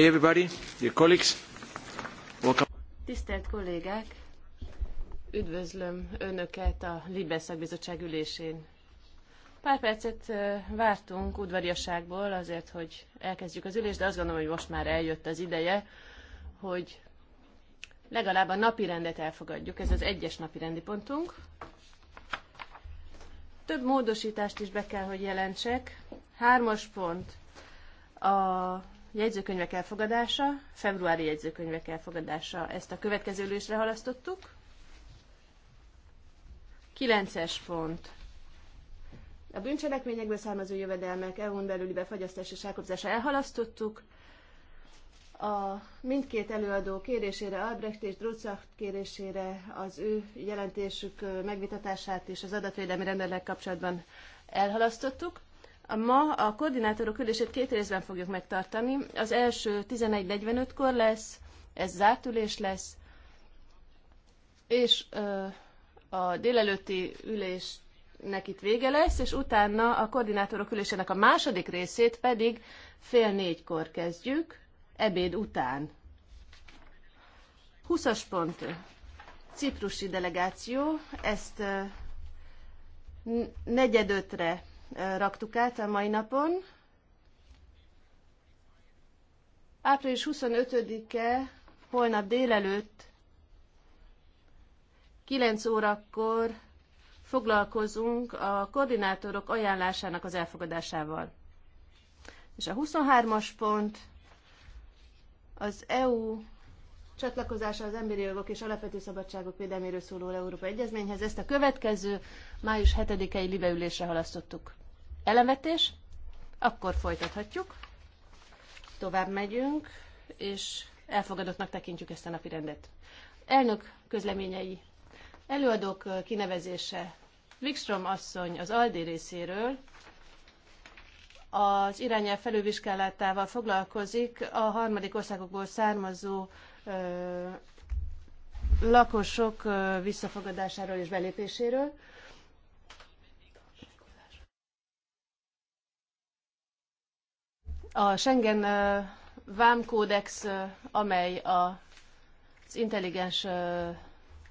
everybody, colleagues. Welcome. Tisztelt kollégák! Üdvözlöm Önöket a libe Bizottság ülésén. Pár percet vártunk udvariasságból azért, hogy elkezdjük az ülést, de azt gondolom, hogy most már eljött az ideje, hogy legalább a napirendet elfogadjuk. Ez az egyes napirendi pontunk. Több módosítást is be kell, hogy jelentsek. Hármas pont. A jegyzőkönyvek elfogadása, februári jegyzőkönyvek elfogadása. Ezt a következő ülésre halasztottuk. 9-es pont. A bűncselekményekből származó jövedelmek EU-n belüli befagyasztás és elkobzása elhalasztottuk. A mindkét előadó kérésére, Albrecht és Drucach kérésére az ő jelentésük megvitatását és az adatvédelmi rendelek kapcsolatban elhalasztottuk. Ma a koordinátorok ülését két részben fogjuk megtartani. Az első 11.45-kor lesz, ez zárt ülés lesz, és a délelőtti ülésnek itt vége lesz, és utána a koordinátorok ülésének a második részét pedig fél négykor kezdjük, ebéd után. 20-as pont. Ciprusi delegáció, ezt negyedötre raktuk át a mai napon. Április 25-e, holnap délelőtt 9 órakor foglalkozunk a koordinátorok ajánlásának az elfogadásával. És a 23-as pont az EU csatlakozása az emberi jogok és alapvető szabadságok védelméről szóló Európa Egyezményhez. Ezt a következő május 7-i libeülésre halasztottuk elemetés, Akkor folytathatjuk. Tovább megyünk, és elfogadottnak tekintjük ezt a napi rendet. Elnök közleményei. Előadók kinevezése. Wikström asszony az Aldi részéről az irányel felővizsgálatával foglalkozik a harmadik országokból származó ö, lakosok ö, visszafogadásáról és belépéséről. A Schengen vámkódex, amely az intelligens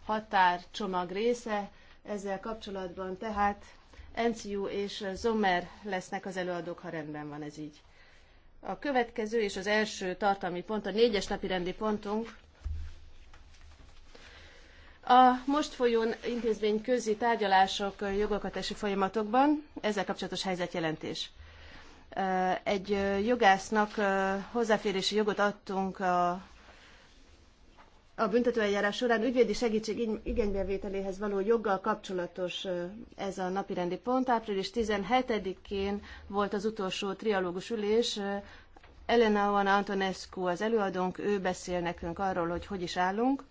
határcsomag része, ezzel kapcsolatban tehát Enciu és Zomer lesznek az előadók, ha rendben van ez így. A következő és az első tartalmi pont, a négyes napi rendi pontunk, a most folyó intézmény közi tárgyalások jogalkotási folyamatokban ezzel kapcsolatos helyzetjelentés egy jogásznak hozzáférési jogot adtunk a a büntetőeljárás során ügyvédi segítség igénybevételéhez való joggal kapcsolatos ez a napirendi pont. Április 17-én volt az utolsó trialógus ülés. Elena Van Antonescu az előadónk, ő beszél nekünk arról, hogy hogy is állunk.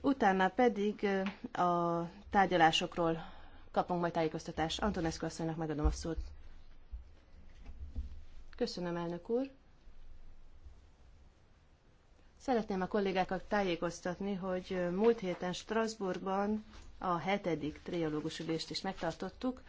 Utána pedig a tárgyalásokról kapunk majd tájékoztatást. Antonescu asszonynak megadom a szót. Köszönöm, elnök úr. Szeretném a kollégákat tájékoztatni, hogy múlt héten Strasbourgban a hetedik triológus ülést is megtartottuk.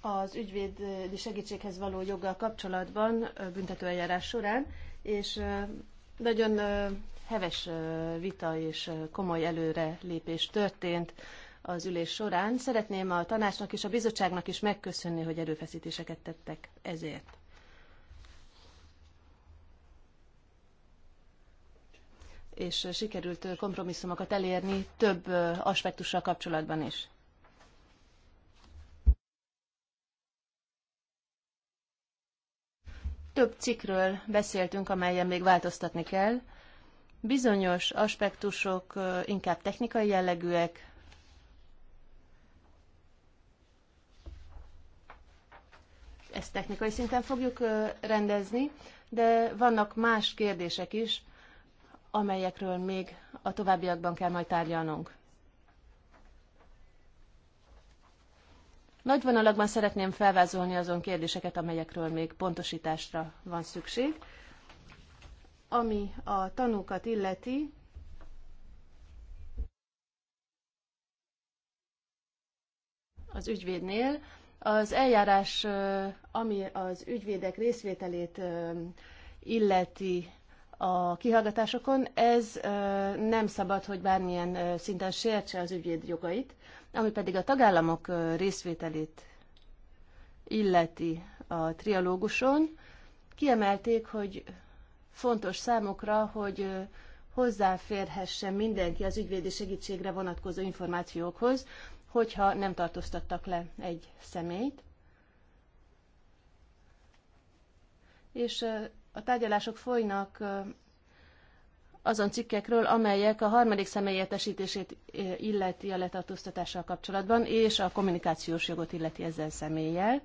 az ügyvédi segítséghez való joggal kapcsolatban büntetőeljárás során, és nagyon heves vita és komoly előre lépés történt az ülés során. Szeretném a tanácsnak és a bizottságnak is megköszönni, hogy erőfeszítéseket tettek ezért. és sikerült kompromisszumokat elérni több aspektussal kapcsolatban is. Több cikkről beszéltünk, amelyen még változtatni kell, Bizonyos aspektusok inkább technikai jellegűek, ezt technikai szinten fogjuk rendezni, de vannak más kérdések is, amelyekről még a továbbiakban kell majd tárgyalnunk. Nagy vonalakban szeretném felvázolni azon kérdéseket, amelyekről még pontosításra van szükség, ami a tanúkat illeti, az ügyvédnél, az eljárás, ami az ügyvédek részvételét illeti a kihallgatásokon, ez nem szabad, hogy bármilyen szinten sértse az ügyvéd jogait, ami pedig a tagállamok részvételét illeti a trialóguson. Kiemelték, hogy Fontos számukra, hogy hozzáférhessen mindenki az ügyvédi segítségre vonatkozó információkhoz, hogyha nem tartóztattak le egy személyt. És a tárgyalások folynak azon cikkekről, amelyek a harmadik személy illeti a letartóztatással kapcsolatban, és a kommunikációs jogot illeti ezzel személlyel.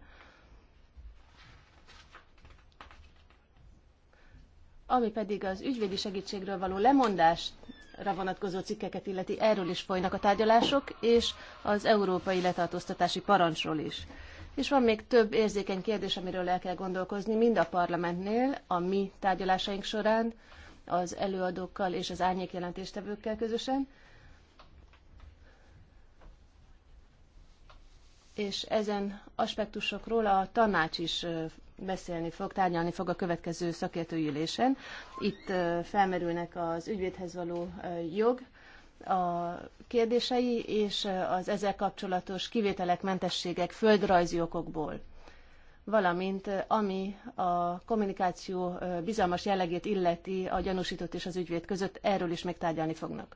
Ami pedig az ügyvédi segítségről való lemondásra vonatkozó cikkeket illeti, erről is folynak a tárgyalások, és az európai letartóztatási parancsról is. És van még több érzékeny kérdés, amiről el kell gondolkozni, mind a parlamentnél, a mi tárgyalásaink során, az előadókkal és az árnyékjelentéstevőkkel közösen. És ezen aspektusokról a tanács is beszélni fog, tárgyalni fog a következő szakértői ülésen. Itt felmerülnek az ügyvédhez való jog, a kérdései és az ezzel kapcsolatos kivételek, mentességek földrajzi okokból valamint ami a kommunikáció bizalmas jellegét illeti a gyanúsított és az ügyvéd között, erről is még tárgyalni fognak.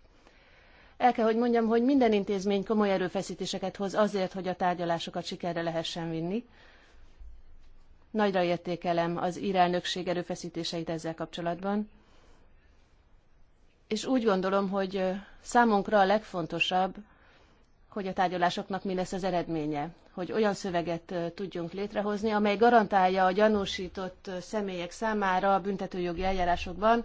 El kell, hogy mondjam, hogy minden intézmény komoly erőfeszítéseket hoz azért, hogy a tárgyalásokat sikerre lehessen vinni, Nagyra értékelem az írelnökség erőfeszítéseit ezzel kapcsolatban. És úgy gondolom, hogy számunkra a legfontosabb, hogy a tárgyalásoknak mi lesz az eredménye, hogy olyan szöveget tudjunk létrehozni, amely garantálja a gyanúsított személyek számára a büntetőjogi eljárásokban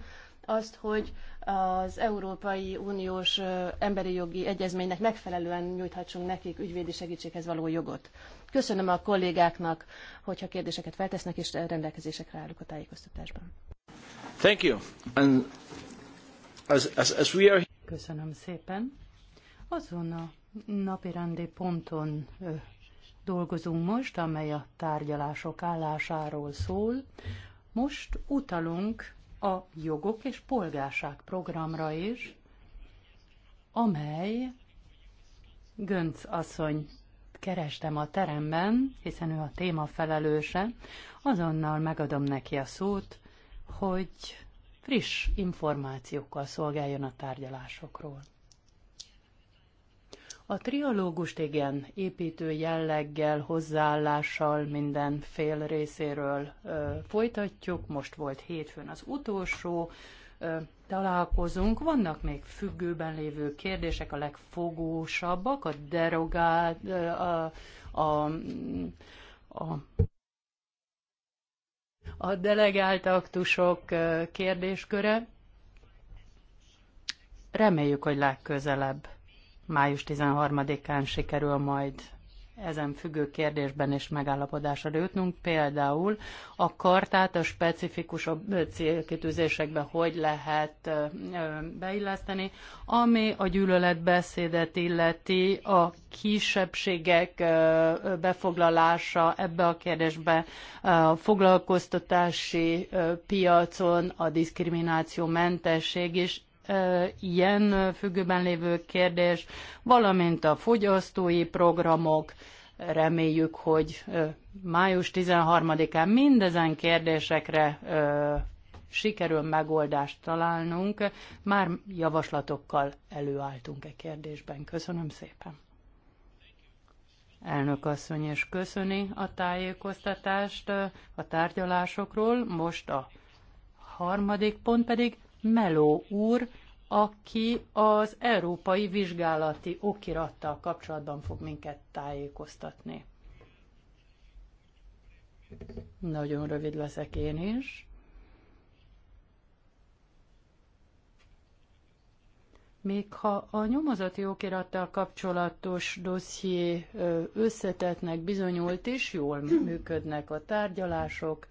azt, hogy az Európai Uniós Emberi Jogi Egyezménynek megfelelően nyújthatsunk nekik ügyvédi segítséghez való jogot. Köszönöm a kollégáknak, hogyha kérdéseket feltesznek, és rendelkezésekre állok a tájékoztatásban. Thank you. And as, as, as we are... Köszönöm szépen. Azon a napirendi ponton ö, dolgozunk most, amely a tárgyalások állásáról szól. Most utalunk a jogok és polgárság programra is, amely Gönc asszony kerestem a teremben, hiszen ő a téma felelőse, azonnal megadom neki a szót, hogy friss információkkal szolgáljon a tárgyalásokról. A trialógust igen, építő jelleggel, hozzáállással minden fél részéről ö, folytatjuk. Most volt hétfőn az utolsó ö, találkozunk. Vannak még függőben lévő kérdések, a legfogósabbak, a derogált, ö, a, a, a a delegált aktusok kérdésköre. Reméljük, hogy legközelebb május 13-án sikerül majd ezen függő kérdésben is megállapodásra jutnunk, például a kartát a specifikusabb célkitűzésekbe hogy lehet beilleszteni, ami a gyűlöletbeszédet illeti, a kisebbségek befoglalása ebbe a kérdésbe, a foglalkoztatási piacon a diszkrimináció mentesség is ilyen függőben lévő kérdés, valamint a fogyasztói programok, reméljük, hogy május 13-án mindezen kérdésekre sikerül megoldást találnunk. Már javaslatokkal előálltunk e kérdésben. Köszönöm szépen. Elnök asszony és köszöni a tájékoztatást a tárgyalásokról. Most a harmadik pont pedig Meló úr, aki az európai vizsgálati okirattal kapcsolatban fog minket tájékoztatni. Nagyon rövid leszek én is. Még ha a nyomozati okirattal kapcsolatos dosszié összetetnek bizonyult is, jól működnek a tárgyalások,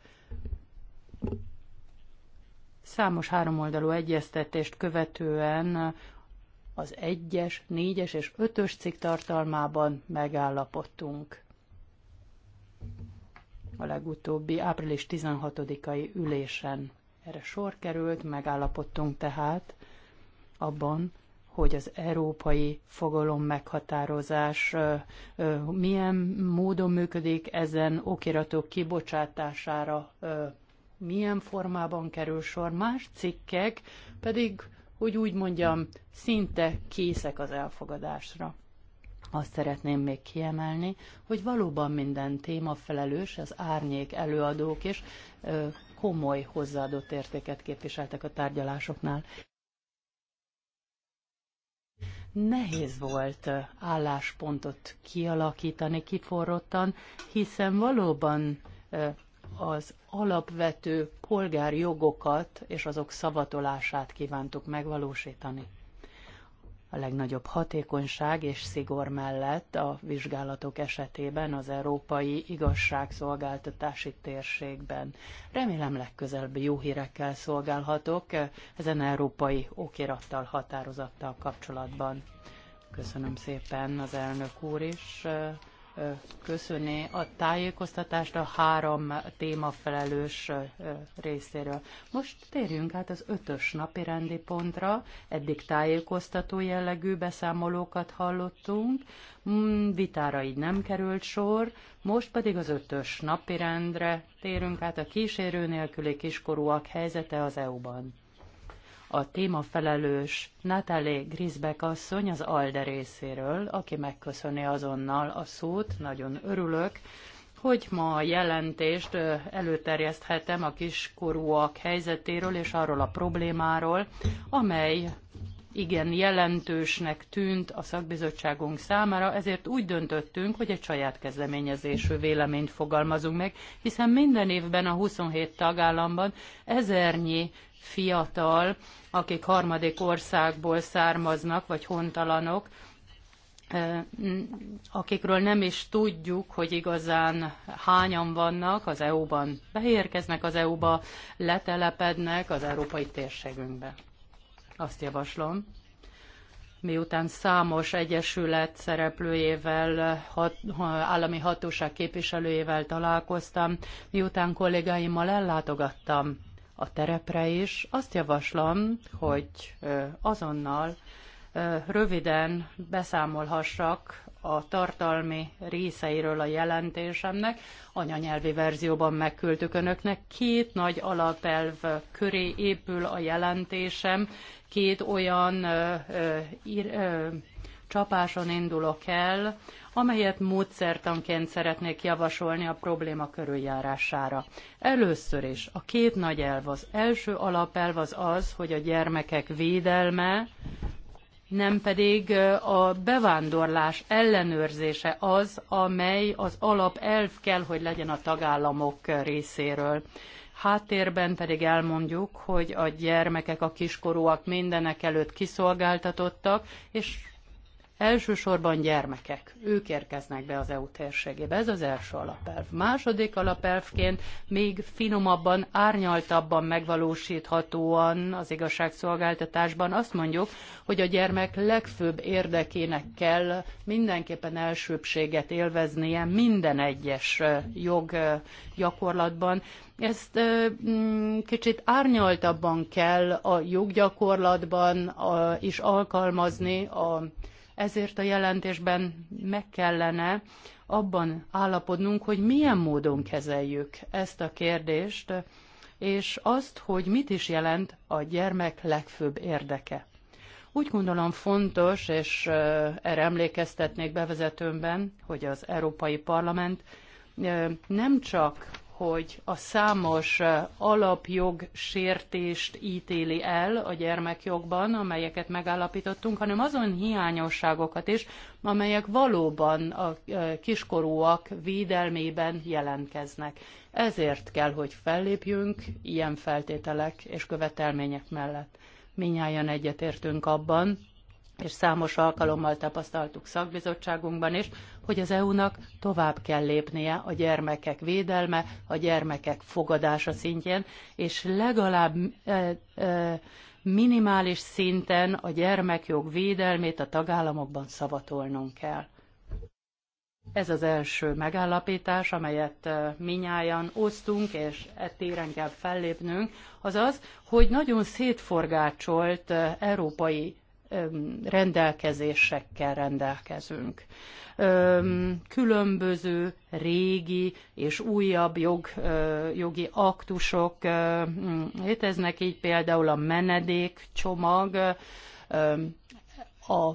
Számos háromoldalú egyeztetést követően az egyes, négyes és ötös cikk tartalmában megállapodtunk a legutóbbi április 16-ai ülésen. Erre sor került, megállapodtunk tehát abban, hogy az európai fogalom meghatározás milyen módon működik, ezen okiratok kibocsátására milyen formában kerül sor. Más cikkek pedig, hogy úgy mondjam, szinte készek az elfogadásra. Azt szeretném még kiemelni, hogy valóban minden téma felelős, az árnyék előadók is komoly hozzáadott értéket képviseltek a tárgyalásoknál. Nehéz volt álláspontot kialakítani kiforrottan, hiszen valóban az alapvető polgári jogokat és azok szavatolását kívántuk megvalósítani. A legnagyobb hatékonyság és szigor mellett a vizsgálatok esetében az európai igazságszolgáltatási térségben. Remélem legközelebb jó hírekkel szolgálhatok ezen európai okirattal, határozattal kapcsolatban. Köszönöm szépen az elnök úr is köszönni a tájékoztatást a három témafelelős részéről. Most térjünk át az ötös napi rendi pontra. Eddig tájékoztató jellegű beszámolókat hallottunk, hmm, vitára így nem került sor, most pedig az ötös napi rendre térünk át a kísérő nélküli kiskorúak helyzete az EU-ban a témafelelős Natalie Grisbeck asszony az ALDE részéről, aki megköszöni azonnal a szót. Nagyon örülök, hogy ma a jelentést előterjeszthetem a kiskorúak helyzetéről és arról a problémáról, amely igen jelentősnek tűnt a szakbizottságunk számára, ezért úgy döntöttünk, hogy egy saját kezdeményezésű véleményt fogalmazunk meg, hiszen minden évben a 27 tagállamban ezernyi fiatal, akik harmadik országból származnak, vagy hontalanok, akikről nem is tudjuk, hogy igazán hányan vannak az EU-ban. Beérkeznek az EU-ba, letelepednek az európai térségünkbe. Azt javaslom. Miután számos egyesület szereplőjével, hat, állami hatóság képviselőjével találkoztam, miután kollégáimmal ellátogattam a terepre is. Azt javaslom, hogy azonnal röviden beszámolhassak a tartalmi részeiről a jelentésemnek. Anyanyelvi verzióban megküldtük önöknek. Két nagy alapelv köré épül a jelentésem, két olyan ö, ö, ír, ö, csapáson indulok el, amelyet módszertanként szeretnék javasolni a probléma körüljárására. Először is a két nagy elv, az első alapelv az az, hogy a gyermekek védelme, nem pedig a bevándorlás ellenőrzése az, amely az alapelv kell, hogy legyen a tagállamok részéről. Háttérben pedig elmondjuk, hogy a gyermekek, a kiskorúak mindenek előtt kiszolgáltatottak, és Elsősorban gyermekek, ők érkeznek be az EU térségébe, ez az első alapelv. Második alapelvként még finomabban, árnyaltabban megvalósíthatóan az igazságszolgáltatásban azt mondjuk, hogy a gyermek legfőbb érdekének kell mindenképpen elsőbséget élveznie minden egyes jog gyakorlatban, ezt mm, kicsit árnyaltabban kell a joggyakorlatban is alkalmazni a ezért a jelentésben meg kellene abban állapodnunk, hogy milyen módon kezeljük ezt a kérdést, és azt, hogy mit is jelent a gyermek legfőbb érdeke. Úgy gondolom fontos, és erre emlékeztetnék bevezetőmben, hogy az Európai Parlament nem csak hogy a számos alapjog sértést ítéli el a gyermekjogban, amelyeket megállapítottunk, hanem azon hiányosságokat is, amelyek valóban a kiskorúak védelmében jelentkeznek. Ezért kell, hogy fellépjünk ilyen feltételek és követelmények mellett. Minnyáján egyetértünk abban, és számos alkalommal tapasztaltuk szakbizottságunkban is, hogy az EU-nak tovább kell lépnie a gyermekek védelme, a gyermekek fogadása szintjén, és legalább e, e, minimális szinten a gyermekjog védelmét a tagállamokban szavatolnunk kell. Ez az első megállapítás, amelyet minnyáján osztunk, és e téren kell fellépnünk, az az, hogy nagyon szétforgácsolt európai rendelkezésekkel rendelkezünk. Különböző régi és újabb jog, jogi aktusok léteznek, így például a menedékcsomag a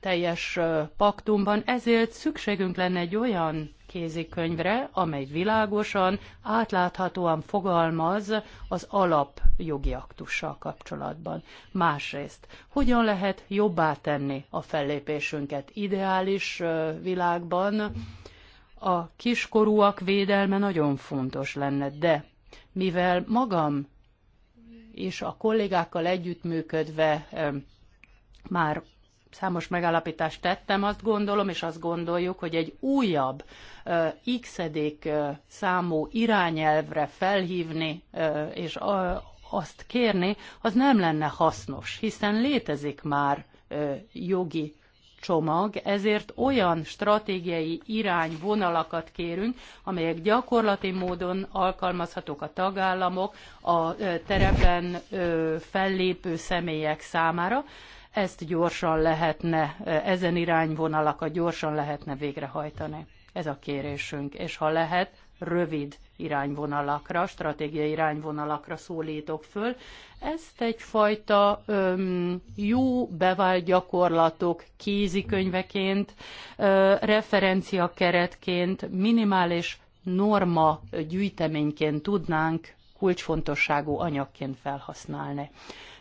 teljes paktumban, ezért szükségünk lenne egy olyan kézikönyvre, amely világosan, átláthatóan fogalmaz az alap jogi aktussal kapcsolatban. Másrészt, hogyan lehet jobbá tenni a fellépésünket ideális világban, a kiskorúak védelme nagyon fontos lenne, de mivel magam és a kollégákkal együttműködve már számos megállapítást tettem, azt gondolom, és azt gondoljuk, hogy egy újabb x számú irányelvre felhívni és azt kérni, az nem lenne hasznos, hiszen létezik már jogi csomag, ezért olyan stratégiai irányvonalakat kérünk, amelyek gyakorlati módon alkalmazhatók a tagállamok, a terepen fellépő személyek számára. Ezt gyorsan lehetne, ezen irányvonalakat gyorsan lehetne végrehajtani. Ez a kérésünk, és ha lehet, rövid irányvonalakra, stratégiai irányvonalakra szólítok föl. Ezt egyfajta öm, jó bevált gyakorlatok kézikönyveként, ö, referencia keretként, minimális norma gyűjteményként tudnánk kulcsfontosságú anyagként felhasználni.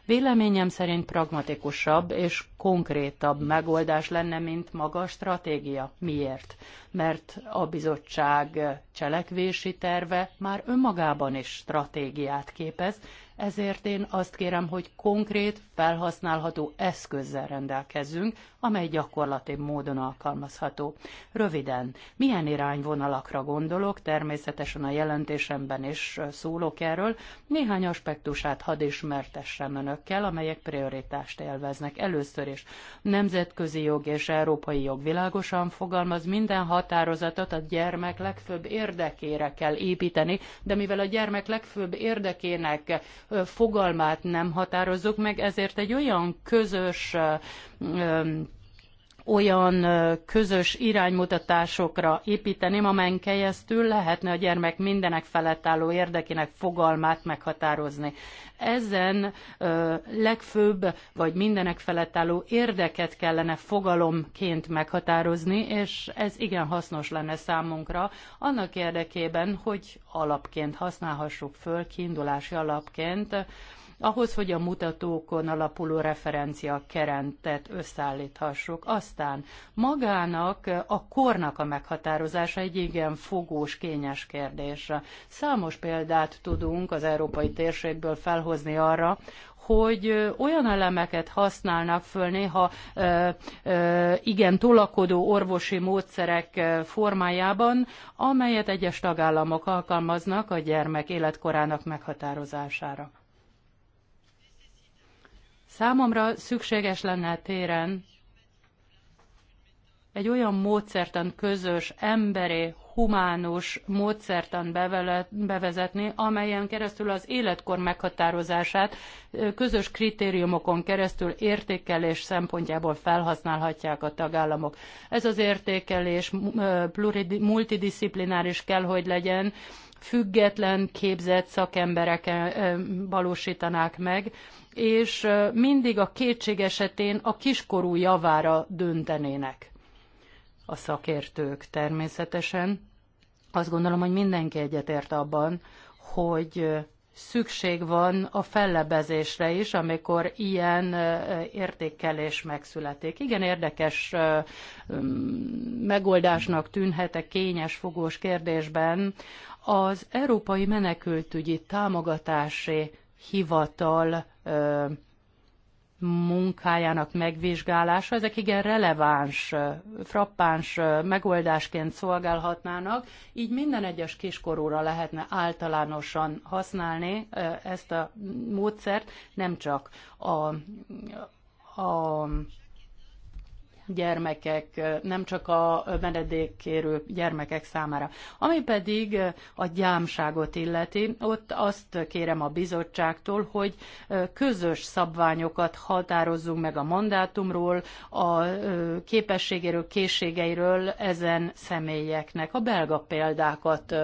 Véleményem szerint pragmatikusabb és konkrétabb megoldás lenne, mint maga a stratégia. Miért? Mert a bizottság cselekvési terve már önmagában is stratégiát képez, ezért én azt kérem, hogy konkrét, felhasználható eszközzel rendelkezzünk, amely gyakorlati módon alkalmazható. Röviden, milyen irányvonalakra gondolok, természetesen a jelentésemben is szólok erről, néhány aspektusát hadd ismertessem önökkel, amelyek prioritást élveznek. Először is nemzetközi jog és európai jog világosan fogalmaz, minden határozatot a gyermek legfőbb érdekére kell építeni, de mivel a gyermek legfőbb érdekének fogalmát nem határozzuk meg, ezért egy olyan közös olyan közös iránymutatásokra építeném, amelyen keresztül lehetne a gyermek mindenek felett álló érdekének fogalmát meghatározni. Ezen legfőbb vagy mindenek felett álló érdeket kellene fogalomként meghatározni, és ez igen hasznos lenne számunkra, annak érdekében, hogy alapként használhassuk föl, kiindulási alapként, ahhoz, hogy a mutatókon alapuló referencia kerentet összeállíthassuk. Aztán magának a kornak a meghatározása egy igen fogós, kényes kérdés. Számos példát tudunk az európai térségből felhozni arra, hogy olyan elemeket használnak föl néha ö, ö, igen tolakodó orvosi módszerek formájában, amelyet egyes tagállamok alkalmaznak a gyermek életkorának meghatározására. Számomra szükséges lenne a téren egy olyan módszertan közös emberi humános módszertan bevezetni, amelyen keresztül az életkor meghatározását közös kritériumokon keresztül értékelés szempontjából felhasználhatják a tagállamok. Ez az értékelés multidisziplináris kell, hogy legyen, független képzett szakemberek valósítanák meg, és mindig a kétség esetén a kiskorú javára döntenének a szakértők természetesen. Azt gondolom, hogy mindenki egyetért abban, hogy szükség van a fellebezésre is, amikor ilyen értékelés megszületik. Igen, érdekes megoldásnak tűnhet a kényes fogós kérdésben az Európai Menekültügyi Támogatási Hivatal munkájának megvizsgálása, ezek igen releváns, frappáns megoldásként szolgálhatnának, így minden egyes kiskorúra lehetne általánosan használni ezt a módszert, nem csak a, a gyermekek, nem csak a menedékkérő gyermekek számára. Ami pedig a gyámságot illeti, ott azt kérem a bizottságtól, hogy közös szabványokat határozzunk meg a mandátumról, a képességéről, készségeiről ezen személyeknek. A belga példákat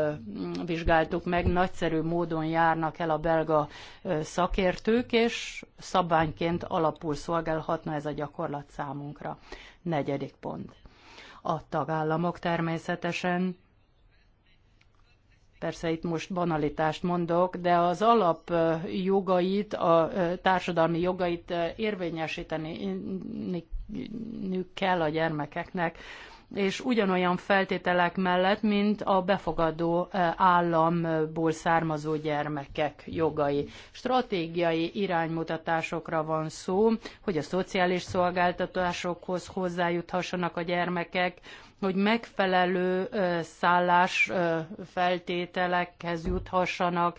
vizsgáltuk meg, nagyszerű módon járnak el a belga szakértők, és szabványként alapul szolgálhatna ez a gyakorlat számunkra. Negyedik pont. A tagállamok természetesen persze itt most banalitást mondok, de az alap jogait, a társadalmi jogait érvényesíteni kell a gyermekeknek és ugyanolyan feltételek mellett, mint a befogadó eh, államból származó gyermekek jogai. Stratégiai iránymutatásokra van szó, hogy a szociális szolgáltatásokhoz hozzájuthassanak a gyermekek, hogy megfelelő eh, szállás eh, feltételekhez juthassanak,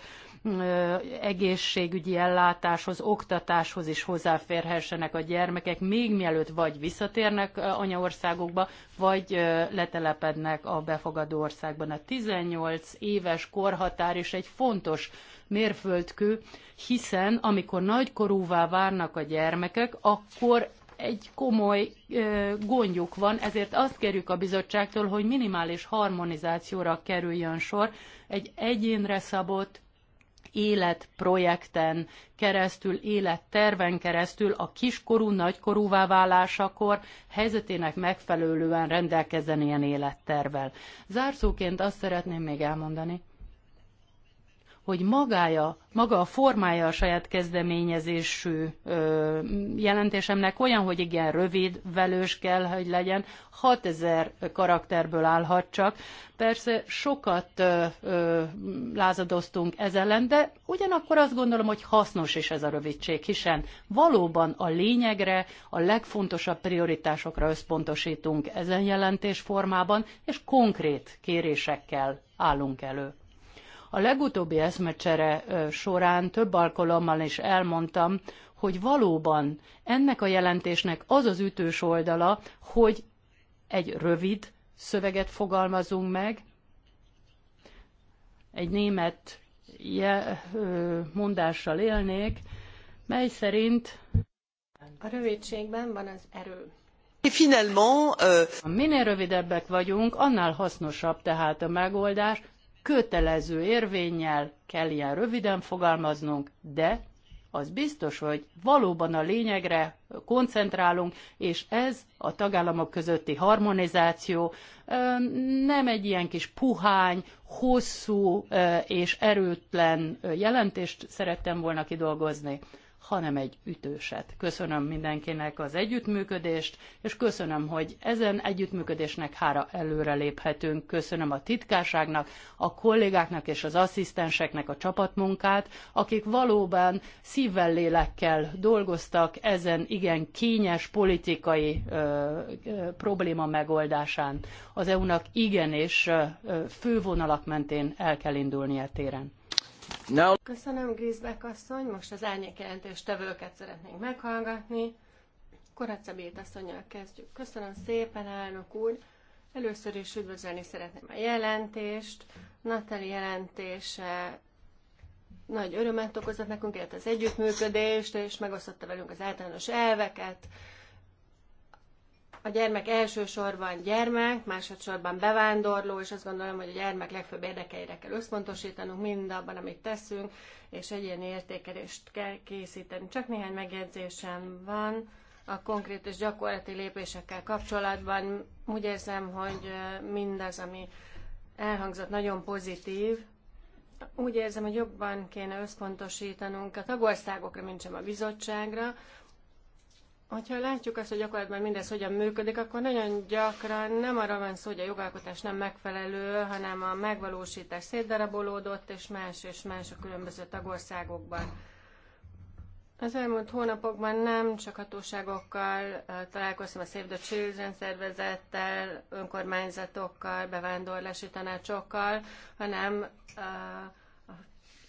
egészségügyi ellátáshoz, oktatáshoz is hozzáférhessenek a gyermekek, még mielőtt vagy visszatérnek anyaországokba, vagy letelepednek a befogadó országban. A 18 éves korhatár is egy fontos mérföldkő, hiszen amikor nagykorúvá várnak a gyermekek, akkor egy komoly gondjuk van, ezért azt kérjük a bizottságtól, hogy minimális harmonizációra kerüljön sor egy egyénre szabott életprojekten keresztül, életterven keresztül a kiskorú, nagykorúvá válásakor helyzetének megfelelően rendelkezzen ilyen élettervel. Zárszóként azt szeretném még elmondani, hogy magája, maga a formája a saját kezdeményezésű ö, jelentésemnek olyan, hogy igen, rövid, velős kell, hogy legyen, 6000 karakterből állhat csak. Persze sokat ö, ö, lázadoztunk ez ellen, de ugyanakkor azt gondolom, hogy hasznos is ez a rövidség, hiszen valóban a lényegre, a legfontosabb prioritásokra összpontosítunk ezen jelentés formában, és konkrét kérésekkel állunk elő. A legutóbbi eszmecsere során több alkalommal is elmondtam, hogy valóban ennek a jelentésnek az az ütős oldala, hogy egy rövid szöveget fogalmazunk meg, egy német mondással élnék, mely szerint a rövidségben van az erő. Finalement, uh... Minél rövidebbek vagyunk, annál hasznosabb tehát a megoldás, kötelező érvényel kell ilyen röviden fogalmaznunk, de az biztos, hogy valóban a lényegre koncentrálunk, és ez a tagállamok közötti harmonizáció nem egy ilyen kis puhány, hosszú és erőtlen jelentést szerettem volna kidolgozni, hanem egy ütőset. Köszönöm mindenkinek az együttműködést, és köszönöm, hogy ezen együttműködésnek hára előre léphetünk. Köszönöm a titkárságnak, a kollégáknak és az asszisztenseknek a csapatmunkát, akik valóban szívvel lélekkel dolgoztak ezen igen kényes politikai ö, ö, probléma megoldásán. Az EU-nak igenis ö, fővonalak mentén el kell indulnia téren. Now... Köszönöm, Grisbeck asszony. Most az árnyék jelentős tevőket szeretnénk meghallgatni. Koracabét asszonyjal kezdjük. Köszönöm szépen, elnök úr. Először is üdvözölni szeretném a jelentést. Natali jelentése nagy örömet okozott nekünk, illetve az együttműködést, és megosztotta velünk az általános elveket, a gyermek elsősorban gyermek, másodszorban bevándorló, és azt gondolom, hogy a gyermek legfőbb érdekeire kell összpontosítanunk mindabban, amit teszünk, és egy ilyen értékelést kell készíteni. Csak néhány megjegyzésem van a konkrét és gyakorlati lépésekkel kapcsolatban. Úgy érzem, hogy mindaz, ami elhangzott, nagyon pozitív, úgy érzem, hogy jobban kéne összpontosítanunk a tagországokra, mint sem a bizottságra, Hogyha látjuk azt, hogy gyakorlatban mindez hogyan működik, akkor nagyon gyakran nem arra van szó, hogy a jogalkotás nem megfelelő, hanem a megvalósítás szétdarabolódott, és más és más a különböző tagországokban. Az elmúlt hónapokban nem csak hatóságokkal találkoztam a Save the Children szervezettel, önkormányzatokkal, bevándorlási tanácsokkal, hanem a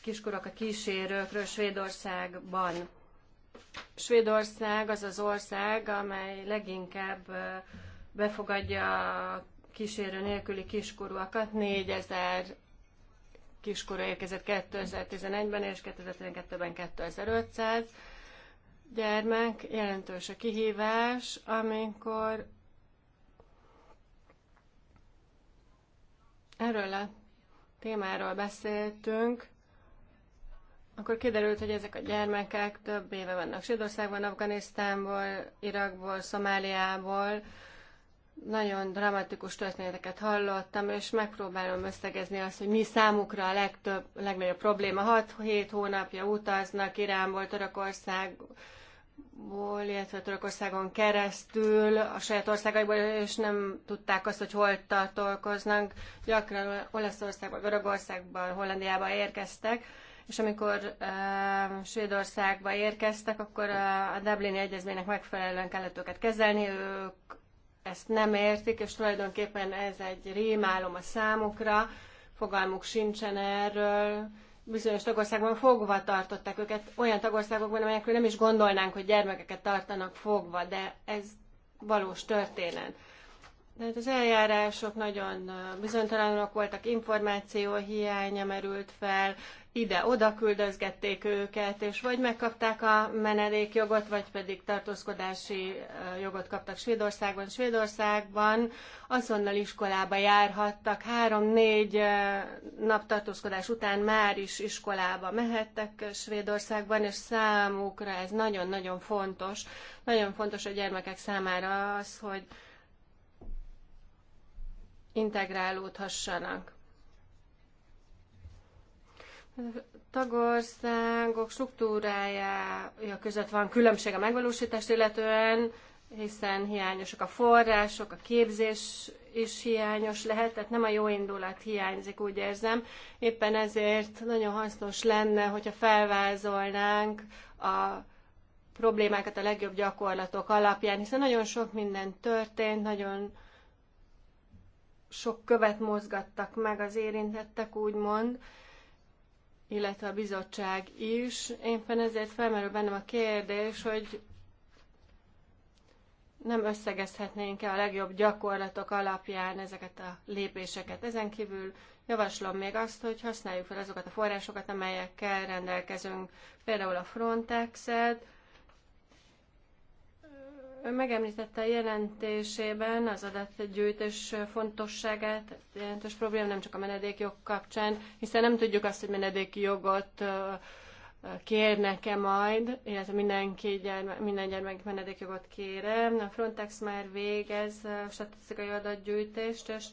kiskorok a kísérőkről Svédországban. Svédország az az ország, amely leginkább befogadja a kísérő nélküli kiskorúakat. 4000 kiskorú érkezett 2011-ben, és 2012-ben 2500 gyermek. Jelentős a kihívás, amikor erről a témáról beszéltünk, akkor kiderült, hogy ezek a gyermekek több éve vannak Svédországban, Afganisztánból, Irakból, Szomáliából. Nagyon dramatikus történeteket hallottam, és megpróbálom összegezni azt, hogy mi számukra a legtöbb, legnagyobb probléma. 6-7 hónapja utaznak Iránból, Törökországból, illetve Törökországon keresztül, a saját országaiból, és nem tudták azt, hogy hol tartolkoznak. Gyakran olaszországban, Görögországban, hollandiában érkeztek és amikor uh, Svédországba érkeztek, akkor a Dublini Egyezménynek megfelelően kellett őket kezelni, ők ezt nem értik, és tulajdonképpen ez egy rémálom a számukra, fogalmuk sincsen erről, bizonyos tagországban fogva tartották őket, olyan tagországokban, amelyekről nem is gondolnánk, hogy gyermekeket tartanak fogva, de ez valós történet. Tehát az eljárások nagyon bizonytalanok voltak, információ hiánya merült fel, ide-oda küldözgették őket, és vagy megkapták a menedékjogot, vagy pedig tartózkodási jogot kaptak Svédországban. Svédországban azonnal iskolába járhattak, három-négy nap tartózkodás után már is iskolába mehettek Svédországban, és számukra ez nagyon-nagyon fontos. Nagyon fontos a gyermekek számára az, hogy integrálódhassanak. A tagországok struktúrája között van különbség a megvalósítást illetően, hiszen hiányosak a források, a képzés is hiányos lehet, tehát nem a jó indulat hiányzik, úgy érzem. Éppen ezért nagyon hasznos lenne, hogyha felvázolnánk a problémákat a legjobb gyakorlatok alapján, hiszen nagyon sok minden történt, nagyon sok követ mozgattak meg az érintettek, úgymond, illetve a bizottság is. Én ezért felmerül bennem a kérdés, hogy nem összegezhetnénk-e a legjobb gyakorlatok alapján ezeket a lépéseket. Ezen kívül javaslom még azt, hogy használjuk fel azokat a forrásokat, amelyekkel rendelkezünk, például a Frontex-et, Ön megemlítette a jelentésében az adatgyűjtés fontosságát, jelentős probléma nem csak a menedékjog kapcsán, hiszen nem tudjuk azt, hogy menedéki jogot kérnek-e majd, illetve mindenki gyermek, minden gyermek menedékjogot kére. A Frontex már végez statisztikai adatgyűjtést, és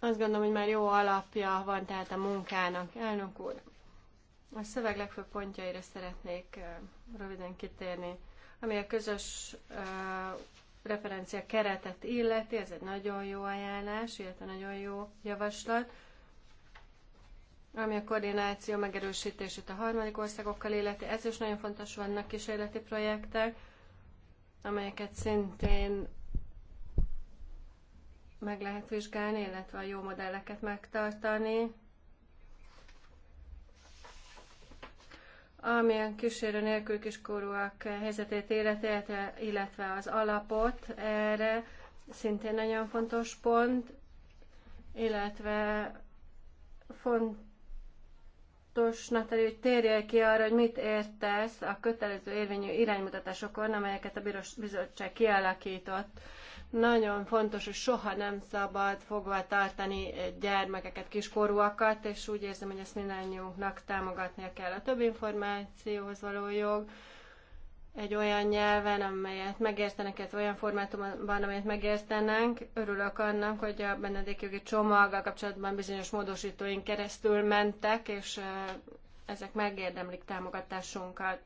azt gondolom, hogy már jó alapja van tehát a munkának. Elnök úr! A szöveg legfőbb pontjaira szeretnék röviden kitérni, ami a közös referencia keretet illeti, ez egy nagyon jó ajánlás, illetve nagyon jó javaslat, ami a koordináció megerősítését a harmadik országokkal illeti. Ez is nagyon fontos, vannak kísérleti projektek, amelyeket szintén meg lehet vizsgálni, illetve a jó modelleket megtartani, amilyen kísérő nélkül kiskorúak helyzetét életét, illetve az alapot erre, szintén nagyon fontos pont, illetve fontosnak terül, hogy térjél ki arra, hogy mit értesz a kötelező érvényű iránymutatásokon, amelyeket a bizottság kialakított nagyon fontos, hogy soha nem szabad fogva tartani gyermekeket, kiskorúakat, és úgy érzem, hogy ezt mindannyiunknak támogatnia kell. A több információhoz való jog, egy olyan nyelven, amelyet megértenek, egy olyan formátumban, amelyet megértenek. Örülök annak, hogy a jogi csomaggal kapcsolatban bizonyos módosítóink keresztül mentek, és ezek megérdemlik támogatásunkat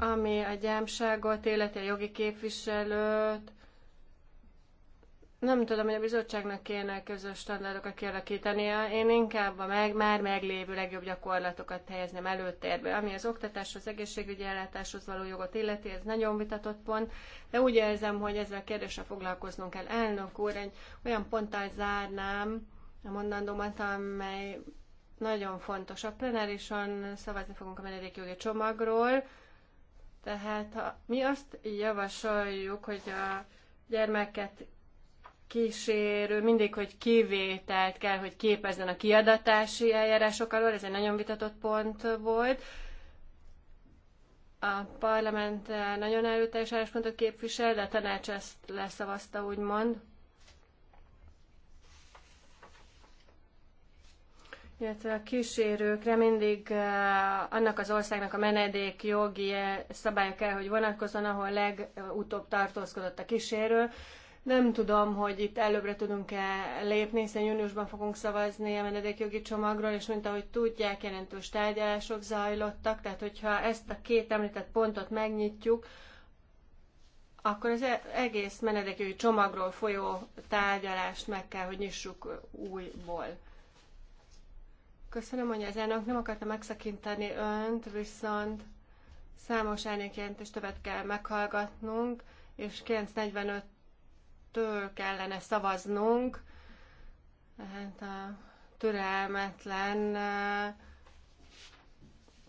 ami a gyámságot, életi a jogi képviselőt. Nem tudom, hogy a bizottságnak kéne közös standardokat kialakítania. Én inkább a meg, már meglévő legjobb gyakorlatokat helyezném előtérbe. Ami az oktatáshoz, egészségügyi ellátáshoz való jogot illeti, ez nagyon vitatott pont, de úgy érzem, hogy ezzel a kérdéssel foglalkoznunk kell. Elnök úr, egy olyan ponttal zárnám a mondandómat, amely nagyon fontos. A plenárison szavazni fogunk a menedékjogi csomagról, tehát ha mi azt javasoljuk, hogy a gyermeket kísérő mindig, hogy kivételt kell, hogy képezzen a kiadatási eljárások alól, ez egy nagyon vitatott pont volt. A parlament nagyon erőteljes álláspontot képvisel, de a tanács ezt leszavazta, úgymond. illetve a kísérőkre mindig eh, annak az országnak a menedék jogi eh, szabályok kell, hogy vonatkozzon, ahol legutóbb tartózkodott a kísérő. Nem tudom, hogy itt előbbre tudunk-e lépni, hiszen júniusban fogunk szavazni a menedékjogi csomagról, és mint ahogy tudják, jelentős tárgyalások zajlottak, tehát hogyha ezt a két említett pontot megnyitjuk, akkor az e- egész menedékjogi csomagról folyó tárgyalást meg kell, hogy nyissuk újból. Köszönöm, hogy az elnök nem akarta megszakintani önt, viszont számos elnökjelentést többet kell meghallgatnunk, és 9.45-től kellene szavaznunk. Hát a türelmetlen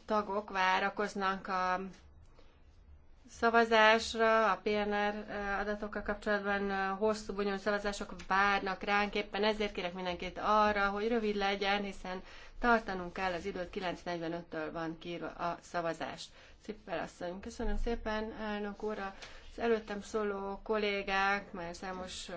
tagok várakoznak a szavazásra, a PNR adatokkal kapcsolatban hosszú, bonyolult szavazások várnak ránk, éppen ezért kérek mindenkit arra, hogy rövid legyen, hiszen Tartanunk kell az időt, 9.45-től van kírva a szavazás. Cippel asszony, köszönöm szépen, elnök úr, az előttem szóló kollégák, mert számos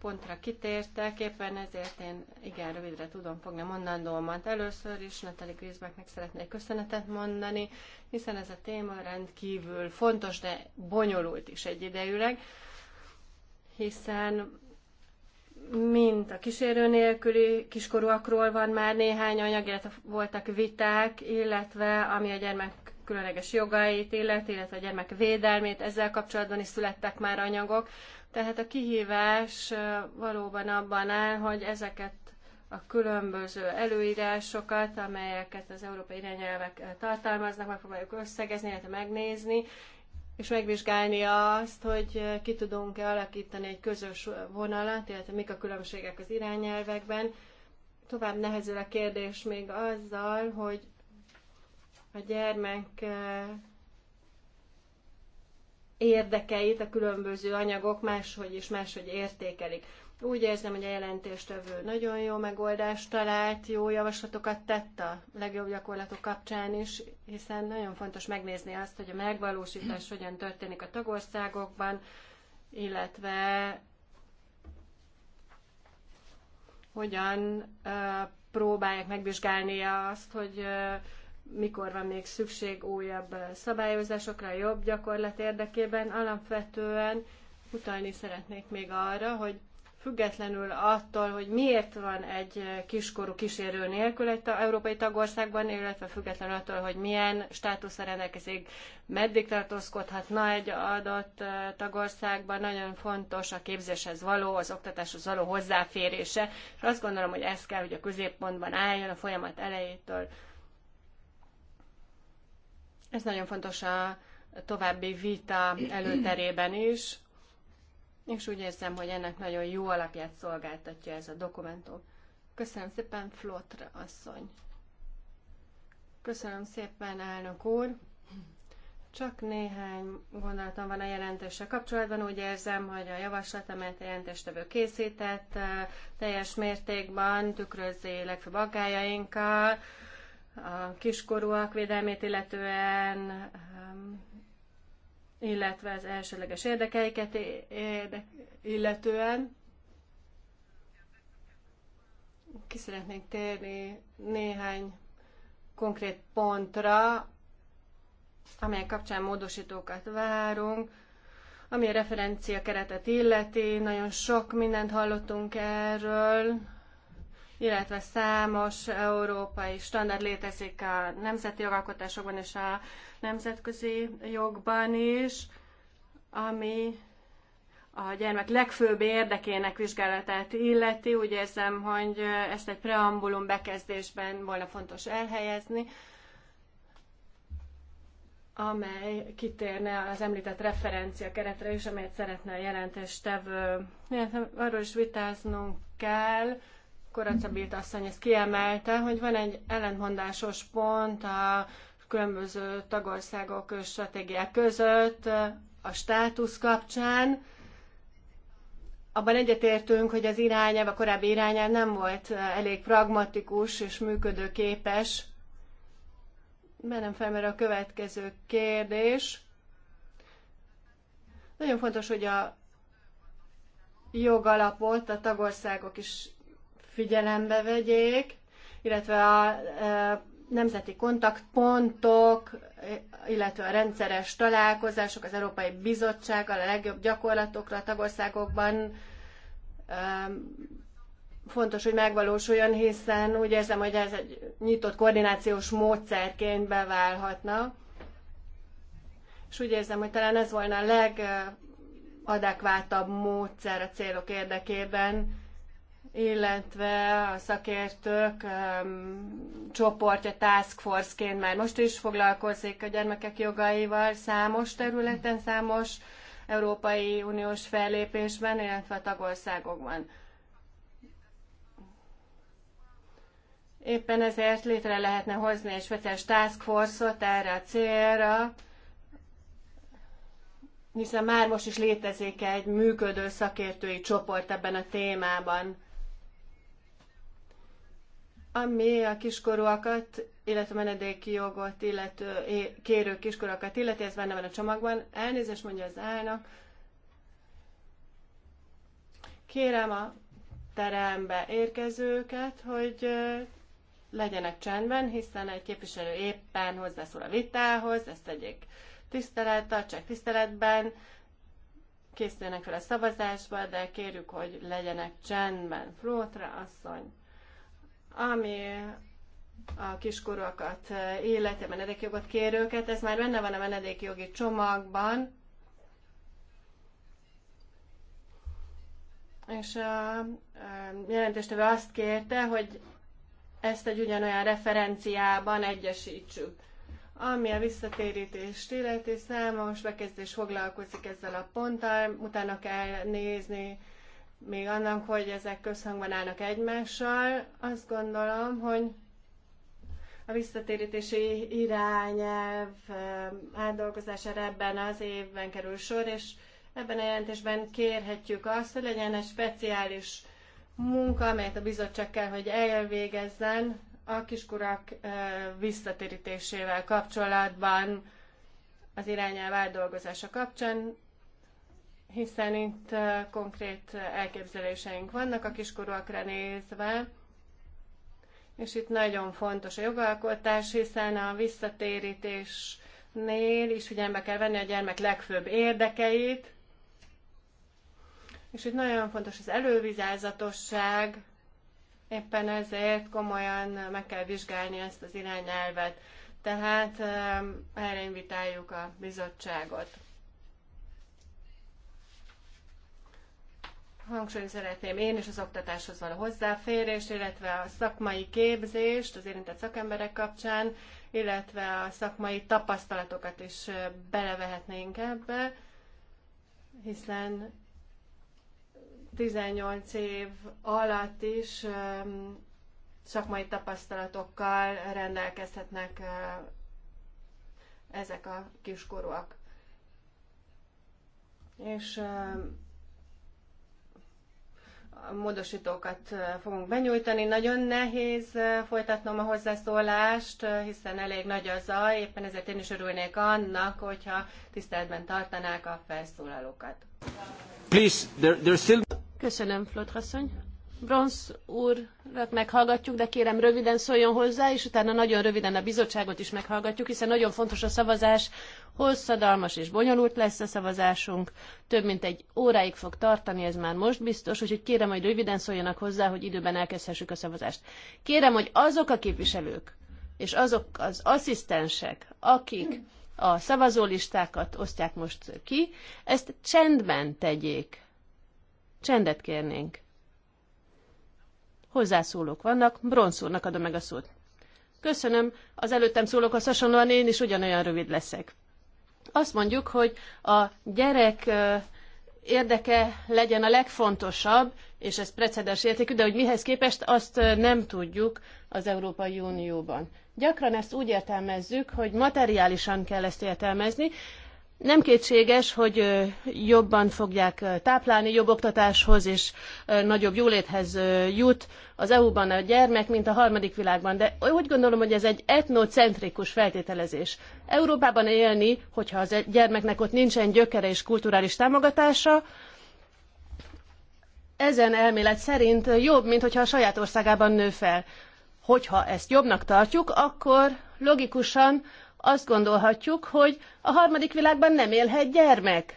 pontra kitértek, éppen ezért én igen rövidre tudom fogni mondandómat. Először is Natali Grisbeknek szeretnék köszönetet mondani, hiszen ez a téma rendkívül fontos, de bonyolult is egyidejűleg, hiszen mint a kísérő nélküli kiskorúakról van már néhány anyag, illetve voltak viták, illetve ami a gyermek különleges jogait illet, illetve a gyermek védelmét, ezzel kapcsolatban is születtek már anyagok. Tehát a kihívás valóban abban áll, hogy ezeket a különböző előírásokat, amelyeket az európai irányelvek tartalmaznak, megpróbáljuk összegezni, illetve megnézni, és megvizsgálni azt, hogy ki tudunk-e alakítani egy közös vonalat, illetve mik a különbségek az irányelvekben. Tovább nehezül a kérdés még azzal, hogy a gyermek érdekeit a különböző anyagok máshogy és máshogy értékelik. Úgy érzem, hogy a jelentéstevő nagyon jó megoldást talált, jó javaslatokat tett a legjobb gyakorlatok kapcsán is, hiszen nagyon fontos megnézni azt, hogy a megvalósítás hogyan történik a tagországokban, illetve hogyan próbálják megvizsgálni azt, hogy mikor van még szükség újabb szabályozásokra, jobb gyakorlat érdekében. Alapvetően utalni szeretnék még arra, hogy függetlenül attól, hogy miért van egy kiskorú kísérő nélkül egy európai tagországban, illetve függetlenül attól, hogy milyen státuszra rendelkezik, meddig tartózkodhatna egy adott tagországban, nagyon fontos a képzéshez való, az oktatáshoz való hozzáférése, és azt gondolom, hogy ez kell, hogy a középpontban álljon a folyamat elejétől. Ez nagyon fontos a további vita előterében is és úgy érzem, hogy ennek nagyon jó alapját szolgáltatja ez a dokumentum. Köszönöm szépen, Flotra asszony. Köszönöm szépen, elnök úr. Csak néhány gondolatom van a jelentéssel kapcsolatban. Úgy érzem, hogy a javaslat, amelyet a jelentéstevő készített, eh, teljes mértékben tükrözi legfőbb aggájainkkal, a kiskorúak védelmét illetően, ehm, illetve az elsőleges érdekeiket érde, illetően. Ki szeretnék térni néhány konkrét pontra, amelyek kapcsán módosítókat várunk, ami a referencia keretet illeti. Nagyon sok mindent hallottunk erről, illetve számos európai standard létezik a nemzeti jogalkotásokban és a nemzetközi jogban is, ami a gyermek legfőbb érdekének vizsgálatát illeti. Úgy érzem, hogy ezt egy preambulum bekezdésben volna fontos elhelyezni, amely kitérne az említett referencia keretre is, amelyet szeretne a jelentéstevő. Arról is vitáznunk kell, Koracabilt asszony ezt kiemelte, hogy van egy ellentmondásos pont a különböző tagországok stratégiák között a státusz kapcsán. Abban egyetértünk, hogy az irányelv, a korábbi irányelv nem volt elég pragmatikus és működőképes. Bennem felmerül a következő kérdés. Nagyon fontos, hogy a jogalapot a tagországok is figyelembe vegyék, illetve a e, nemzeti kontaktpontok, illetve a rendszeres találkozások, az Európai Bizottsággal, a legjobb gyakorlatokra a tagországokban e, fontos, hogy megvalósuljon, hiszen úgy érzem, hogy ez egy nyitott koordinációs módszerként beválhatna. És úgy érzem, hogy talán ez volna a legadekvátabb módszer a célok érdekében, illetve a szakértők um, csoportja task force-ként már most is foglalkozik a gyermekek jogaival számos területen, számos Európai Uniós fellépésben, illetve a tagországokban. Éppen ezért létre lehetne hozni egy speciális task force-ot erre a célra, hiszen már most is létezik egy működő szakértői csoport ebben a témában ami a kiskorúakat, illetve menedéki jogot, illető kérő kiskorúakat illeti, ez benne van a csomagban. Elnézést mondja az állnak. Kérem a terembe érkezőket, hogy legyenek csendben, hiszen egy képviselő éppen hozzászól a vitához, ezt tegyék tisztelet, tartsák tiszteletben, készüljenek fel a szavazásba, de kérjük, hogy legyenek csendben. Flótra asszony ami a kiskorúakat illeti, a menedékjogot kérőket, ez már benne van a menedékjogi csomagban, és a jelentéstevő azt kérte, hogy ezt egy ugyanolyan referenciában egyesítsük. Ami a visszatérítést illeti, számos bekezdés foglalkozik ezzel a ponttal, utána kell nézni még annak, hogy ezek közhangban állnak egymással, azt gondolom, hogy a visszatérítési irányelv eh, átdolgozására ebben az évben kerül sor, és ebben a jelentésben kérhetjük azt, hogy legyen egy speciális munka, amelyet a bizottság kell, hogy elvégezzen a kiskurak eh, visszatérítésével kapcsolatban az irányelv átdolgozása kapcsán hiszen itt konkrét elképzeléseink vannak a kiskorúakra nézve, és itt nagyon fontos a jogalkotás, hiszen a visszatérítésnél is figyelme kell venni a gyermek legfőbb érdekeit, és itt nagyon fontos az elővizázatosság, éppen ezért komolyan meg kell vizsgálni ezt az irányelvet. Tehát erre invitáljuk a bizottságot. Hangsúlyozni szeretném én is az oktatáshoz való hozzáférést, illetve a szakmai képzést az érintett szakemberek kapcsán, illetve a szakmai tapasztalatokat is belevehetnénk ebbe, hiszen 18 év alatt is szakmai tapasztalatokkal rendelkezhetnek ezek a kiskorúak. És módosítókat fogunk benyújtani. Nagyon nehéz folytatnom a hozzászólást, hiszen elég nagy a zaj, éppen ezért én is örülnék annak, hogyha tiszteletben tartanák a felszólalókat. Please, there, there's still... Köszönöm, Flotrasszony. Bronz úrat meghallgatjuk, de kérem röviden szóljon hozzá, és utána nagyon röviden a bizottságot is meghallgatjuk, hiszen nagyon fontos a szavazás, hosszadalmas és bonyolult lesz a szavazásunk, több mint egy óráig fog tartani, ez már most biztos, úgyhogy kérem, hogy röviden szóljanak hozzá, hogy időben elkezdhessük a szavazást. Kérem, hogy azok a képviselők, és azok az asszisztensek, akik a szavazólistákat osztják most ki, ezt csendben tegyék. Csendet kérnénk hozzászólók vannak. Bronsz úrnak adom meg a szót. Köszönöm, az előttem a hasonlóan én is ugyanolyan rövid leszek. Azt mondjuk, hogy a gyerek érdeke legyen a legfontosabb, és ez precedens értékű, de hogy mihez képest, azt nem tudjuk az Európai Unióban. Gyakran ezt úgy értelmezzük, hogy materiálisan kell ezt értelmezni, nem kétséges, hogy jobban fogják táplálni, jobb oktatáshoz és nagyobb jóléthez jut az EU-ban a gyermek, mint a harmadik világban. De úgy gondolom, hogy ez egy etnocentrikus feltételezés. Európában élni, hogyha az e- gyermeknek ott nincsen gyökere és kulturális támogatása, ezen elmélet szerint jobb, mint hogyha a saját országában nő fel. Hogyha ezt jobbnak tartjuk, akkor logikusan azt gondolhatjuk, hogy a harmadik világban nem élhet gyermek.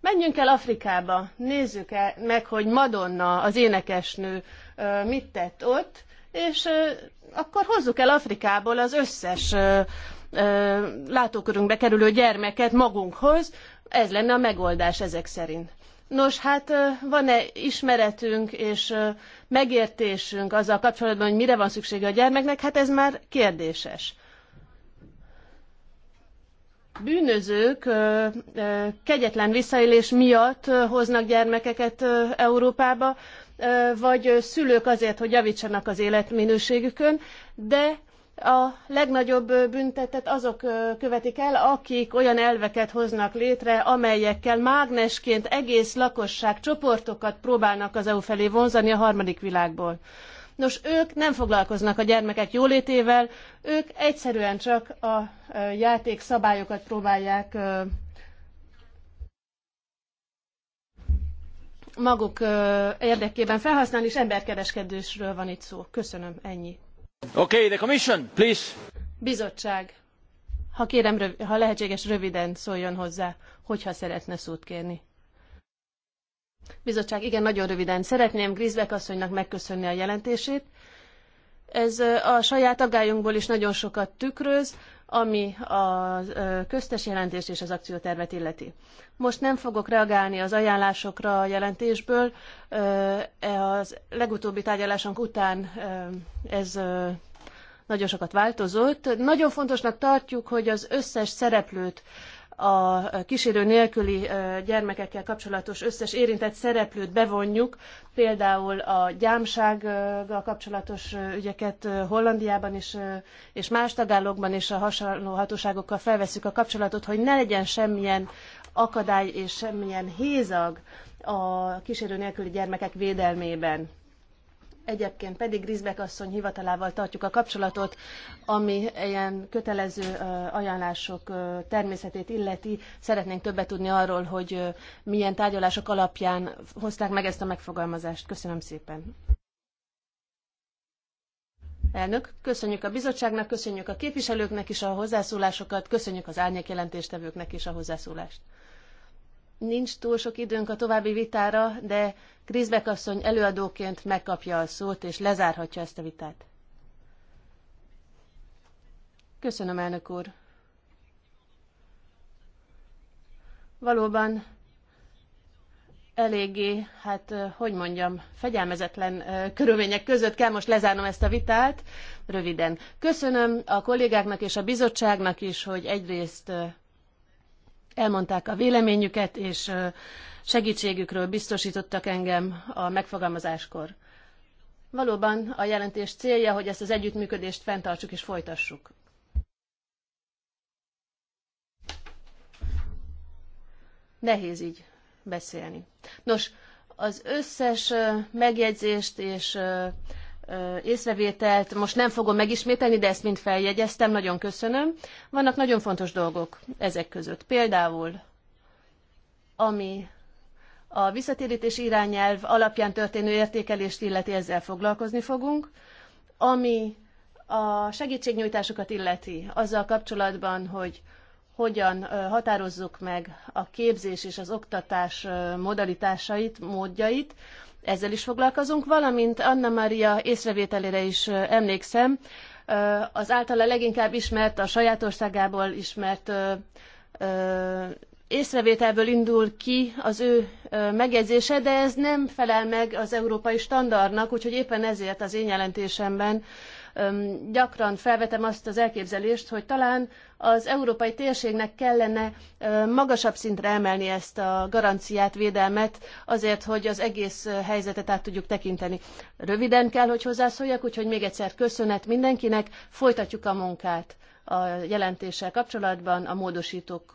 Menjünk el Afrikába, nézzük el, meg, hogy Madonna, az énekesnő mit tett ott, és akkor hozzuk el Afrikából az összes látókörünkbe kerülő gyermeket magunkhoz, ez lenne a megoldás ezek szerint. Nos, hát van-e ismeretünk és megértésünk azzal kapcsolatban, hogy mire van szüksége a gyermeknek, hát ez már kérdéses bűnözők kegyetlen visszaélés miatt hoznak gyermekeket Európába, vagy szülők azért, hogy javítsanak az életminőségükön, de a legnagyobb büntetet azok követik el, akik olyan elveket hoznak létre, amelyekkel mágnesként egész lakosság csoportokat próbálnak az EU felé vonzani a harmadik világból. Nos, ők nem foglalkoznak a gyermekek jólétével, ők egyszerűen csak a játék szabályokat próbálják maguk érdekében felhasználni, és emberkereskedésről van itt szó. Köszönöm, ennyi. Bizottság. Ha kérem, ha lehetséges, röviden szóljon hozzá, hogyha szeretne szót kérni. Bizottság, igen, nagyon röviden. Szeretném griesbeck asszonynak megköszönni a jelentését. Ez a saját agályunkból is nagyon sokat tükröz ami a köztes jelentést és az akciótervet illeti. Most nem fogok reagálni az ajánlásokra a jelentésből. E az legutóbbi tárgyalásunk után ez nagyon sokat változott. Nagyon fontosnak tartjuk, hogy az összes szereplőt a kísérő nélküli gyermekekkel kapcsolatos összes érintett szereplőt bevonjuk, például a gyámsággal kapcsolatos ügyeket Hollandiában is, és más tagállókban is a hasonló hatóságokkal felveszük a kapcsolatot, hogy ne legyen semmilyen akadály és semmilyen hézag a kísérő nélküli gyermekek védelmében. Egyébként pedig Rizbek asszony hivatalával tartjuk a kapcsolatot, ami ilyen kötelező ajánlások természetét illeti. Szeretnénk többet tudni arról, hogy milyen tárgyalások alapján hozták meg ezt a megfogalmazást. Köszönöm szépen. Elnök, köszönjük a bizottságnak, köszönjük a képviselőknek is a hozzászólásokat, köszönjük az árnyék jelentéstevőknek is a hozzászólást. Nincs túl sok időnk a további vitára, de Grisbeck asszony előadóként megkapja a szót, és lezárhatja ezt a vitát. Köszönöm, elnök úr. Valóban eléggé, hát hogy mondjam, fegyelmezetlen körülmények között kell most lezárnom ezt a vitát. Röviden. Köszönöm a kollégáknak és a bizottságnak is, hogy egyrészt elmondták a véleményüket, és segítségükről biztosítottak engem a megfogalmazáskor. Valóban a jelentés célja, hogy ezt az együttműködést fenntartsuk és folytassuk. Nehéz így beszélni. Nos, az összes megjegyzést és észrevételt most nem fogom megismételni, de ezt mind feljegyeztem, nagyon köszönöm. Vannak nagyon fontos dolgok ezek között. Például, ami a visszatérítés irányelv alapján történő értékelést illeti, ezzel foglalkozni fogunk. Ami a segítségnyújtásokat illeti, azzal kapcsolatban, hogy hogyan határozzuk meg a képzés és az oktatás modalitásait, módjait, ezzel is foglalkozunk, valamint Anna Maria észrevételére is emlékszem, az általa leginkább ismert, a saját országából ismert észrevételből indul ki az ő megjegyzése, de ez nem felel meg az európai standardnak, úgyhogy éppen ezért az én jelentésemben gyakran felvetem azt az elképzelést, hogy talán az európai térségnek kellene magasabb szintre emelni ezt a garanciát, védelmet, azért, hogy az egész helyzetet át tudjuk tekinteni. Röviden kell, hogy hozzászóljak, úgyhogy még egyszer köszönet mindenkinek, folytatjuk a munkát a jelentéssel kapcsolatban, a módosítók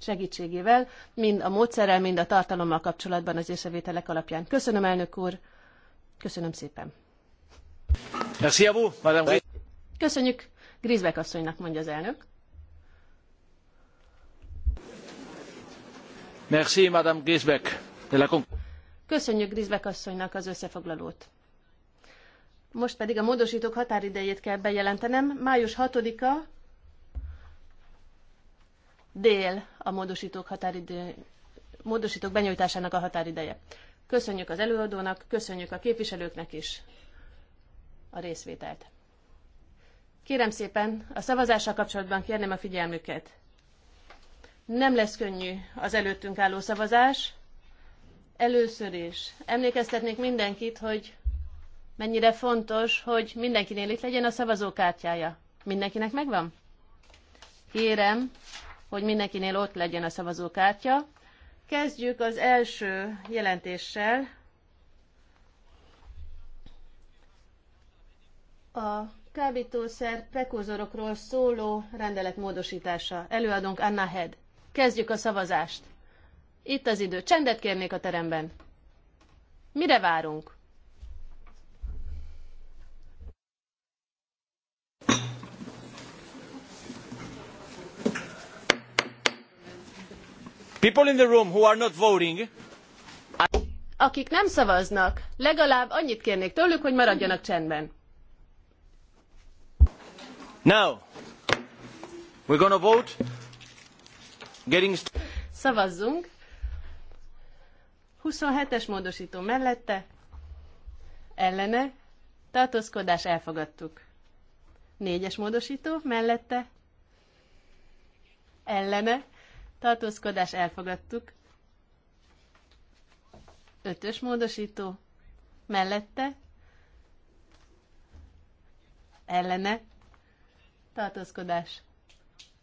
segítségével, mind a módszerrel, mind a tartalommal kapcsolatban az észrevételek alapján. Köszönöm, elnök úr! Köszönöm szépen! Köszönjük Grisbeck asszonynak, mondja az elnök. Merci, Madame Grisbeck. Köszönjük Grisbeck asszonynak az összefoglalót. Most pedig a módosítók határidejét kell bejelentenem. Május 6-a dél a módosítók, határidő módosítók benyújtásának a határideje. Köszönjük az előadónak, köszönjük a képviselőknek is a részvételt. Kérem szépen, a szavazással kapcsolatban kérném a figyelmüket. Nem lesz könnyű az előttünk álló szavazás. Először is emlékeztetnék mindenkit, hogy mennyire fontos, hogy mindenkinél itt legyen a szavazókártyája. Mindenkinek megvan? Kérem, hogy mindenkinél ott legyen a szavazókártya. Kezdjük az első jelentéssel, a kábítószer prekurzorokról szóló rendelet módosítása. Előadónk Anna Head. Kezdjük a szavazást. Itt az idő. Csendet kérnék a teremben. Mire várunk? People in the room who are not voting. Akik nem szavaznak, legalább annyit kérnék tőlük, hogy maradjanak csendben. Now, we're gonna vote. Getting Szavazzunk. 27-es módosító mellette, ellene, tartózkodás elfogadtuk. 4-es módosító mellette, ellene, tartózkodás elfogadtuk. 5-ös módosító mellette, ellene, tartózkodás,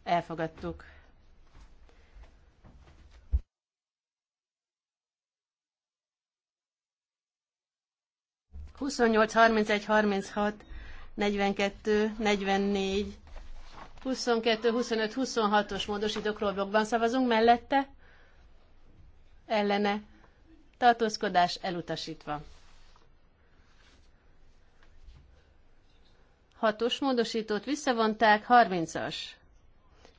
elfogadtuk. Huszonnyolc, harminc egy, harminc hat, negyvenkettő, negyvennégy, huszonkettő, huszonöt, huszonhatos módosítókról blogban szavazunk, mellette ellene tartózkodás elutasítva. Hatos módosítót visszavonták, 30-as.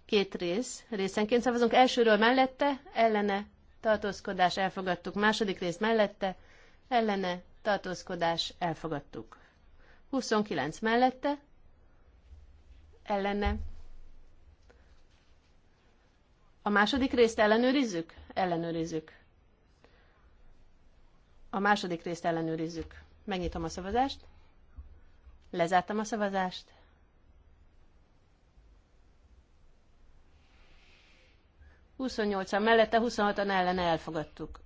Két rész, részenként szavazunk. Elsőről mellette, ellene, tartózkodás, elfogadtuk. Második rész mellette, ellene, tartózkodás, elfogadtuk. 29 mellette, ellene. A második részt ellenőrizzük? Ellenőrizzük. A második részt ellenőrizzük. Megnyitom a szavazást. Lezártam a szavazást. Huszonnyolcan mellette, huszonhatan an ellen elfogadtuk.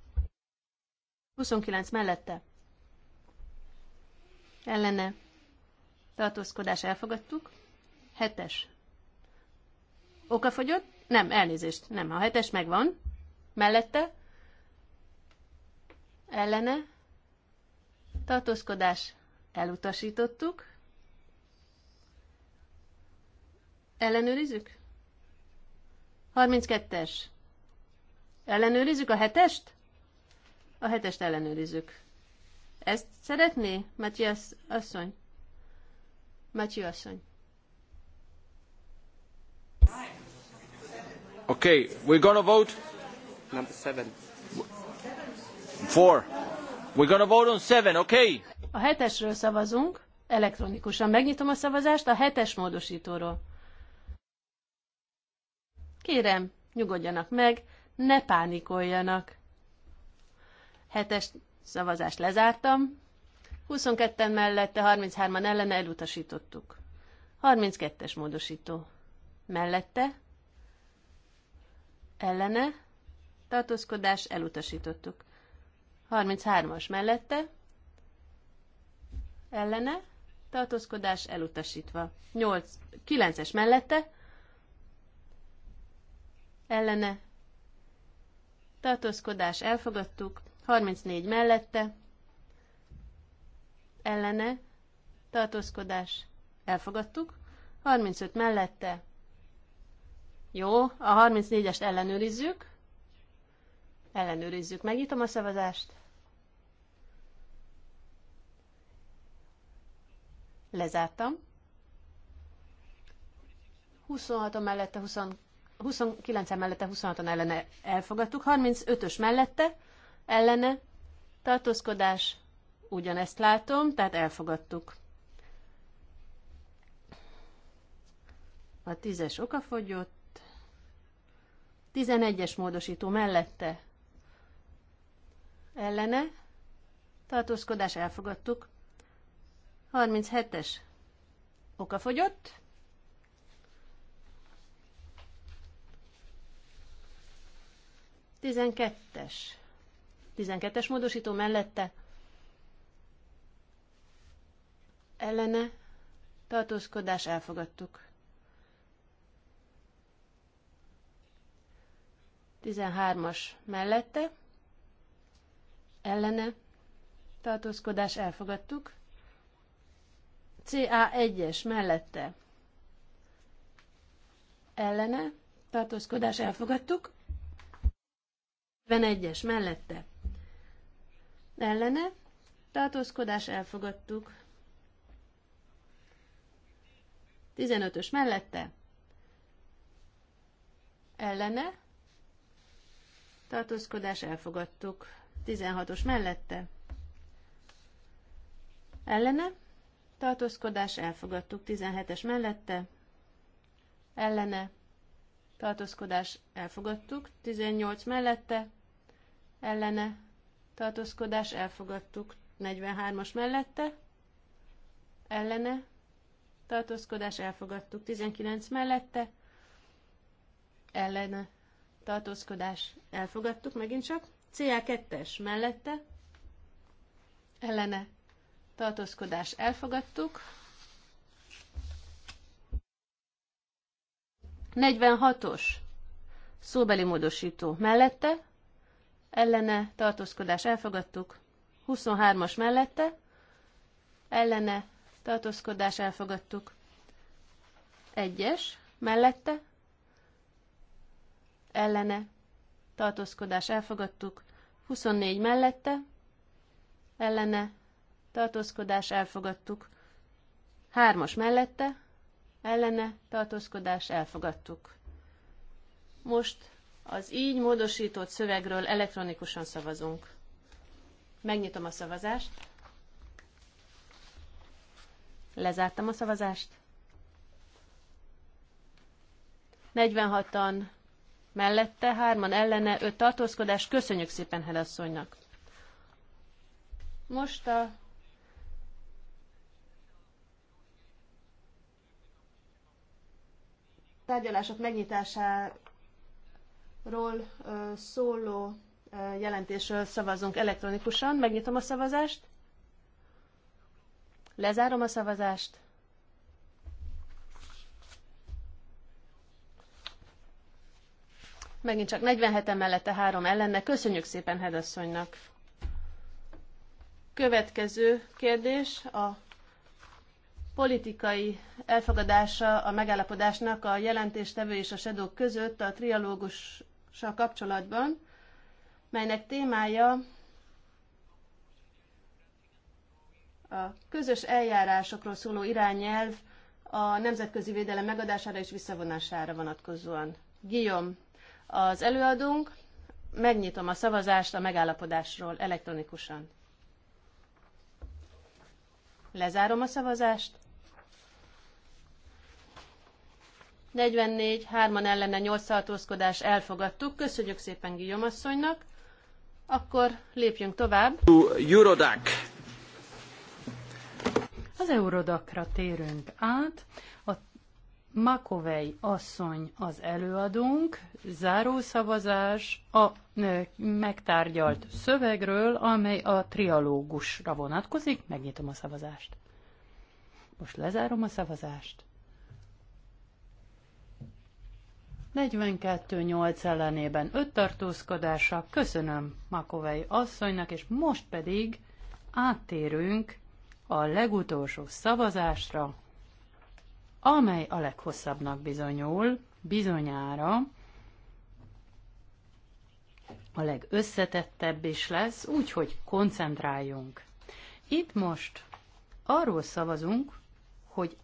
29 mellette. Ellene. Tartózkodás elfogadtuk. Hetes. Okafogyott? Nem, elnézést. Nem, a hetes megvan. Mellette. Ellene. Tartózkodás elutasítottuk. Ellenőrizzük? 32-es. Ellenőrizzük a hetest? A hetest ellenőrizzük. Ezt szeretné, Matthias asszony? Matthias asszony. Okay, we're gonna vote. Number seven. Four. We're gonna vote on seven, okay? A hetesről szavazunk, elektronikusan megnyitom a szavazást a hetes módosítóról. Kérem, nyugodjanak meg, ne pánikoljanak. Hetes szavazást lezártam. 22-en mellette, 33-an ellene elutasítottuk. 32-es módosító. Mellette, ellene, tartózkodás, elutasítottuk. 33-as mellette, ellene, tartózkodás, elutasítva. 8, 9-es mellette, ellene tartózkodás elfogadtuk, 34 mellette ellene tartózkodás elfogadtuk, 35 mellette jó, a 34-est ellenőrizzük, ellenőrizzük, megnyitom a szavazást, lezártam, 26 mellette 22 29 mellette, 26-an ellene elfogadtuk, 35-ös mellette, ellene, tartózkodás, ugyanezt látom, tehát elfogadtuk. A 10-es okafogyott, 11-es módosító mellette, ellene, tartózkodás, elfogadtuk, 37-es okafogyott, 12-es. 12-es módosító mellette ellene tartózkodás elfogadtuk. 13-as mellette, ellene, tartózkodás elfogadtuk. CA1-es mellette, ellene, tartózkodás elfogadtuk. 51-es mellette ellene tartózkodás elfogadtuk. 15-ös mellette ellene tartózkodás elfogadtuk. 16-os mellette ellene tartózkodás elfogadtuk. 17-es mellette ellene tartózkodás elfogadtuk. 18 mellette ellene tartózkodás elfogadtuk 43-as mellette, ellene tartózkodás elfogadtuk 19 mellette, ellene tartózkodás elfogadtuk megint csak, CA2-es mellette, ellene tartózkodás elfogadtuk, 46-os szóbeli módosító mellette, ellene tartózkodás elfogadtuk, 23-as mellette, ellene tartózkodás elfogadtuk, 1-es mellette, ellene tartózkodás elfogadtuk, 24 mellette, ellene tartózkodás elfogadtuk, 3-as mellette, ellene tartózkodás elfogadtuk. Most az így módosított szövegről elektronikusan szavazunk. Megnyitom a szavazást. Lezártam a szavazást. 46-an mellette, 3-an ellene, 5 tartózkodás. Köszönjük szépen Helasszonynak. Most a tárgyalások megnyitására ról szóló jelentésről szavazunk elektronikusan. Megnyitom a szavazást. Lezárom a szavazást. Megint csak 47 mellette 3 ellenne. Köszönjük szépen Hedasszonynak. Következő kérdés a politikai elfogadása a megállapodásnak a jelentéstevő és a sedók között a trialógus kapcsolatban, melynek témája a közös eljárásokról szóló irányelv a nemzetközi védelem megadására és visszavonására vonatkozóan. Guillaume, az előadónk, megnyitom a szavazást a megállapodásról elektronikusan. Lezárom a szavazást. 44, 3 ellene 8 tartózkodás elfogadtuk. Köszönjük szépen Guillaume asszonynak. Akkor lépjünk tovább. Eurodac. Az Eurodakra térünk át. A Makovei asszony az előadónk, zárószavazás a megtárgyalt szövegről, amely a trialógusra vonatkozik. Megnyitom a szavazást. Most lezárom a szavazást. 42-8 ellenében 5 tartózkodása. Köszönöm Makovei asszonynak, és most pedig áttérünk a legutolsó szavazásra, amely a leghosszabbnak bizonyul, bizonyára, a legösszetettebb is lesz, úgyhogy koncentráljunk. Itt most arról szavazunk, hogy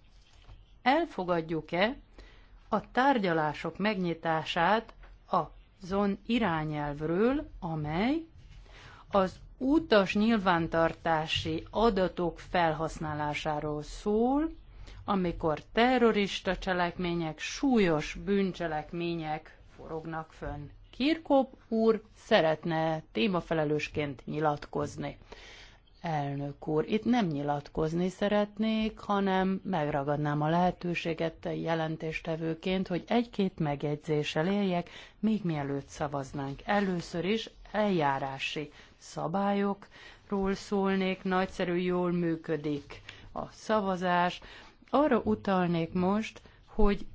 elfogadjuk-e a tárgyalások megnyitását a zon irányelvről, amely az utas nyilvántartási adatok felhasználásáról szól, amikor terrorista cselekmények, súlyos bűncselekmények forognak fönn. Kirkop úr szeretne témafelelősként nyilatkozni. Elnök úr, itt nem nyilatkozni szeretnék, hanem megragadnám a lehetőséget jelentéstevőként, hogy egy-két megjegyzéssel éljek, még mielőtt szavaznánk. Először is eljárási szabályokról szólnék, nagyszerű jól működik a szavazás. Arra utalnék most, hogy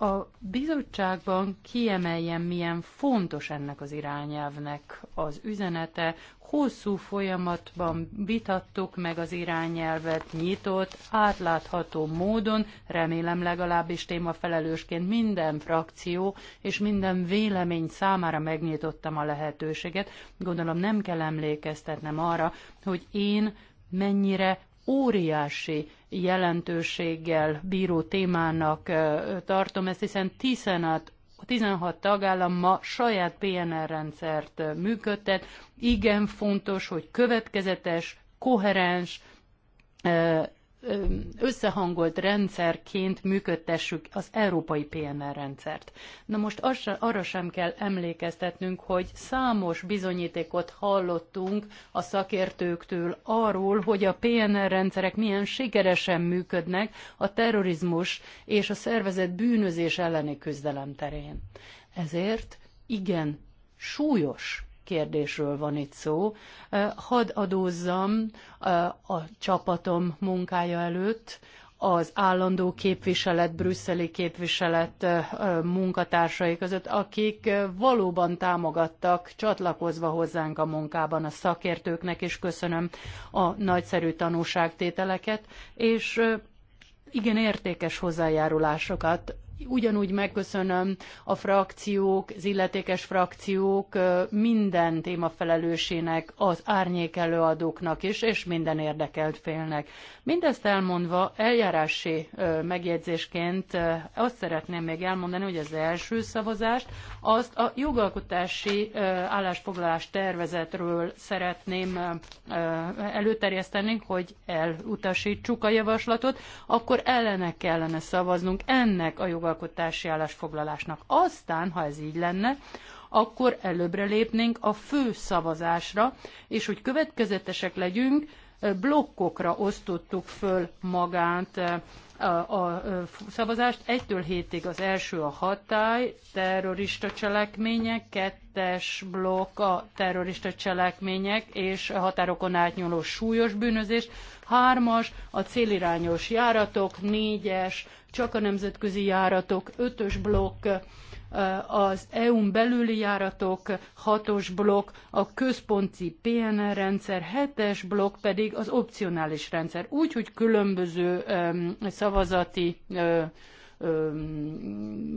a bizottságban kiemeljem, milyen fontos ennek az irányelvnek az üzenete. Hosszú folyamatban vitattuk meg az irányelvet nyitott, átlátható módon, remélem legalábbis témafelelősként minden frakció és minden vélemény számára megnyitottam a lehetőséget. Gondolom nem kell emlékeztetnem arra, hogy én mennyire óriási jelentőséggel bíró témának tartom ezt, hiszen 16 16 tagállam ma saját PNR rendszert működtet. Igen fontos, hogy következetes, koherens összehangolt rendszerként működtessük az európai PNR rendszert. Na most arra sem kell emlékeztetnünk, hogy számos bizonyítékot hallottunk a szakértőktől arról, hogy a PNR rendszerek milyen sikeresen működnek a terrorizmus és a szervezet bűnözés elleni küzdelem terén. Ezért igen súlyos kérdésről van itt szó. Hadd adózzam a csapatom munkája előtt, az állandó képviselet, brüsszeli képviselet munkatársai között, akik valóban támogattak, csatlakozva hozzánk a munkában a szakértőknek, és köszönöm a nagyszerű tanúságtételeket, és igen értékes hozzájárulásokat ugyanúgy megköszönöm a frakciók, az illetékes frakciók minden témafelelősének, az árnyék előadóknak is, és minden érdekelt félnek. Mindezt elmondva eljárási megjegyzésként azt szeretném még elmondani, hogy az első szavazást azt a jogalkotási állásfoglalás tervezetről szeretném előterjeszteni, hogy elutasítsuk a javaslatot, akkor ellene kellene szavaznunk ennek a jogalkotási jogalkotási állásfoglalásnak. Aztán, ha ez így lenne, akkor előbbre lépnénk a fő szavazásra, és hogy következetesek legyünk, blokkokra osztottuk föl magát a, a szavazást. Egytől hétig az első a hatály, terrorista cselekmények, kettes blokk a terrorista cselekmények és a határokon átnyúló súlyos bűnözés, hármas a célirányos járatok, négyes csak a nemzetközi járatok, ötös blokk az EU-n belüli járatok, hatos blokk, a központi PNR rendszer, hetes blokk pedig az opcionális rendszer. Úgy, hogy különböző szavazati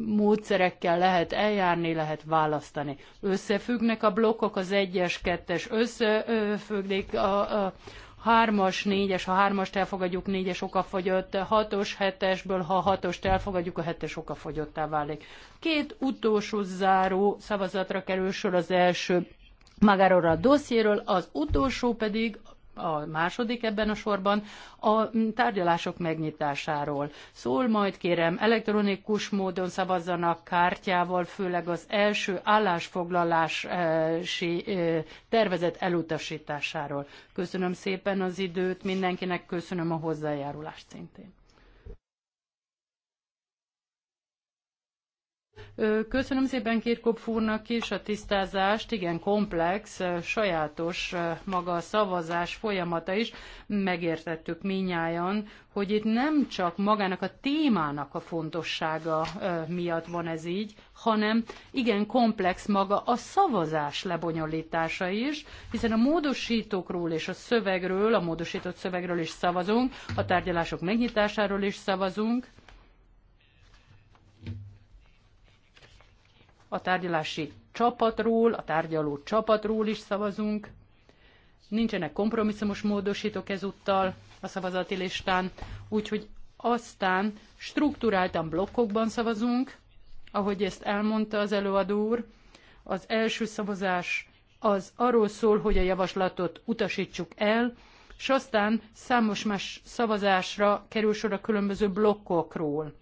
módszerekkel lehet eljárni, lehet választani. Összefüggnek a blokkok, az egyes, kettes összefüggnek, a, a, 3-as, 4-es, ha 3-ast elfogadjuk, 4-es fogyott, 6-os, 7-esből, ha 6-ost elfogadjuk, a 7-es fogyottá válik. Két utolsó záró szavazatra kerül sor az első magáról a dossziéről, az utolsó pedig a második ebben a sorban a tárgyalások megnyitásáról. Szól majd kérem, elektronikus módon szavazzanak kártyával, főleg az első állásfoglalási tervezet elutasításáról. Köszönöm szépen az időt mindenkinek, köszönöm a hozzájárulást szintén. Köszönöm szépen Kirkopf úrnak is a tisztázást, igen komplex, sajátos maga a szavazás folyamata is. Megértettük minnyáján, hogy itt nem csak magának a témának a fontossága miatt van ez így, hanem igen komplex maga a szavazás lebonyolítása is, hiszen a módosítókról és a szövegről, a módosított szövegről is szavazunk, a tárgyalások megnyitásáról is szavazunk, a tárgyalási csapatról, a tárgyaló csapatról is szavazunk. Nincsenek kompromisszumos módosítók ezúttal a szavazati listán, úgyhogy aztán struktúráltan blokkokban szavazunk, ahogy ezt elmondta az előadó úr. Az első szavazás az arról szól, hogy a javaslatot utasítsuk el, és aztán számos más szavazásra kerül sor a különböző blokkokról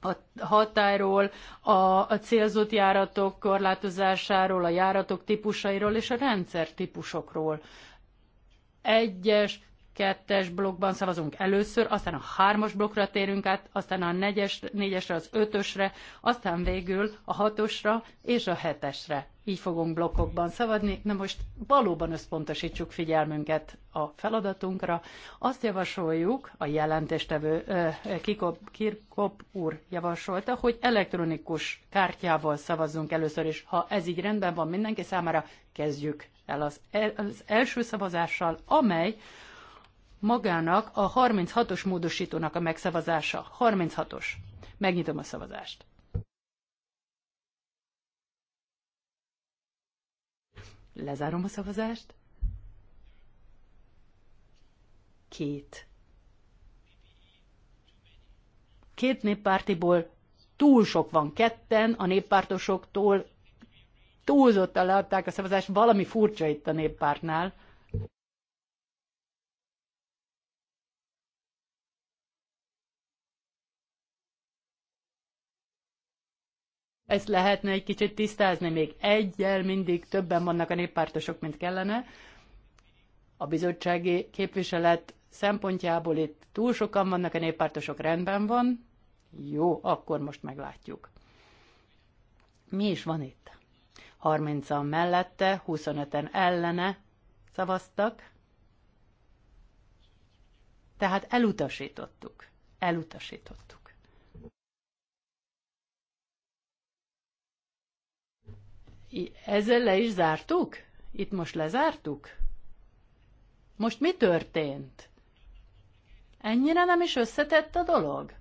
a határól, a, a célzott járatok korlátozásáról, a járatok típusairól és a rendszer típusokról. Egyes, kettes blokkban szavazunk először, aztán a hármas blokkra térünk át, aztán a negyes, négyesre, az ötösre, aztán végül a hatosra és a hetesre így fogunk blokkokban szavadni, Na most valóban összpontosítsuk figyelmünket a feladatunkra. Azt javasoljuk, a jelentéstevő Kikop, Kirkop úr javasolta, hogy elektronikus kártyával szavazzunk először is. Ha ez így rendben van mindenki számára, kezdjük el az, el, az első szavazással, amely magának a 36-os módosítónak a megszavazása. 36-os. Megnyitom a szavazást. Lezárom a szavazást. Két. Két néppártiból túl sok van ketten, a néppártosoktól túlzottan leadták a szavazást, valami furcsa itt a néppártnál. Ezt lehetne egy kicsit tisztázni, még egyel mindig többen vannak a néppártosok, mint kellene. A bizottsági képviselet szempontjából itt túl sokan vannak a néppártosok, rendben van. Jó, akkor most meglátjuk. Mi is van itt? 30-an mellette, 25-en ellene szavaztak. Tehát elutasítottuk. Elutasítottuk. ezzel le is zártuk? Itt most lezártuk? Most mi történt? Ennyire nem is összetett a dolog?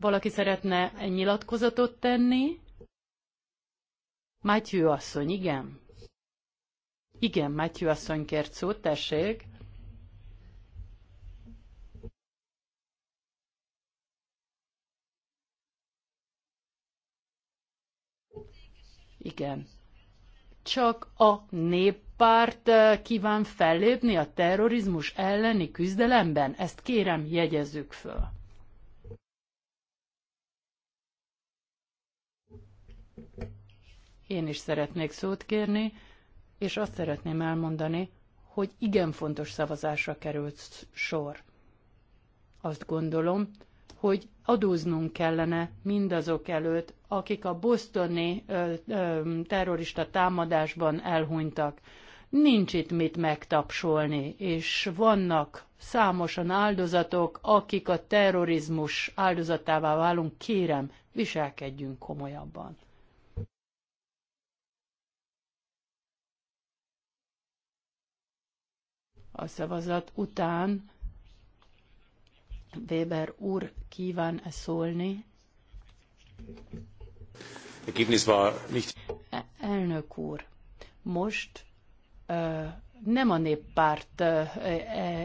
valaki szeretne egy nyilatkozatot tenni? Mátyő asszony, igen. Igen, Mátyő asszony kért szót, tessék. Igen. Csak a néppárt eh, kíván fellépni a terrorizmus elleni küzdelemben? Ezt kérem, jegyezzük föl. Én is szeretnék szót kérni, és azt szeretném elmondani, hogy igen fontos szavazásra került sor. Azt gondolom, hogy adóznunk kellene mindazok előtt, akik a bosztoni ö, ö, terrorista támadásban elhunytak. Nincs itt mit megtapsolni, és vannak számosan áldozatok, akik a terrorizmus áldozatává válunk, kérem, viselkedjünk komolyabban. a szavazat után Weber úr kíván-e szólni? Ergebnis war nicht. E, elnök úr, most uh, nem a néppárt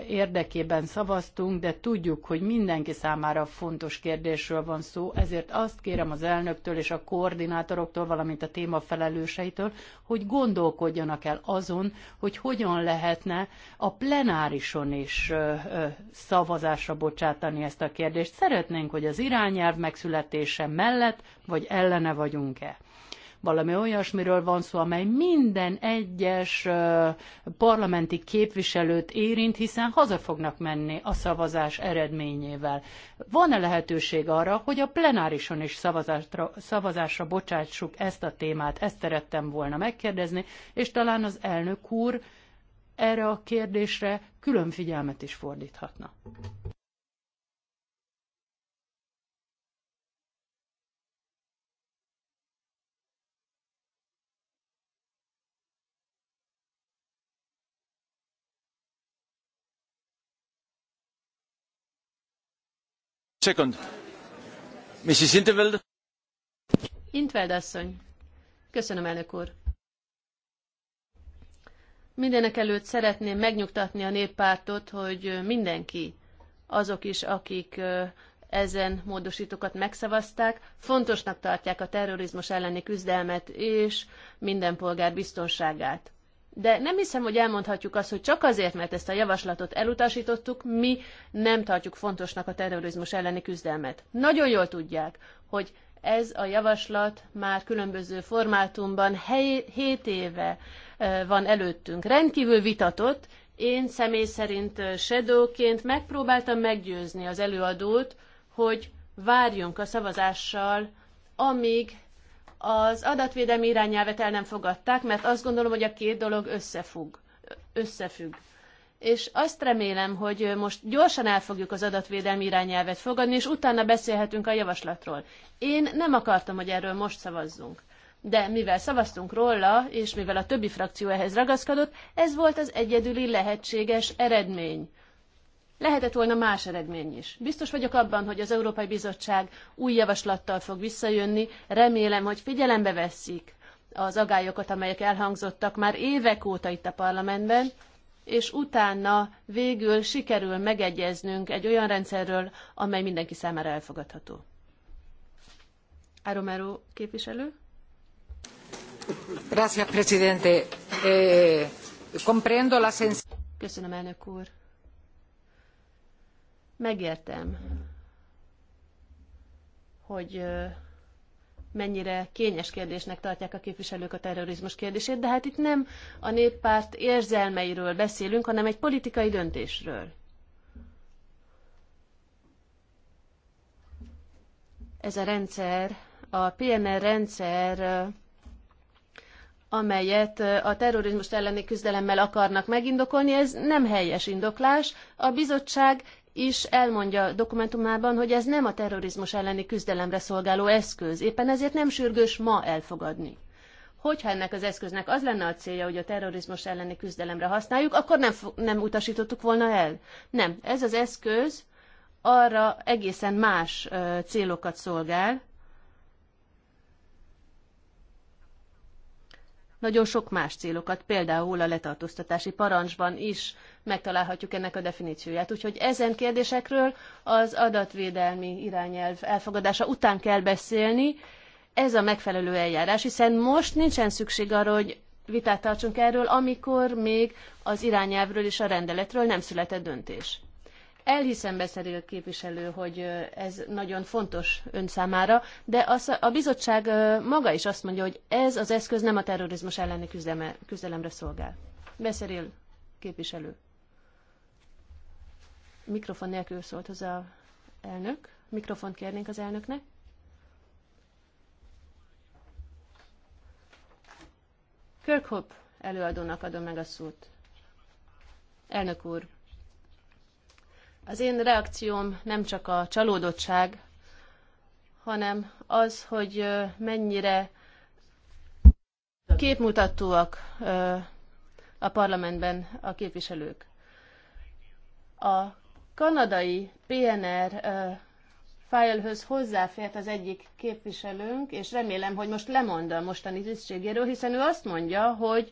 érdekében szavaztunk, de tudjuk, hogy mindenki számára fontos kérdésről van szó, ezért azt kérem az elnöktől és a koordinátoroktól, valamint a téma felelőseitől, hogy gondolkodjanak el azon, hogy hogyan lehetne a plenárison is szavazásra bocsátani ezt a kérdést. Szeretnénk, hogy az irányelv megszületése mellett vagy ellene vagyunk-e valami olyasmiről van szó, amely minden egyes parlamenti képviselőt érint, hiszen haza fognak menni a szavazás eredményével. Van-e lehetőség arra, hogy a plenárison is szavazásra, szavazásra bocsátsuk ezt a témát? Ezt szerettem volna megkérdezni, és talán az elnök úr erre a kérdésre külön figyelmet is fordíthatna. in Mrs. veld Intveld asszony. Köszönöm, elnök úr. Mindenek szeretném megnyugtatni a néppártot, hogy mindenki, azok is, akik ezen módosítókat megszavazták, fontosnak tartják a terrorizmus elleni küzdelmet és minden polgár biztonságát de nem hiszem, hogy elmondhatjuk azt, hogy csak azért, mert ezt a javaslatot elutasítottuk, mi nem tartjuk fontosnak a terrorizmus elleni küzdelmet. Nagyon jól tudják, hogy ez a javaslat már különböző formátumban 7 éve van előttünk. Rendkívül vitatott, én személy szerint shadowként megpróbáltam meggyőzni az előadót, hogy várjunk a szavazással, amíg az adatvédelmi irányelvet el nem fogadták, mert azt gondolom, hogy a két dolog összefügg. összefügg. És azt remélem, hogy most gyorsan el fogjuk az adatvédelmi irányelvet fogadni, és utána beszélhetünk a javaslatról. Én nem akartam, hogy erről most szavazzunk. De mivel szavaztunk róla, és mivel a többi frakció ehhez ragaszkodott, ez volt az egyedüli lehetséges eredmény. Lehetett volna más eredmény is. Biztos vagyok abban, hogy az Európai Bizottság új javaslattal fog visszajönni. Remélem, hogy figyelembe veszik az agályokat, amelyek elhangzottak már évek óta itt a parlamentben, és utána végül sikerül megegyeznünk egy olyan rendszerről, amely mindenki számára elfogadható. Áromero képviselő. Gracias, presidente. Eh, comprendo la Köszönöm, elnök úr Megértem, hogy mennyire kényes kérdésnek tartják a képviselők a terrorizmus kérdését, de hát itt nem a néppárt érzelmeiről beszélünk, hanem egy politikai döntésről. Ez a rendszer, a PNR rendszer, amelyet a terrorizmus elleni küzdelemmel akarnak megindokolni, ez nem helyes indoklás. A bizottság is elmondja dokumentumában, hogy ez nem a terrorizmus elleni küzdelemre szolgáló eszköz, éppen ezért nem sürgős ma elfogadni. Hogyha ennek az eszköznek az lenne a célja, hogy a terrorizmus elleni küzdelemre használjuk, akkor nem, nem utasítottuk volna el. Nem, ez az eszköz arra egészen más ö, célokat szolgál, nagyon sok más célokat, például a letartóztatási parancsban is megtalálhatjuk ennek a definícióját. Úgyhogy ezen kérdésekről az adatvédelmi irányelv elfogadása után kell beszélni. Ez a megfelelő eljárás, hiszen most nincsen szükség arra, hogy vitát tartsunk erről, amikor még az irányelvről és a rendeletről nem született döntés. Elhiszem beszél képviselő, hogy ez nagyon fontos ön számára, de az, a bizottság maga is azt mondja, hogy ez az eszköz nem a terrorizmus elleni küzdelemre szolgál. Beszerél képviselő. Mikrofon nélkül szólt hozzá az elnök. Mikrofont kérnénk az elnöknek. Kirkhope előadónak adom meg a szót. Elnök úr, az én reakcióm nem csak a csalódottság, hanem az, hogy mennyire képmutatóak a parlamentben a képviselők. A kanadai PNR fájlhöz hozzáfért az egyik képviselőnk, és remélem, hogy most lemond a mostani tisztségéről, hiszen ő azt mondja, hogy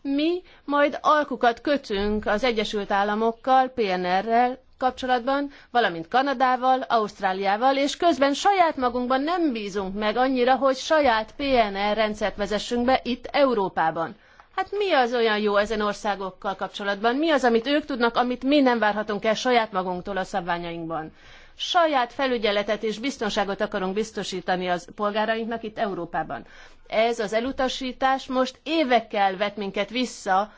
mi majd alkukat kötünk az Egyesült Államokkal, PNR-rel, kapcsolatban, valamint Kanadával, Ausztráliával, és közben saját magunkban nem bízunk meg annyira, hogy saját PNR rendszert vezessünk be itt Európában. Hát mi az olyan jó ezen országokkal kapcsolatban? Mi az, amit ők tudnak, amit mi nem várhatunk el saját magunktól a szabványainkban? Saját felügyeletet és biztonságot akarunk biztosítani az polgárainknak itt Európában. Ez az elutasítás most évekkel vet minket vissza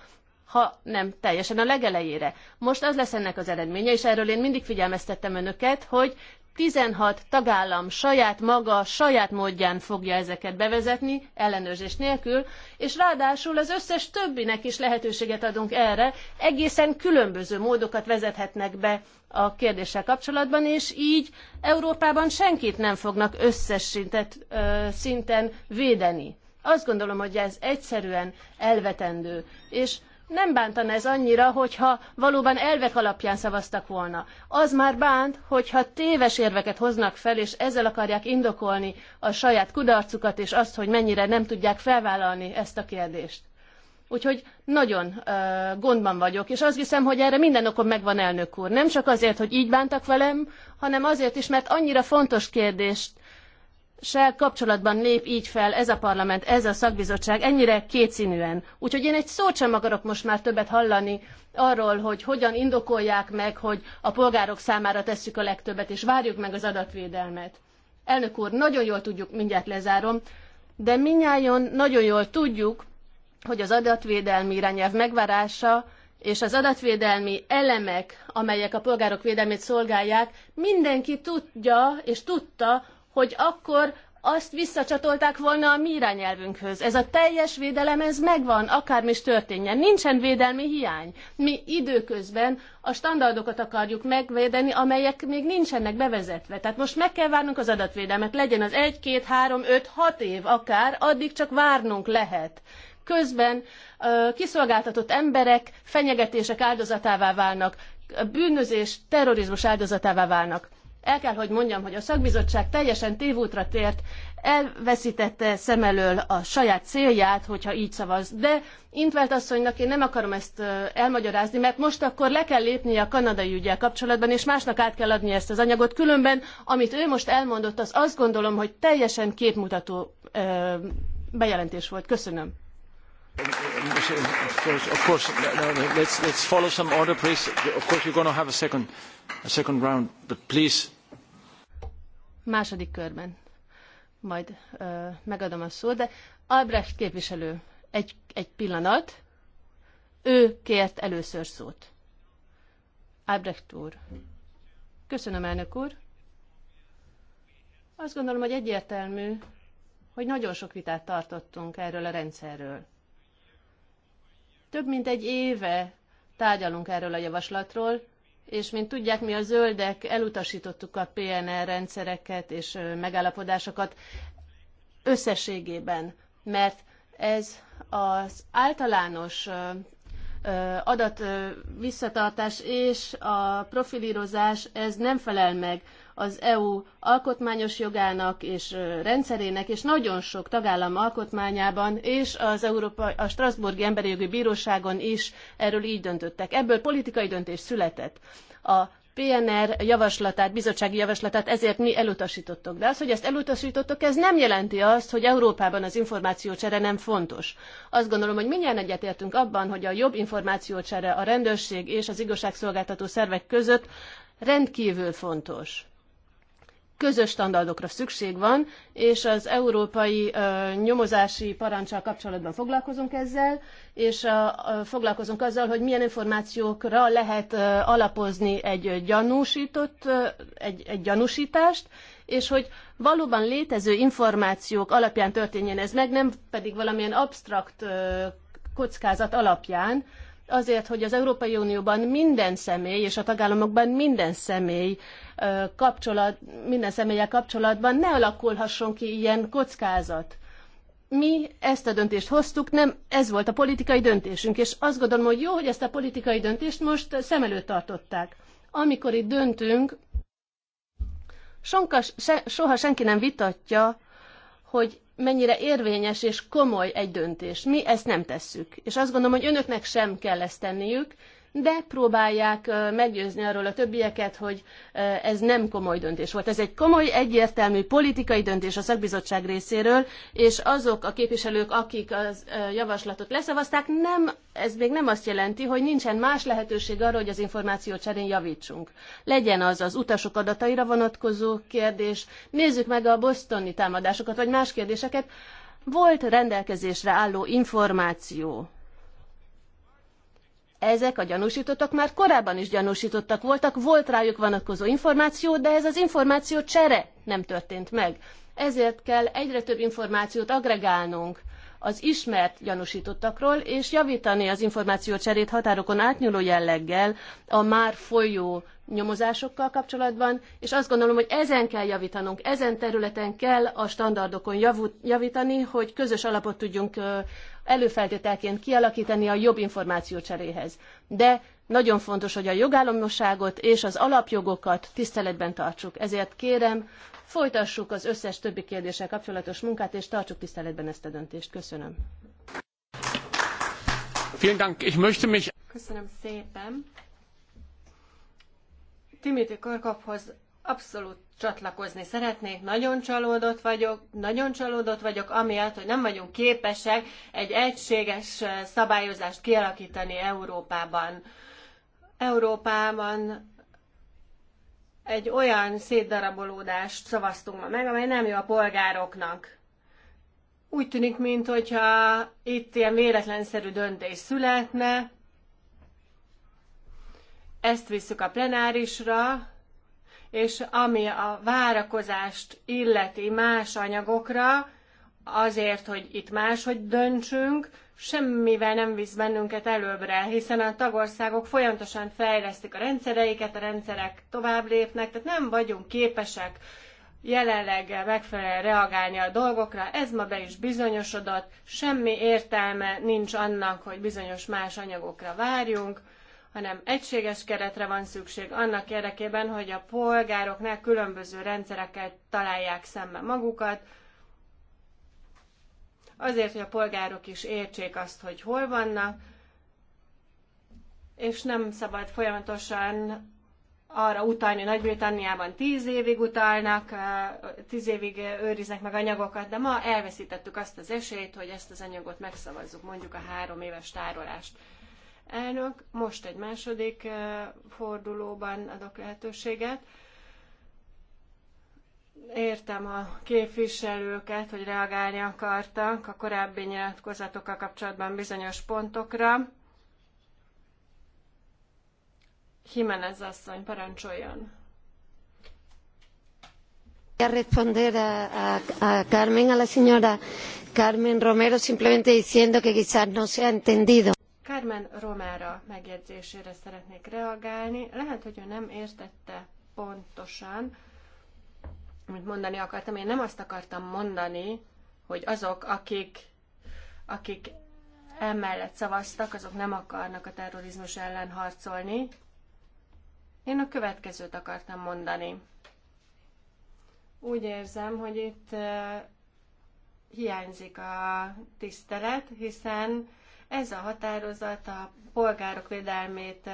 ha nem teljesen a legelejére. Most az lesz ennek az eredménye, és erről én mindig figyelmeztettem önöket, hogy 16 tagállam saját maga, saját módján fogja ezeket bevezetni, ellenőrzés nélkül, és ráadásul az összes többinek is lehetőséget adunk erre, egészen különböző módokat vezethetnek be a kérdéssel kapcsolatban, és így Európában senkit nem fognak összes szintet, ö, szinten védeni. Azt gondolom, hogy ez egyszerűen elvetendő, és nem bántana ez annyira, hogyha valóban elvek alapján szavaztak volna. Az már bánt, hogyha téves érveket hoznak fel, és ezzel akarják indokolni a saját kudarcukat, és azt, hogy mennyire nem tudják felvállalni ezt a kérdést. Úgyhogy nagyon ö, gondban vagyok, és azt hiszem, hogy erre minden okom megvan elnök úr. Nem csak azért, hogy így bántak velem, hanem azért is, mert annyira fontos kérdést se kapcsolatban lép így fel ez a parlament, ez a szakbizottság ennyire kétszínűen. Úgyhogy én egy szót sem akarok most már többet hallani arról, hogy hogyan indokolják meg, hogy a polgárok számára tesszük a legtöbbet, és várjuk meg az adatvédelmet. Elnök úr, nagyon jól tudjuk, mindjárt lezárom, de minnyáján nagyon jól tudjuk, hogy az adatvédelmi irányelv megvárása és az adatvédelmi elemek, amelyek a polgárok védelmét szolgálják, mindenki tudja és tudta, hogy akkor azt visszacsatolták volna a mi irányelvünkhöz. Ez a teljes védelem, ez megvan, akármi is történjen. Nincsen védelmi hiány. Mi időközben a standardokat akarjuk megvédeni, amelyek még nincsenek bevezetve. Tehát most meg kell várnunk az adatvédelmet, legyen az 1, 2, 3, 5, 6 év akár, addig csak várnunk lehet. Közben kiszolgáltatott emberek fenyegetések áldozatává válnak, bűnözés, terrorizmus áldozatává válnak el kell, hogy mondjam, hogy a szakbizottság teljesen tévútra tért, elveszítette szem elől a saját célját, hogyha így szavaz. De Intvelt asszonynak én nem akarom ezt elmagyarázni, mert most akkor le kell lépnie a kanadai ügyel kapcsolatban, és másnak át kell adni ezt az anyagot. Különben, amit ő most elmondott, az azt gondolom, hogy teljesen képmutató bejelentés volt. Köszönöm. Of course, no, no, let's, let's follow some order, please. Of course, you're going to have a second, a second round, but please. Második körben majd ö, megadom a szót, de Albrecht képviselő, egy, egy pillanat. Ő kért először szót. Albrecht úr. Köszönöm, elnök úr. Azt gondolom, hogy egyértelmű, hogy nagyon sok vitát tartottunk erről a rendszerről. Több mint egy éve tárgyalunk erről a javaslatról, és mint tudják, mi a zöldek elutasítottuk a PNR rendszereket és megállapodásokat összességében, mert ez az általános adat visszatartás és a profilírozás, ez nem felel meg az EU alkotmányos jogának és rendszerének, és nagyon sok tagállam alkotmányában és az Európa, a Strasburgi Emberi Jogi Bíróságon is erről így döntöttek. Ebből politikai döntés született. A PNR javaslatát, bizottsági javaslatát ezért mi elutasítottuk. De az, hogy ezt elutasítottuk, ez nem jelenti azt, hogy Európában az információcsere nem fontos. Azt gondolom, hogy mindjárt egyetértünk abban, hogy a jobb információcsere a rendőrség és az igazságszolgáltató szervek között rendkívül fontos közös standardokra szükség van, és az európai ö, nyomozási parancsal kapcsolatban foglalkozunk ezzel, és a, foglalkozunk azzal, hogy milyen információkra lehet ö, alapozni egy gyanúsított, ö, egy, egy gyanúsítást, és hogy valóban létező információk alapján történjen ez meg, nem pedig valamilyen absztrakt ö, kockázat alapján, azért, hogy az Európai Unióban minden személy, és a tagállamokban minden személy kapcsolat, minden személye kapcsolatban ne alakulhasson ki ilyen kockázat. Mi ezt a döntést hoztuk, nem ez volt a politikai döntésünk, és azt gondolom, hogy jó, hogy ezt a politikai döntést most szem előtt tartották. Amikor itt döntünk, sonka, se, soha senki nem vitatja, hogy mennyire érvényes és komoly egy döntés. Mi ezt nem tesszük. És azt gondolom, hogy önöknek sem kell ezt tenniük, de próbálják meggyőzni arról a többieket, hogy ez nem komoly döntés volt. Ez egy komoly, egyértelmű politikai döntés a szakbizottság részéről, és azok a képviselők, akik a javaslatot leszavazták, nem, ez még nem azt jelenti, hogy nincsen más lehetőség arra, hogy az információ cserén javítsunk. Legyen az az utasok adataira vonatkozó kérdés, nézzük meg a bosztoni támadásokat, vagy más kérdéseket, volt rendelkezésre álló információ ezek a gyanúsítottak már korábban is gyanúsítottak voltak, volt rájuk vonatkozó információ, de ez az információ csere nem történt meg. Ezért kell egyre több információt agregálnunk az ismert gyanúsítottakról, és javítani az cserét határokon átnyúló jelleggel a már folyó nyomozásokkal kapcsolatban, és azt gondolom, hogy ezen kell javítanunk, ezen területen kell a standardokon javut, javítani, hogy közös alapot tudjunk előfeltételként kialakítani a jobb információ cseréhez. De nagyon fontos, hogy a jogállamosságot és az alapjogokat tiszteletben tartsuk. Ezért kérem, folytassuk az összes többi kérdéssel kapcsolatos munkát, és tartsuk tiszteletben ezt a döntést. Köszönöm. Köszönöm szépen. Timothy Korkaphoz abszolút csatlakozni szeretnék, nagyon csalódott vagyok, nagyon csalódott vagyok, amiatt, hogy nem vagyunk képesek egy egységes szabályozást kialakítani Európában. Európában egy olyan szétdarabolódást szavaztunk ma meg, amely nem jó a polgároknak. Úgy tűnik, mintha itt ilyen véletlenszerű döntés születne, ezt visszük a plenárisra, és ami a várakozást illeti más anyagokra, azért, hogy itt máshogy döntsünk, semmivel nem visz bennünket előbbre, hiszen a tagországok folyamatosan fejlesztik a rendszereiket, a rendszerek tovább lépnek, tehát nem vagyunk képesek jelenleg megfelelően reagálni a dolgokra. Ez ma be is bizonyosodott, semmi értelme nincs annak, hogy bizonyos más anyagokra várjunk hanem egységes keretre van szükség annak érdekében, hogy a polgároknál különböző rendszereket találják szembe magukat, azért, hogy a polgárok is értsék azt, hogy hol vannak, és nem szabad folyamatosan arra utalni, Nagy-Britanniában tíz évig utalnak, tíz évig őriznek meg anyagokat, de ma elveszítettük azt az esélyt, hogy ezt az anyagot megszavazzuk, mondjuk a három éves tárolást elnök. Most egy második eh, fordulóban adok lehetőséget. Értem a képviselőket, hogy reagálni akartak a korábbi nyilatkozatokkal kapcsolatban bizonyos pontokra. Jimenez asszony, parancsoljon! a responder a, a, a Carmen, a la señora Carmen Romero, simplemente diciendo que quizás no se ha entendido. Carmen Romára megjegyzésére szeretnék reagálni. Lehet, hogy ő nem értette pontosan, amit mondani akartam. Én nem azt akartam mondani, hogy azok, akik, akik emellett szavaztak, azok nem akarnak a terrorizmus ellen harcolni. Én a következőt akartam mondani. Úgy érzem, hogy itt eh, hiányzik a tisztelet, hiszen ez a határozat a polgárok védelmét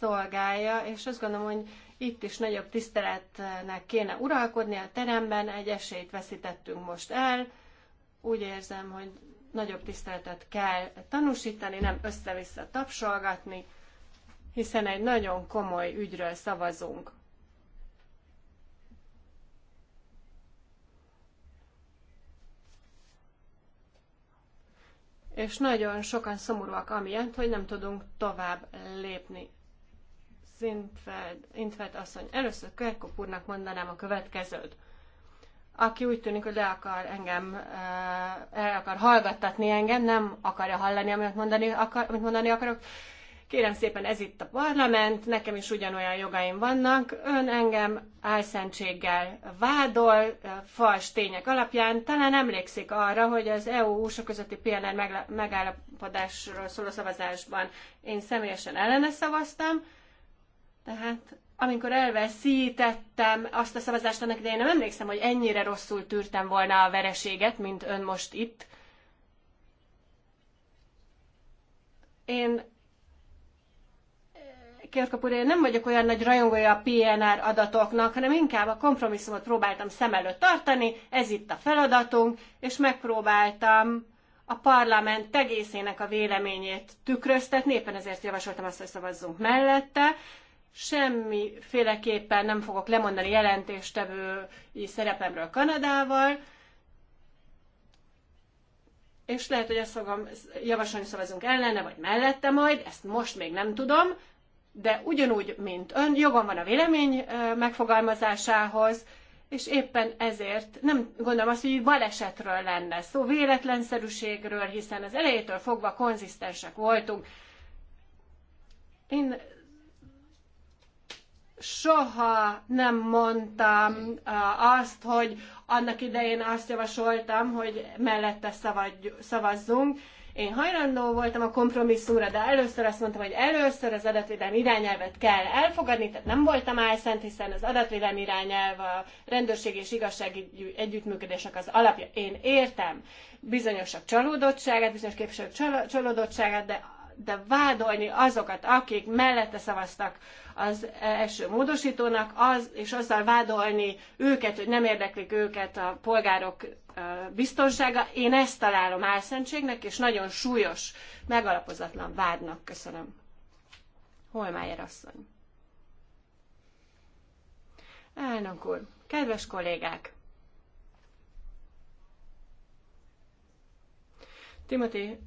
szolgálja, és azt gondolom, hogy itt is nagyobb tiszteletnek kéne uralkodni a teremben, egy esélyt veszítettünk most el. Úgy érzem, hogy nagyobb tiszteletet kell tanúsítani, nem össze-vissza tapsolgatni, hiszen egy nagyon komoly ügyről szavazunk. és nagyon sokan szomorúak amiatt, hogy nem tudunk tovább lépni. Szintfeld, Intfeld asszony, először Kerkop úrnak mondanám a következőt. Aki úgy tűnik, hogy le akar engem, eh, el akar hallgattatni engem, nem akarja hallani, amit mondani, akar, amit mondani akarok, Kérem szépen, ez itt a parlament, nekem is ugyanolyan jogaim vannak. Ön engem álszentséggel vádol, fals tények alapján. Talán emlékszik arra, hogy az EU-USA közötti PNR megállapodásról szóló szavazásban én személyesen ellene szavaztam, tehát amikor elveszítettem azt a szavazást annak idején, nem emlékszem, hogy ennyire rosszul tűrtem volna a vereséget, mint ön most itt. Én Kirkop úr, én nem vagyok olyan nagy rajongója a PNR adatoknak, hanem inkább a kompromisszumot próbáltam szem előtt tartani, ez itt a feladatunk, és megpróbáltam a parlament egészének a véleményét tükröztetni, éppen ezért javasoltam azt, hogy szavazzunk mellette. Semmiféleképpen nem fogok lemondani jelentéstevői szerepemről Kanadával, és lehet, hogy azt fogom javasolni, szavazunk ellene, vagy mellette majd, ezt most még nem tudom, de ugyanúgy, mint ön, jogom van a vélemény megfogalmazásához, és éppen ezért nem gondolom azt, hogy balesetről lenne szó, szóval véletlenszerűségről, hiszen az elejétől fogva konzisztensek voltunk. Én soha nem mondtam azt, hogy annak idején azt javasoltam, hogy mellette szavazzunk, én hajlandó voltam a kompromisszumra, de először azt mondtam, hogy először az adatvédelmi irányelvet kell elfogadni, tehát nem voltam álszent, hiszen az adatvédelmi irányelv a rendőrség és igazság együttműködésnek az alapja. Én értem bizonyosak csalódottságát, bizonyos képviselők csalódottságát, de de vádolni azokat, akik mellette szavaztak az első módosítónak, az, és azzal vádolni őket, hogy nem érdeklik őket a polgárok biztonsága. Én ezt találom álszentségnek, és nagyon súlyos, megalapozatlan vádnak. Köszönöm. Holmájer asszony. Elnök úr, kedves kollégák! Timothy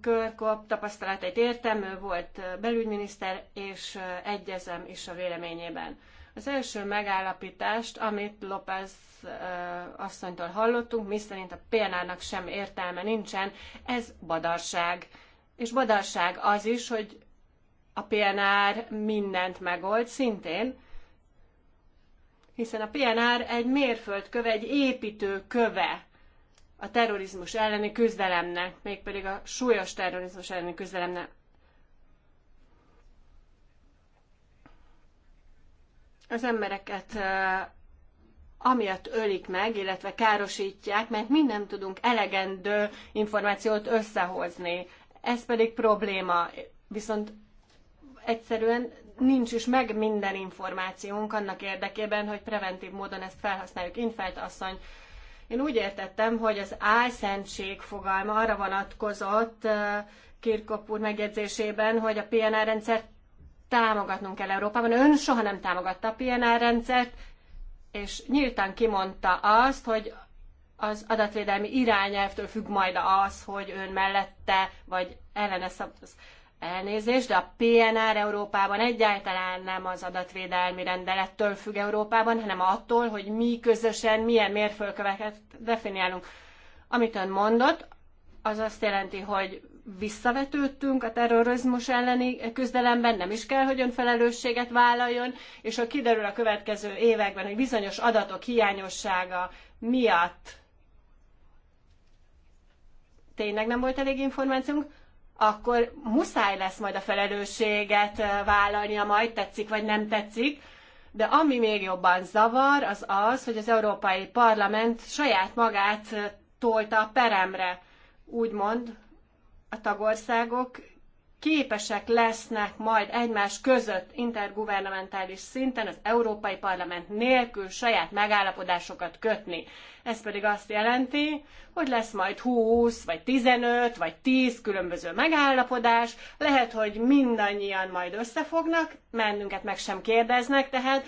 Körkop tapasztalatait értem, ő volt belügyminiszter, és egyezem is a véleményében. Az első megállapítást, amit López eh, asszonytól hallottunk, miszerint a PNR-nak sem értelme nincsen, ez badarság. És badarság az is, hogy a PNR mindent megold szintén, hiszen a PNR egy mérföldköve, egy építőköve a terrorizmus elleni küzdelemnek, mégpedig a súlyos terrorizmus elleni küzdelemnek. az embereket amiatt ölik meg, illetve károsítják, mert mi nem tudunk elegendő információt összehozni. Ez pedig probléma. Viszont egyszerűen nincs is meg minden információnk annak érdekében, hogy preventív módon ezt felhasználjuk. Infelt asszony, én úgy értettem, hogy az álszentség fogalma arra vonatkozott Kirkop úr megjegyzésében, hogy a PNR rendszer támogatnunk kell Európában. Ön soha nem támogatta a PNR rendszert, és nyíltan kimondta azt, hogy az adatvédelmi irányelvtől függ majd az, hogy ön mellette vagy ellene szavaz. Elnézést, de a PNR Európában egyáltalán nem az adatvédelmi rendelettől függ Európában, hanem attól, hogy mi közösen milyen mérföldköveket definiálunk. Amit ön mondott, az azt jelenti, hogy visszavetődtünk a terrorizmus elleni küzdelemben, nem is kell, hogy önfelelősséget vállaljon, és ha kiderül a következő években, hogy bizonyos adatok hiányossága miatt tényleg nem volt elég információnk, akkor muszáj lesz majd a felelősséget eh, vállalnia, majd tetszik vagy nem tetszik, de ami még jobban zavar, az az, hogy az Európai Parlament saját magát eh, tolta a peremre, úgymond, a tagországok képesek lesznek majd egymás között intergovernmentális szinten az Európai Parlament nélkül saját megállapodásokat kötni. Ez pedig azt jelenti, hogy lesz majd 20, vagy 15, vagy 10 különböző megállapodás, lehet, hogy mindannyian majd összefognak, mennünket meg sem kérdeznek, tehát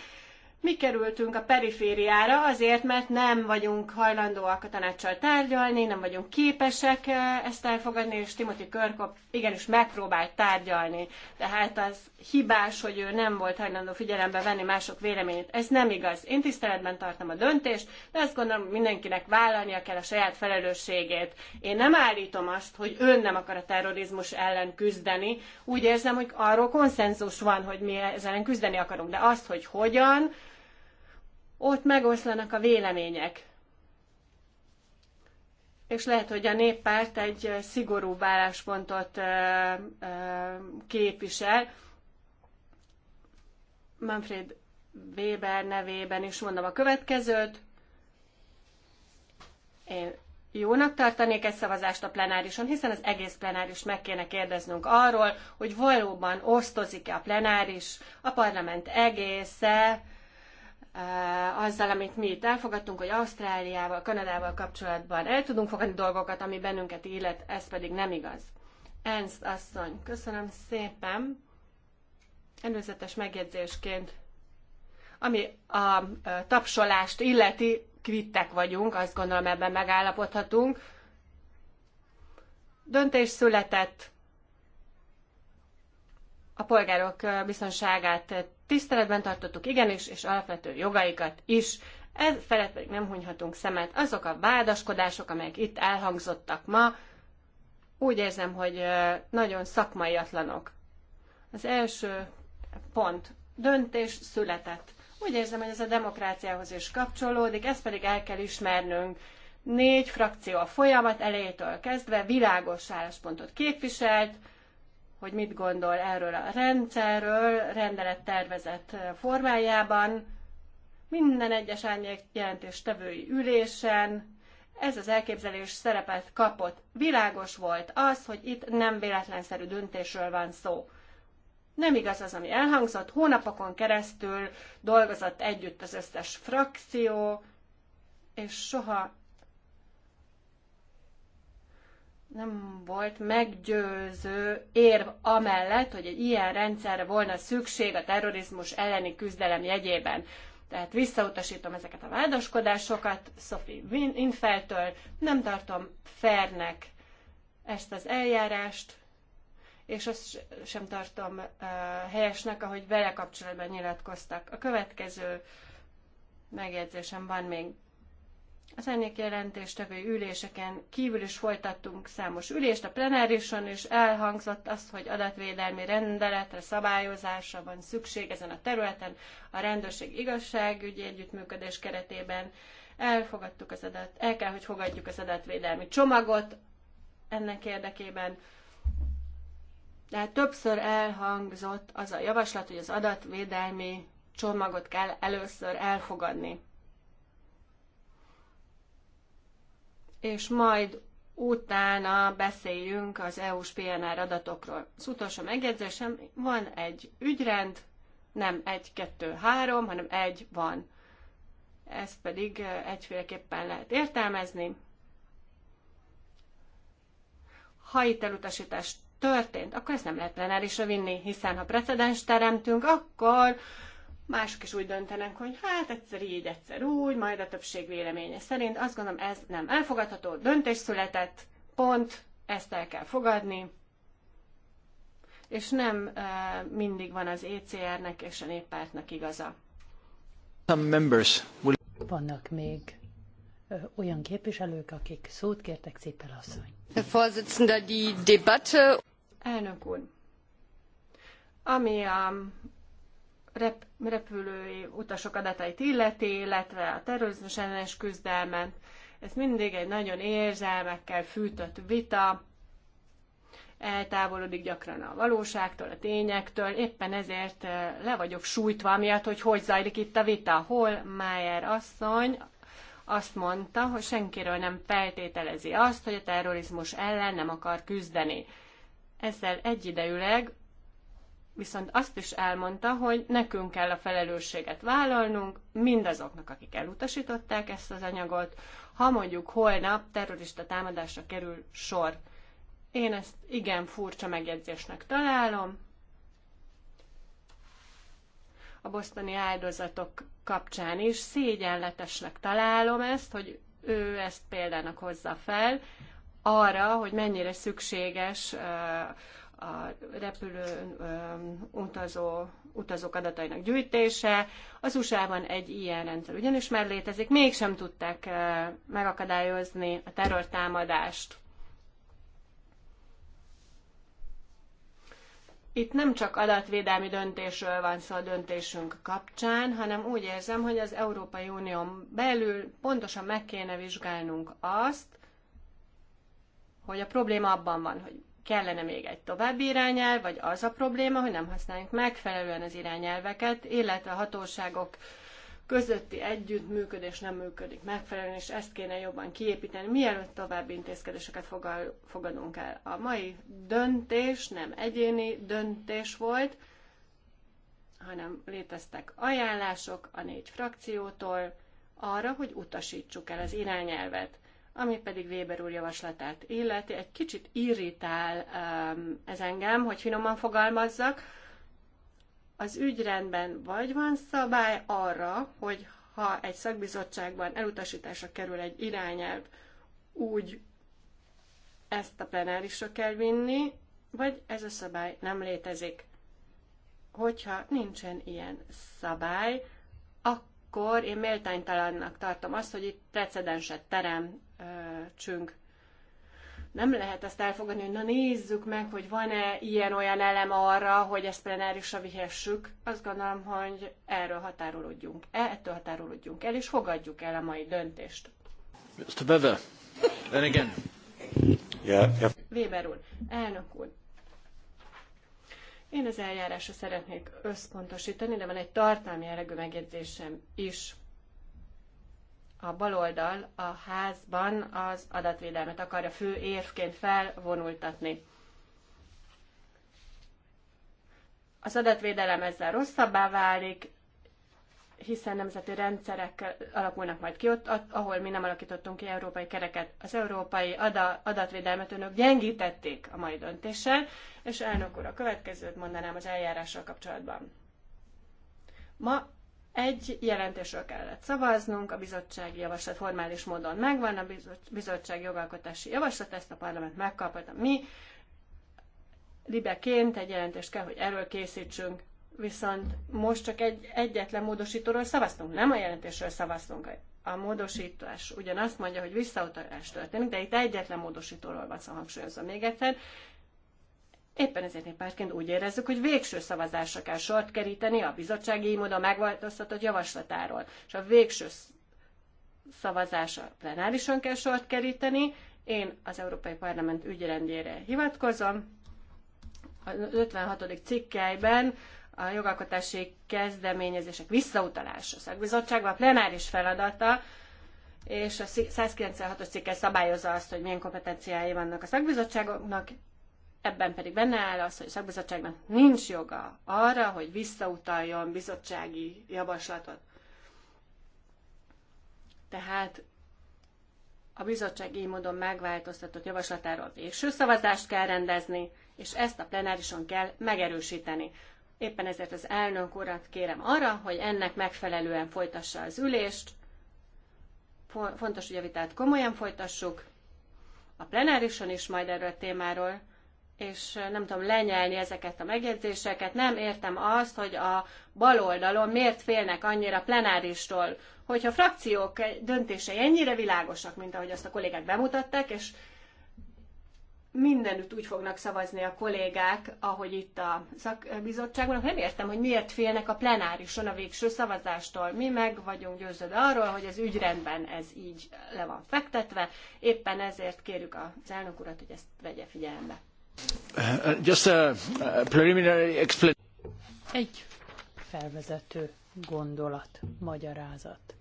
mi kerültünk a perifériára azért, mert nem vagyunk hajlandóak a tanácssal tárgyalni, nem vagyunk képesek eh, ezt elfogadni, és Timothy Körkop igenis megpróbált tárgyalni. Tehát az hibás, hogy ő nem volt hajlandó figyelembe venni mások véleményét. Ez nem igaz. Én tiszteletben tartom a döntést, de azt gondolom, mindenkinek vállalnia kell a saját felelősségét. Én nem állítom azt, hogy ön nem akar a terrorizmus ellen küzdeni. Úgy érzem, hogy arról konszenzus van, hogy mi ellen küzdeni akarunk, de azt, hogy hogyan, ott megoszlanak a vélemények. És lehet, hogy a néppárt egy szigorú álláspontot képvisel. Manfred Weber nevében is mondom a következőt. Én jónak tartanék egy szavazást a plenárison, hiszen az egész plenáris meg kéne kérdeznünk arról, hogy valóban osztozik-e a plenáris, a parlament egésze, Eh, azzal, amit mi itt elfogadtunk, hogy Ausztráliával, Kanadával kapcsolatban el tudunk fogadni dolgokat, ami bennünket illet, ez pedig nem igaz. Ernst asszony, köszönöm szépen. Előzetes megjegyzésként, ami a eh, tapsolást illeti, kvittek vagyunk, azt gondolom ebben megállapodhatunk. Döntés született a polgárok eh, biztonságát tiszteletben tartottuk, igenis, és alapvető jogaikat is. Ez felett pedig nem hunyhatunk szemet. Azok a vádaskodások, amelyek itt elhangzottak ma, úgy érzem, hogy nagyon szakmaiatlanok. Az első pont, döntés született. Úgy érzem, hogy ez a demokráciához is kapcsolódik, ezt pedig el kell ismernünk. Négy frakció a folyamat elejétől kezdve világos álláspontot képviselt, hogy mit gondol erről a rendszerről, rendelettervezet formájában, minden egyes árnyék tevői ülésen, ez az elképzelés szerepet kapott. Világos volt az, hogy itt nem véletlenszerű döntésről van szó. Nem igaz az, ami elhangzott. Hónapokon keresztül dolgozott együtt az összes frakció, és soha nem volt meggyőző érv amellett, hogy egy ilyen rendszerre volna szükség a terrorizmus elleni küzdelem jegyében. Tehát visszautasítom ezeket a vádaskodásokat Sophie Infeltől, nem tartom fernek ezt az eljárást, és azt sem tartom uh, helyesnek, ahogy vele kapcsolatban nyilatkoztak. A következő megjegyzésem van még. Az ennék jelentéstevő üléseken kívül is folytattunk számos ülést, a plenárison is elhangzott az, hogy adatvédelmi rendeletre, szabályozásra van szükség ezen a területen, a rendőrség igazságügyi együttműködés keretében elfogadtuk az adat, el kell, hogy fogadjuk az adatvédelmi csomagot ennek érdekében. de hát többször elhangzott az a javaslat, hogy az adatvédelmi csomagot kell először elfogadni. és majd utána beszéljünk az EU-s PNR adatokról. Az utolsó megjegyzésem, van egy ügyrend, nem egy, kettő, három, hanem egy van. Ezt pedig eh, egyféleképpen lehet értelmezni. Ha itt elutasítás történt, akkor ezt nem lehet plenárisra vinni, hiszen ha precedens teremtünk, akkor mások is úgy döntenek, hogy hát egyszer így, egyszer úgy, majd a többség véleménye szerint. Azt gondolom, ez nem elfogadható, döntés született, pont, ezt el kell fogadni. És nem e, mindig van az ECR-nek és a néppártnak igaza. Vannak még ö, olyan képviselők, akik szót kértek, szépen asszony. Elnök úr, ami a rep- repülői utasok adatait illeti, illetve a terrorizmus ellenes küzdelmet. Ez mindig egy nagyon érzelmekkel fűtött vita, eltávolodik gyakran a valóságtól, a tényektől, éppen ezért eh, le vagyok sújtva, miatt, hogy hogy zajlik itt a vita, hol Májer asszony azt mondta, hogy senkiről nem feltételezi azt, hogy a terrorizmus ellen nem akar küzdeni. Ezzel egyidejűleg viszont azt is elmondta, hogy nekünk kell a felelősséget vállalnunk, mindazoknak, akik elutasították ezt az anyagot, ha mondjuk holnap terrorista támadásra kerül sor. Én ezt igen furcsa megjegyzésnek találom. A bosztoni áldozatok kapcsán is szégyenletesnek találom ezt, hogy ő ezt példának hozza fel, arra, hogy mennyire szükséges a repülőn utazó, utazók adatainak gyűjtése. Az USA-ban egy ilyen rendszer ugyanis már létezik, mégsem tudták megakadályozni a terrortámadást. Itt nem csak adatvédelmi döntésről van szó a döntésünk kapcsán, hanem úgy érzem, hogy az Európai Unión belül pontosan meg kéne vizsgálnunk azt, hogy a probléma abban van, hogy kellene még egy további irányelv, vagy az a probléma, hogy nem használjuk megfelelően az irányelveket, illetve a hatóságok közötti együttműködés nem működik megfelelően, és ezt kéne jobban kiépíteni, mielőtt további intézkedéseket fogadunk el. A mai döntés nem egyéni döntés volt, hanem léteztek ajánlások a négy frakciótól arra, hogy utasítsuk el az irányelvet ami pedig Weber úr javaslatát illeti. Egy kicsit irritál um, ez engem, hogy finoman fogalmazzak. Az ügyrendben vagy van szabály arra, hogy ha egy szakbizottságban elutasításra kerül egy irányelv, úgy ezt a plenárisra kell vinni, vagy ez a szabály nem létezik. Hogyha nincsen ilyen szabály, akkor én méltánytalannak tartom azt, hogy itt precedenset terem, csöng Nem lehet azt elfogadni, hogy na nézzük meg, hogy van-e ilyen-olyan elem arra, hogy ezt plenárisra vihessük. Azt gondolom, hogy erről határolódjunk, e, ettől határolódjunk el, és fogadjuk el a mai döntést. Mr. Weber, then again. Yeah, yeah. Weber úr, elnök úr, én az eljárásra szeretnék összpontosítani, de van egy tartalmi jellegű megjegyzésem is a baloldal a házban az adatvédelmet akarja fő érvként felvonultatni. Az adatvédelem ezzel rosszabbá válik, hiszen nemzeti rendszerek alakulnak majd ki ott, ahol mi nem alakítottunk ki európai kereket. Az európai ada, adatvédelmet önök gyengítették a mai döntéssel, és elnök úr, a következőt mondanám az eljárással kapcsolatban. Ma egy jelentésről kellett szavaznunk, a bizottsági javaslat formális módon megvan, a bizottság jogalkotási javaslat, ezt a parlament megkapott, mi libeként egy jelentést kell, hogy erről készítsünk, viszont most csak egy egyetlen módosítóról szavaztunk, nem a jelentésről szavaztunk. A módosítás ugyanazt mondja, hogy visszautalás történik, de itt egyetlen módosítóról van szó, hangsúlyozom még egyszer. Éppen ezért néppártként úgy érezzük, hogy végső szavazásra kell sort keríteni a bizottsági imoda megváltoztatott javaslatáról. És a végső szavazásra plenárison kell sort keríteni. Én az Európai Parlament ügyrendjére hivatkozom. Az 56. cikkelyben a jogalkotási kezdeményezések visszautalása szakbizottságban a plenáris feladata, és a 196-os cikke szabályozza azt, hogy milyen kompetenciái vannak a szakbizottságoknak, ebben pedig benne áll az, hogy a szakbizottságnak nincs joga arra, hogy visszautaljon bizottsági javaslatot. Tehát a bizottság így módon megváltoztatott javaslatáról végső szavazást kell rendezni, és ezt a plenárison kell megerősíteni. Éppen ezért az elnök urat kérem arra, hogy ennek megfelelően folytassa az ülést. Fontos, hogy a vitát komolyan folytassuk. A plenárison is majd erről a témáról és nem tudom lenyelni ezeket a megjegyzéseket. Nem értem azt, hogy a oldalon miért félnek annyira plenáristól, hogyha frakciók döntései ennyire világosak, mint ahogy azt a kollégák bemutatták, és mindenütt úgy fognak szavazni a kollégák, ahogy itt a szakbizottságban. Nem értem, hogy miért félnek a plenárison a végső szavazástól. Mi meg vagyunk győződve arról, hogy az ügyrendben ez így le van fektetve. Éppen ezért kérjük az elnök urat, hogy ezt vegye figyelembe. Egy felvezető gondolat, magyarázat.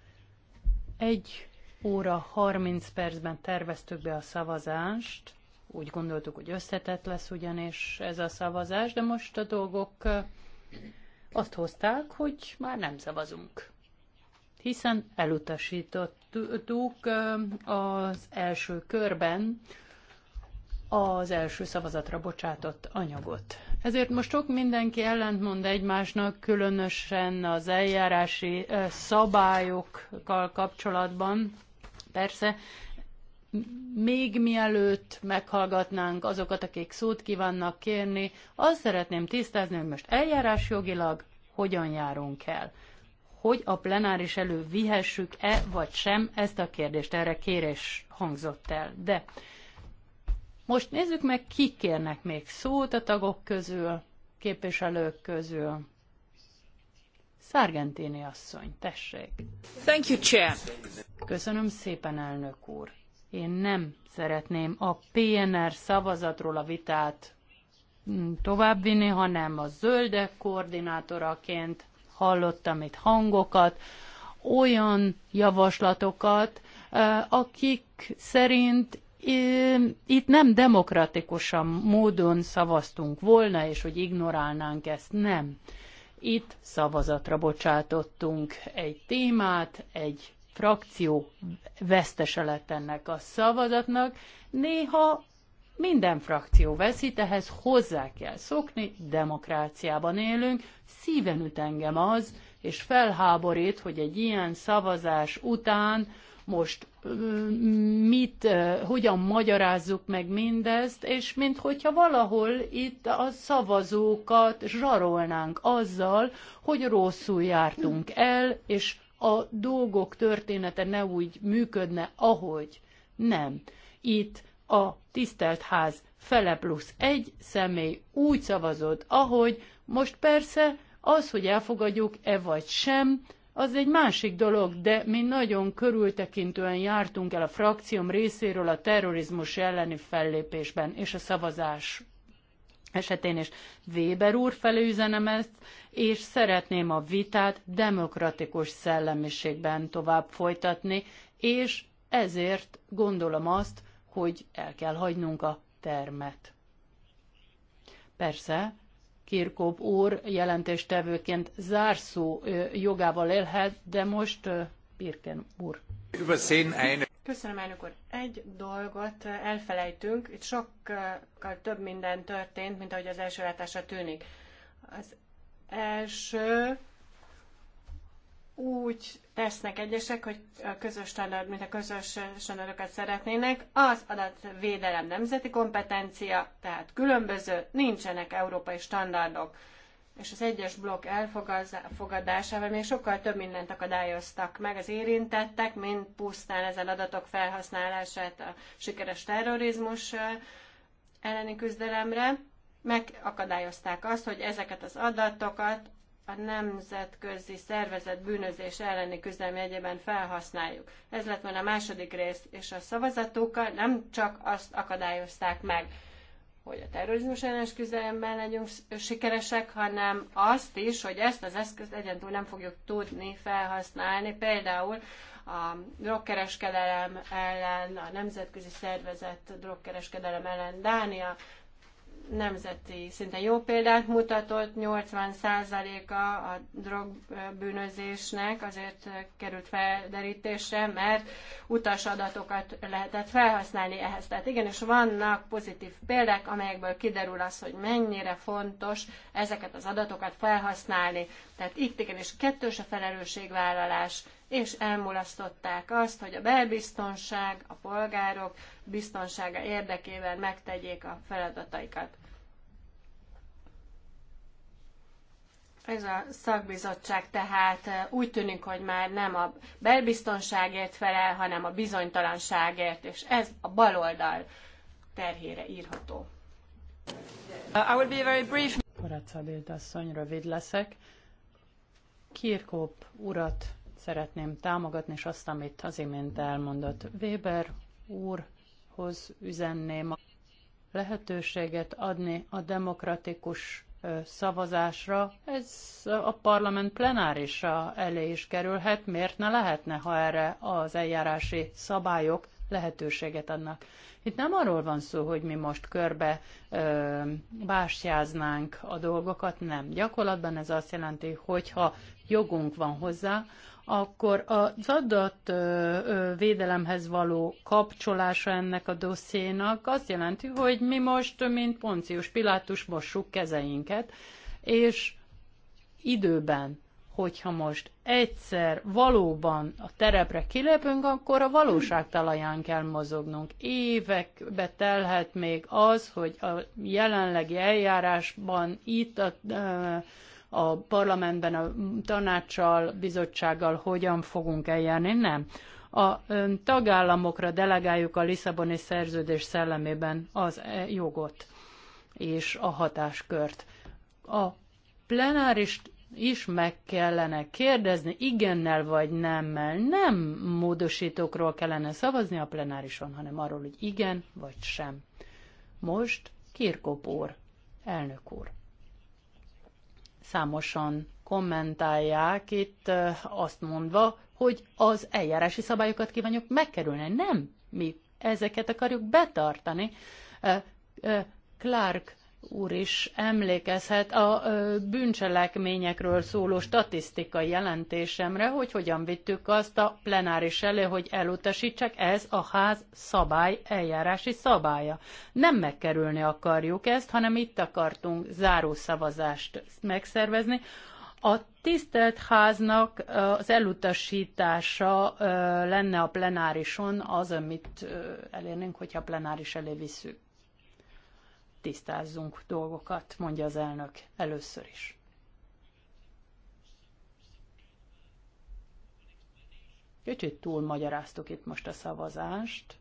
Egy óra 30 percben terveztük be a szavazást, úgy gondoltuk, hogy összetett lesz ugyanis ez a szavazás, de most a dolgok azt hozták, hogy már nem szavazunk. Hiszen elutasítottuk az első körben az első szavazatra bocsátott anyagot. Ezért most sok mindenki ellentmond egymásnak, különösen az eljárási szabályokkal kapcsolatban. Persze, még mielőtt meghallgatnánk azokat, akik szót kívánnak kérni, azt szeretném tisztázni, hogy most jogilag hogyan járunk el. Hogy a plenáris elő vihessük-e vagy sem, ezt a kérdést erre kérés hangzott el. De most nézzük meg, kik kérnek még szót a tagok közül, képviselők közül. Szargentini asszony, tessék. Thank you, Chair. Köszönöm szépen, elnök úr. Én nem szeretném a PNR szavazatról a vitát mm, továbbvinni, hanem a zöldek koordinátoraként hallottam itt hangokat, olyan javaslatokat, eh, akik szerint itt nem demokratikusan módon szavaztunk volna, és hogy ignorálnánk ezt, nem. Itt szavazatra bocsátottunk egy témát, egy frakció vesztese lett ennek a szavazatnak. Néha minden frakció veszít, ehhez hozzá kell szokni, demokráciában élünk, szíven üt engem az, és felháborít, hogy egy ilyen szavazás után most mit, hogyan magyarázzuk meg mindezt, és mint hogyha valahol itt a szavazókat zsarolnánk azzal, hogy rosszul jártunk el, és a dolgok története ne úgy működne, ahogy. Nem. Itt a tisztelt ház fele plusz egy személy úgy szavazott, ahogy most persze az, hogy elfogadjuk-e vagy sem, az egy másik dolog, de mi nagyon körültekintően jártunk el a frakcióm részéről a terrorizmus elleni fellépésben és a szavazás esetén is. Weber úr felé üzenem ezt, és szeretném a vitát demokratikus szellemiségben tovább folytatni, és ezért gondolom azt, hogy el kell hagynunk a termet. Persze, Kirkop úr jelentéstevőként zárszó jogával élhet, de most Birken úr. Köszönöm, elnök úr. Egy dolgot elfelejtünk, itt sokkal több minden történt, mint ahogy az első látásra tűnik. Az első úgy tesznek egyesek, hogy a közös standard, mint a közös standardokat szeretnének, az adatvédelem nemzeti kompetencia, tehát különböző, nincsenek európai standardok. És az egyes blokk elfogadásával még sokkal több mindent akadályoztak meg az érintettek, mint pusztán ezen adatok felhasználását a sikeres terrorizmus elleni küzdelemre megakadályozták azt, hogy ezeket az adatokat a nemzetközi szervezet bűnözés elleni küzdelmi felhasználjuk. Ez lett volna a második rész, és a szavazatukkal nem csak azt akadályozták meg, hogy a terrorizmus ellenes küzdelemben legyünk sikeresek, hanem azt is, hogy ezt az eszközt egyentúl nem fogjuk tudni felhasználni, például a drogkereskedelem ellen, a nemzetközi szervezet drogkereskedelem ellen Dánia nemzeti szinten jó példát mutatott, 80%-a a drogbűnözésnek azért került felderítésre, mert utasadatokat lehetett felhasználni ehhez. Tehát igenis vannak pozitív példák, amelyekből kiderül az, hogy mennyire fontos ezeket az adatokat felhasználni. Tehát itt igenis kettős a felelősségvállalás, és elmulasztották azt, hogy a belbiztonság, a polgárok biztonsága érdekében megtegyék a feladataikat. Ez a szakbizottság tehát eh, úgy tűnik, hogy már nem a belbiztonságért felel, hanem a bizonytalanságért, és ez a baloldal terhére írható. Uh, I will be very brief. Karácsa asszony, rövid leszek. Kirkóp urat szeretném támogatni, és azt, amit az imént elmondott Weber úrhoz üzenném a lehetőséget adni a demokratikus szavazásra, ez a parlament plenárisa elé is kerülhet, miért ne lehetne, ha erre az eljárási szabályok lehetőséget adnak. Itt nem arról van szó, hogy mi most körbe ö, bástyáznánk a dolgokat, nem. Gyakorlatban ez azt jelenti, hogyha jogunk van hozzá, akkor az védelemhez való kapcsolása ennek a dossziénak azt jelenti, hogy mi most, mint Poncius Pilátus, mossuk kezeinket, és időben, hogyha most egyszer valóban a terepre kilépünk, akkor a valóság talaján kell mozognunk. Évekbe telhet még az, hogy a jelenlegi eljárásban itt a a parlamentben, a tanácssal, bizottsággal hogyan fogunk eljárni, nem. A tagállamokra delegáljuk a Lisszaboni szerződés szellemében az e, jogot és a hatáskört. A plenárist is meg kellene kérdezni, igennel vagy nemmel. Nem módosítókról kellene szavazni a plenárison, hanem arról, hogy igen vagy sem. Most Kirkop úr, elnök úr számosan kommentálják itt azt mondva, hogy az eljárási szabályokat kívánjuk megkerülni. Nem, mi ezeket akarjuk betartani. Clark úr is emlékezhet a bűncselekményekről szóló statisztikai jelentésemre, hogy hogyan vittük azt a plenáris elő, hogy elutasítsák, ez a ház szabály, eljárási szabálya. Nem megkerülni akarjuk ezt, hanem itt akartunk zárószavazást megszervezni, a tisztelt háznak az elutasítása lenne a plenárison az, amit elérnénk, hogyha plenáris elé visszük tisztázzunk dolgokat, mondja az elnök először is. Kicsit magyaráztuk itt most a szavazást,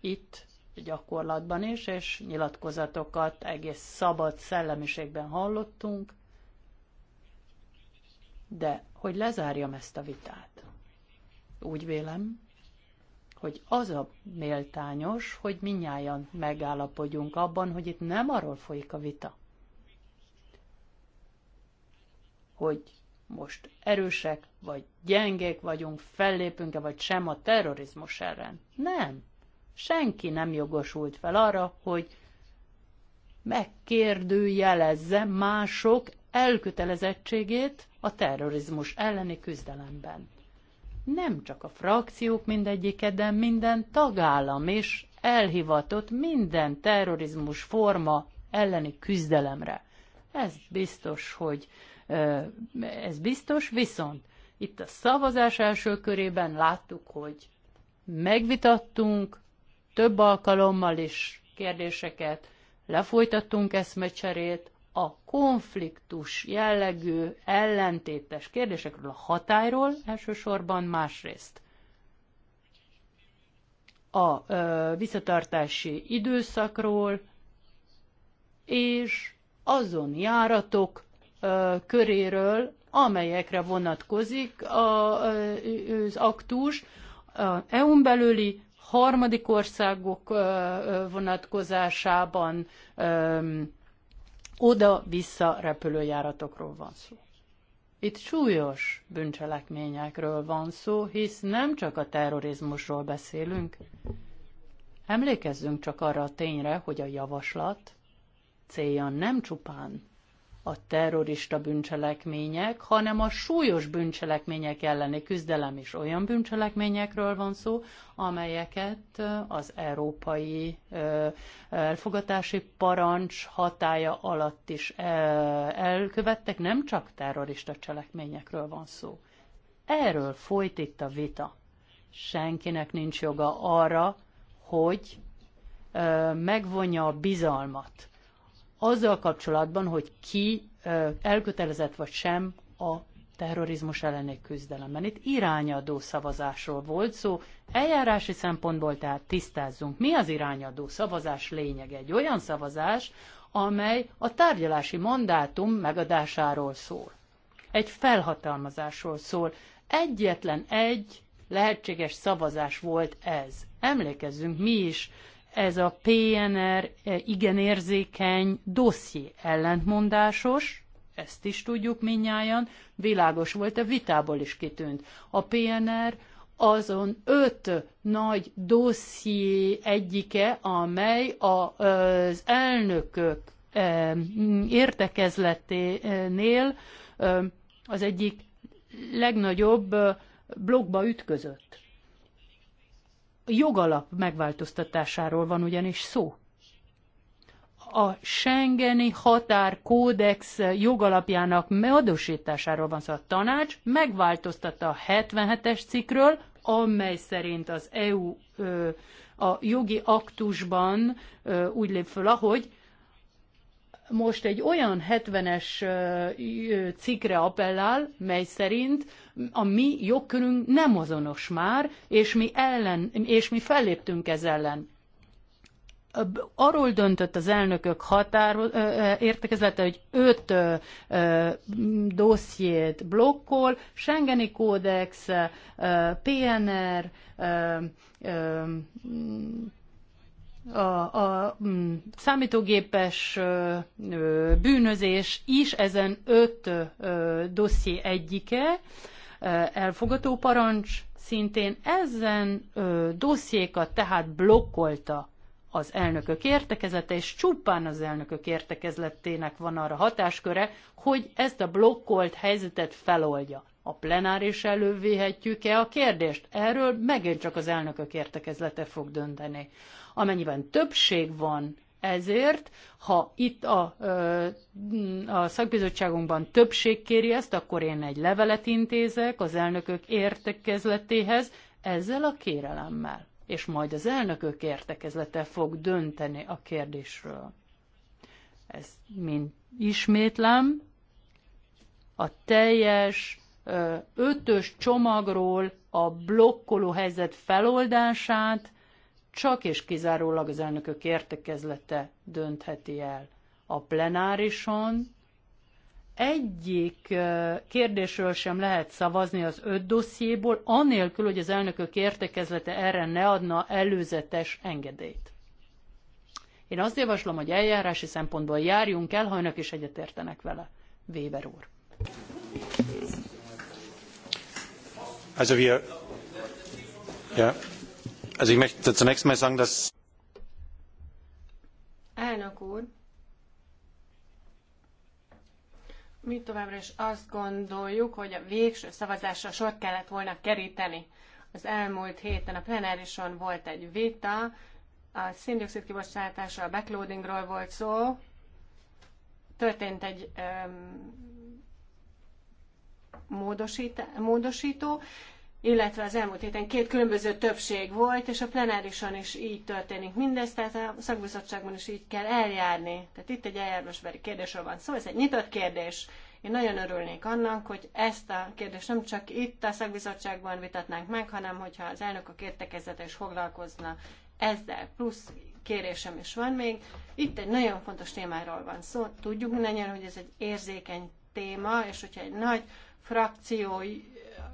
itt gyakorlatban is, és nyilatkozatokat egész szabad szellemiségben hallottunk, de hogy lezárjam ezt a vitát. Úgy vélem, hogy az a méltányos, hogy minnyáján megállapodjunk abban, hogy itt nem arról folyik a vita, hogy most erősek vagy gyengék vagyunk, fellépünk-e vagy sem a terrorizmus ellen. Nem. Senki nem jogosult fel arra, hogy megkérdőjelezze mások elkötelezettségét a terrorizmus elleni küzdelemben nem csak a frakciók mindegyike, de minden tagállam is elhivatott minden terrorizmus forma elleni küzdelemre. Ez biztos, hogy ez biztos, viszont itt a szavazás első körében láttuk, hogy megvitattunk több alkalommal is kérdéseket, lefolytattunk eszmecserét, a konfliktus jellegű ellentétes kérdésekről, a hatályról elsősorban másrészt. A ö, visszatartási időszakról és azon járatok ö, köréről, amelyekre vonatkozik a, az aktus, EU-n belüli harmadik országok vonatkozásában oda-vissza repülőjáratokról van szó. Itt súlyos bűncselekményekről van szó, hisz nem csak a terrorizmusról beszélünk. Emlékezzünk csak arra a tényre, hogy a javaslat célja nem csupán a terrorista bűncselekmények, hanem a súlyos bűncselekmények elleni küzdelem is olyan bűncselekményekről van szó, amelyeket az európai elfogatási parancs hatája alatt is elkövettek, nem csak terrorista cselekményekről van szó. Erről folyt itt a vita. Senkinek nincs joga arra, hogy megvonja a bizalmat azzal kapcsolatban, hogy ki elkötelezett vagy sem a terrorizmus elleni küzdelemben. Itt irányadó szavazásról volt szó. Eljárási szempontból tehát tisztázzunk, mi az irányadó szavazás lényege. Egy olyan szavazás, amely a tárgyalási mandátum megadásáról szól. Egy felhatalmazásról szól. Egyetlen egy lehetséges szavazás volt ez. Emlékezzünk mi is ez a PNR eh, igen érzékeny dosszié ellentmondásos, ezt is tudjuk minnyáján, világos volt, a vitából is kitűnt. A PNR azon öt nagy dosszié egyike, amely az elnökök értekezleténél az egyik legnagyobb eh, blokkba ütközött jogalap megváltoztatásáról van ugyanis szó. A Schengeni határkódex jogalapjának meadósításáról van szó. A tanács megváltoztatta a 77-es cikkről, amely szerint az EU ö, a jogi aktusban ö, úgy lép föl, ahogy most egy olyan 70-es cikkre appellál, mely szerint a mi jogkörünk nem azonos már, és mi, ellen, és mi felléptünk ez ellen. Arról döntött az elnökök határ értekezlete, hogy öt ö, ö, dossziét blokkol, Schengeni kódex, ö, PNR, ö, ö, a, a számítógépes bűnözés is ezen öt dosszié egyike. Eh, elfogató parancs szintén ezen dossziékat tehát blokkolta az elnökök értekezete, és csupán az elnökök értekezletének van arra hatásköre, hogy ezt a blokkolt helyzetet feloldja. A plenáris elővéhetjük-e a kérdést? Erről megint csak az elnökök értekezlete fog dönteni. Amennyiben többség van ezért, ha itt a, a szakbizottságunkban többség kéri ezt, akkor én egy levelet intézek az elnökök értekezletéhez ezzel a kérelemmel. És majd az elnökök értekezlete fog dönteni a kérdésről. Ez mint ismétlem, a teljes ötös csomagról a blokkoló helyzet feloldását csak és kizárólag az elnökök értekezlete döntheti el. A plenárison egyik kérdésről sem lehet szavazni az öt dossziéból, anélkül, hogy az elnökök értekezlete erre ne adna előzetes engedélyt. Én azt javaslom, hogy eljárási szempontból járjunk el, ha önök is egyetértenek vele. Weber úr. Also wir, ja, Also ich möchte zunächst mal sagen, dass... Elnök úr, mi továbbra is azt gondoljuk, hogy a végső szavazásra sor kellett volna keríteni. Az elmúlt héten a plenárison volt egy vita, a széndiokszid kibocsátása, a backloadingról volt szó, történt egy um, módosít, módosító, illetve az elmúlt héten két különböző többség volt, és a plenárison is így történik mindez, tehát a szakbizottságban is így kell eljárni. Tehát itt egy eljárásbeli kérdésről van szó, szóval ez egy nyitott kérdés. Én nagyon örülnék annak, hogy ezt a kérdést nem csak itt a szakbizottságban vitatnánk meg, hanem hogyha az elnökök értekezete is foglalkozna ezzel, plusz kérésem is van még. Itt egy nagyon fontos témáról van szó. Tudjuk mindannyian, hogy ez egy érzékeny téma, és hogyha egy nagy frakció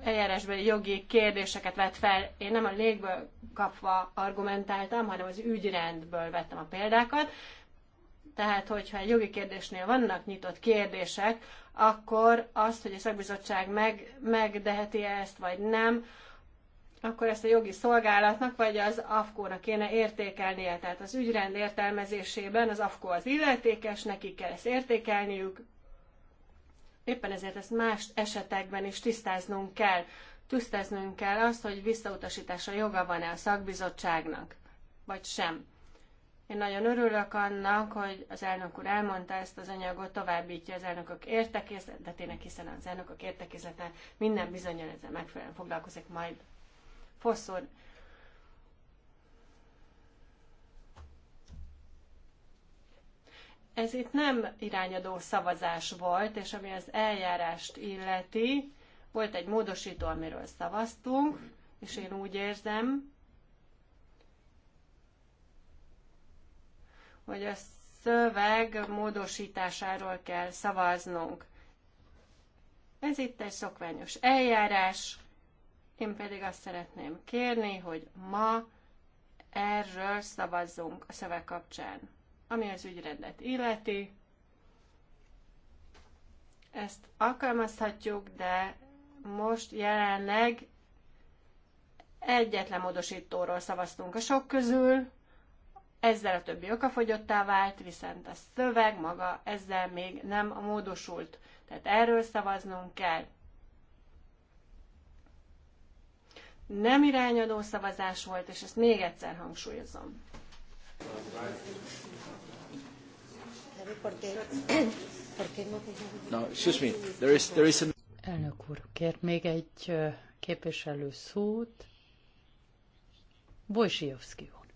eljárásbeli jogi kérdéseket vett fel. Én nem a légből kapva argumentáltam, hanem az ügyrendből vettem a példákat. Tehát, hogyha egy jogi kérdésnél vannak nyitott kérdések, akkor azt, hogy a szakbizottság meg, megdeheti -e ezt, vagy nem, akkor ezt a jogi szolgálatnak, vagy az AFKO-nak kéne értékelnie. Tehát az ügyrend értelmezésében az AFKO az illetékes, nekik kell ezt értékelniük, Éppen ezért ezt más esetekben is tisztáznunk kell. Tisztáznunk kell azt, hogy visszautasítása joga van-e a szakbizottságnak, vagy sem. Én nagyon örülök annak, hogy az elnök úr elmondta ezt az anyagot, továbbítja az elnökök értekészletének, hiszen az elnökök értekészlete minden bizonyal ezzel megfelelően foglalkozik majd. Fosszor, Ez itt nem irányadó szavazás volt, és ami az eljárást illeti, volt egy módosító, amiről szavaztunk, és én úgy érzem, hogy a szöveg módosításáról kell szavaznunk. Ez itt egy szokványos eljárás, én pedig azt szeretném kérni, hogy ma erről szavazzunk a szöveg kapcsán ami az ügyrendet illeti. Ezt alkalmazhatjuk, de most jelenleg egyetlen módosítóról szavaztunk a sok közül, ezzel a többi okafogyottá vált, viszont a szöveg maga ezzel még nem a módosult. Tehát erről szavaznunk kell. Nem irányadó szavazás volt, és ezt még egyszer hangsúlyozom. No, excuse me, there is, there is a... Elnök úr, kért még egy képviselő szót. Bojsiovszki úr.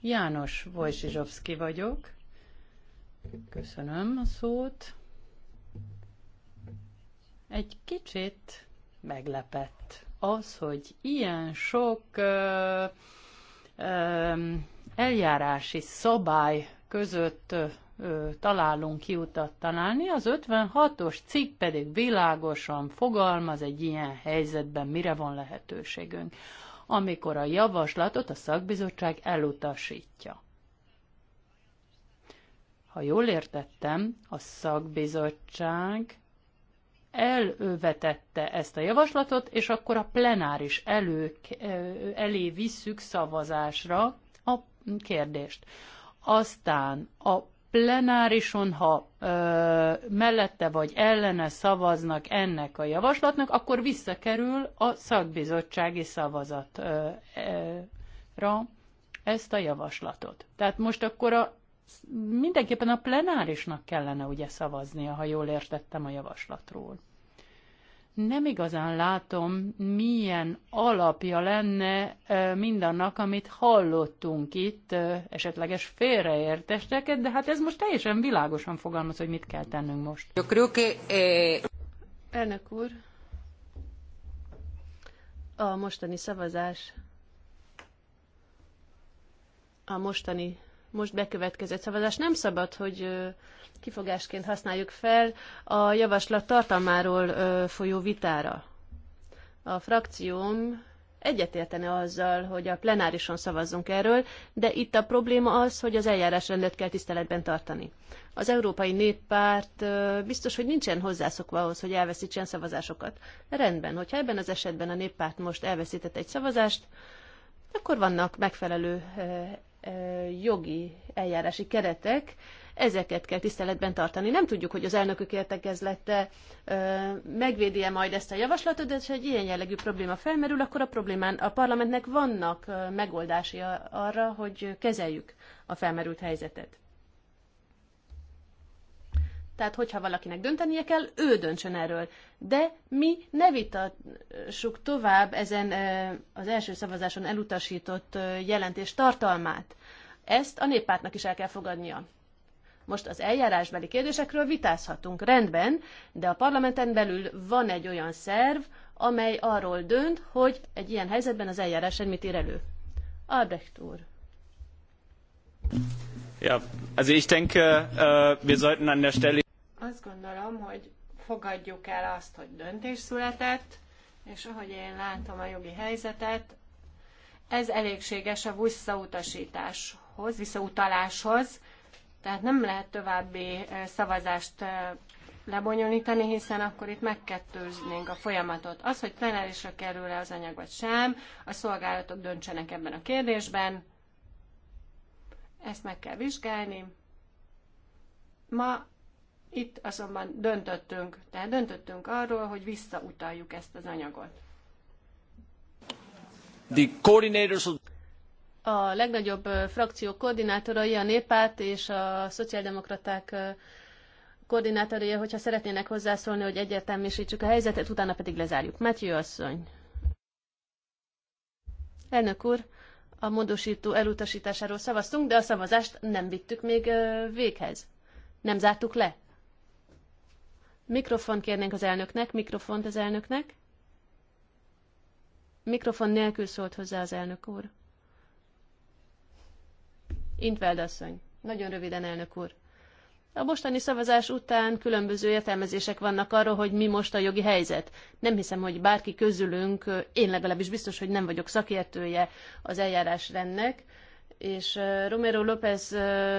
János Vojsizsovszki vagyok. Köszönöm a szót. Egy kicsit meglepett az, hogy ilyen sok uh, um, eljárási szabály között találunk kiutat találni, az 56-os cikk pedig világosan fogalmaz egy ilyen helyzetben, mire van lehetőségünk, amikor a javaslatot a szakbizottság elutasítja. Ha jól értettem, a szakbizottság elővetette ezt a javaslatot, és akkor a plenáris elő, elé visszük szavazásra, kérdést. Aztán a plenárison, ha ö, mellette vagy ellene szavaznak ennek a javaslatnak, akkor visszakerül a szakbizottsági szavazatra ezt a javaslatot. Tehát most akkor a, mindenképpen a plenárisnak kellene ugye szavaznia, ha jól értettem a javaslatról nem igazán látom, milyen alapja lenne mindannak, amit hallottunk itt, esetleges félreértéseket, de hát ez most teljesen világosan fogalmaz, hogy mit kell tennünk most. creo que, eh, Elnök úr, a mostani szavazás, a mostani most bekövetkezett szavazás. Nem szabad, hogy kifogásként használjuk fel a javaslat tartalmáról folyó vitára. A frakcióm egyetértene azzal, hogy a plenárison szavazzunk erről, de itt a probléma az, hogy az eljárásrendet kell tiszteletben tartani. Az Európai Néppárt biztos, hogy nincsen hozzászokva ahhoz, hogy elveszítsen szavazásokat. Rendben, hogyha ebben az esetben a néppárt most elveszített egy szavazást, akkor vannak megfelelő jogi eljárási keretek, ezeket kell tiszteletben tartani. Nem tudjuk, hogy az elnökök értekezlete megvédi-e majd ezt a javaslatot, de ha egy ilyen jellegű probléma felmerül, akkor a problémán a parlamentnek vannak megoldási arra, hogy kezeljük a felmerült helyzetet. Tehát, hogyha valakinek döntenie kell, ő döntsön erről. De mi ne vitassuk tovább ezen az első szavazáson elutasított jelentés tartalmát. Ezt a néppártnak is el kell fogadnia. Most az eljárásbeli kérdésekről vitázhatunk, rendben, de a parlamenten belül van egy olyan szerv, amely arról dönt, hogy egy ilyen helyzetben az eljárás mit ír elő. Albrecht úr. Ja, also ich denke, uh, wir sollten an der Stelle azt gondolom, hogy fogadjuk el azt, hogy döntés született, és ahogy én látom a jogi helyzetet, ez elégséges a visszautasításhoz, visszautaláshoz, tehát nem lehet további szavazást lebonyolítani, hiszen akkor itt megkettőznénk a folyamatot. Az, hogy plenárisra kerül-e az anyag vagy sem, a szolgálatok döntsenek ebben a kérdésben, ezt meg kell vizsgálni. Ma itt azonban döntöttünk, tehát döntöttünk arról, hogy visszautaljuk ezt az anyagot. The coordinators a legnagyobb frakció koordinátorai, a népát és a szociáldemokraták koordinátorai, hogyha szeretnének hozzászólni, hogy egyértelműsítsük a helyzetet, utána pedig lezárjuk. Matthew asszony. Elnök úr, a módosító elutasításáról szavaztunk, de a szavazást nem vittük még véghez. Nem zártuk le. Mikrofon kérnénk az elnöknek, mikrofont az elnöknek. Mikrofon nélkül szólt hozzá az elnök úr. Intveld asszony. Nagyon röviden, elnök úr. A mostani szavazás után különböző értelmezések vannak arról, hogy mi most a jogi helyzet. Nem hiszem, hogy bárki közülünk, én legalábbis biztos, hogy nem vagyok szakértője az eljárásrendnek, és Romero López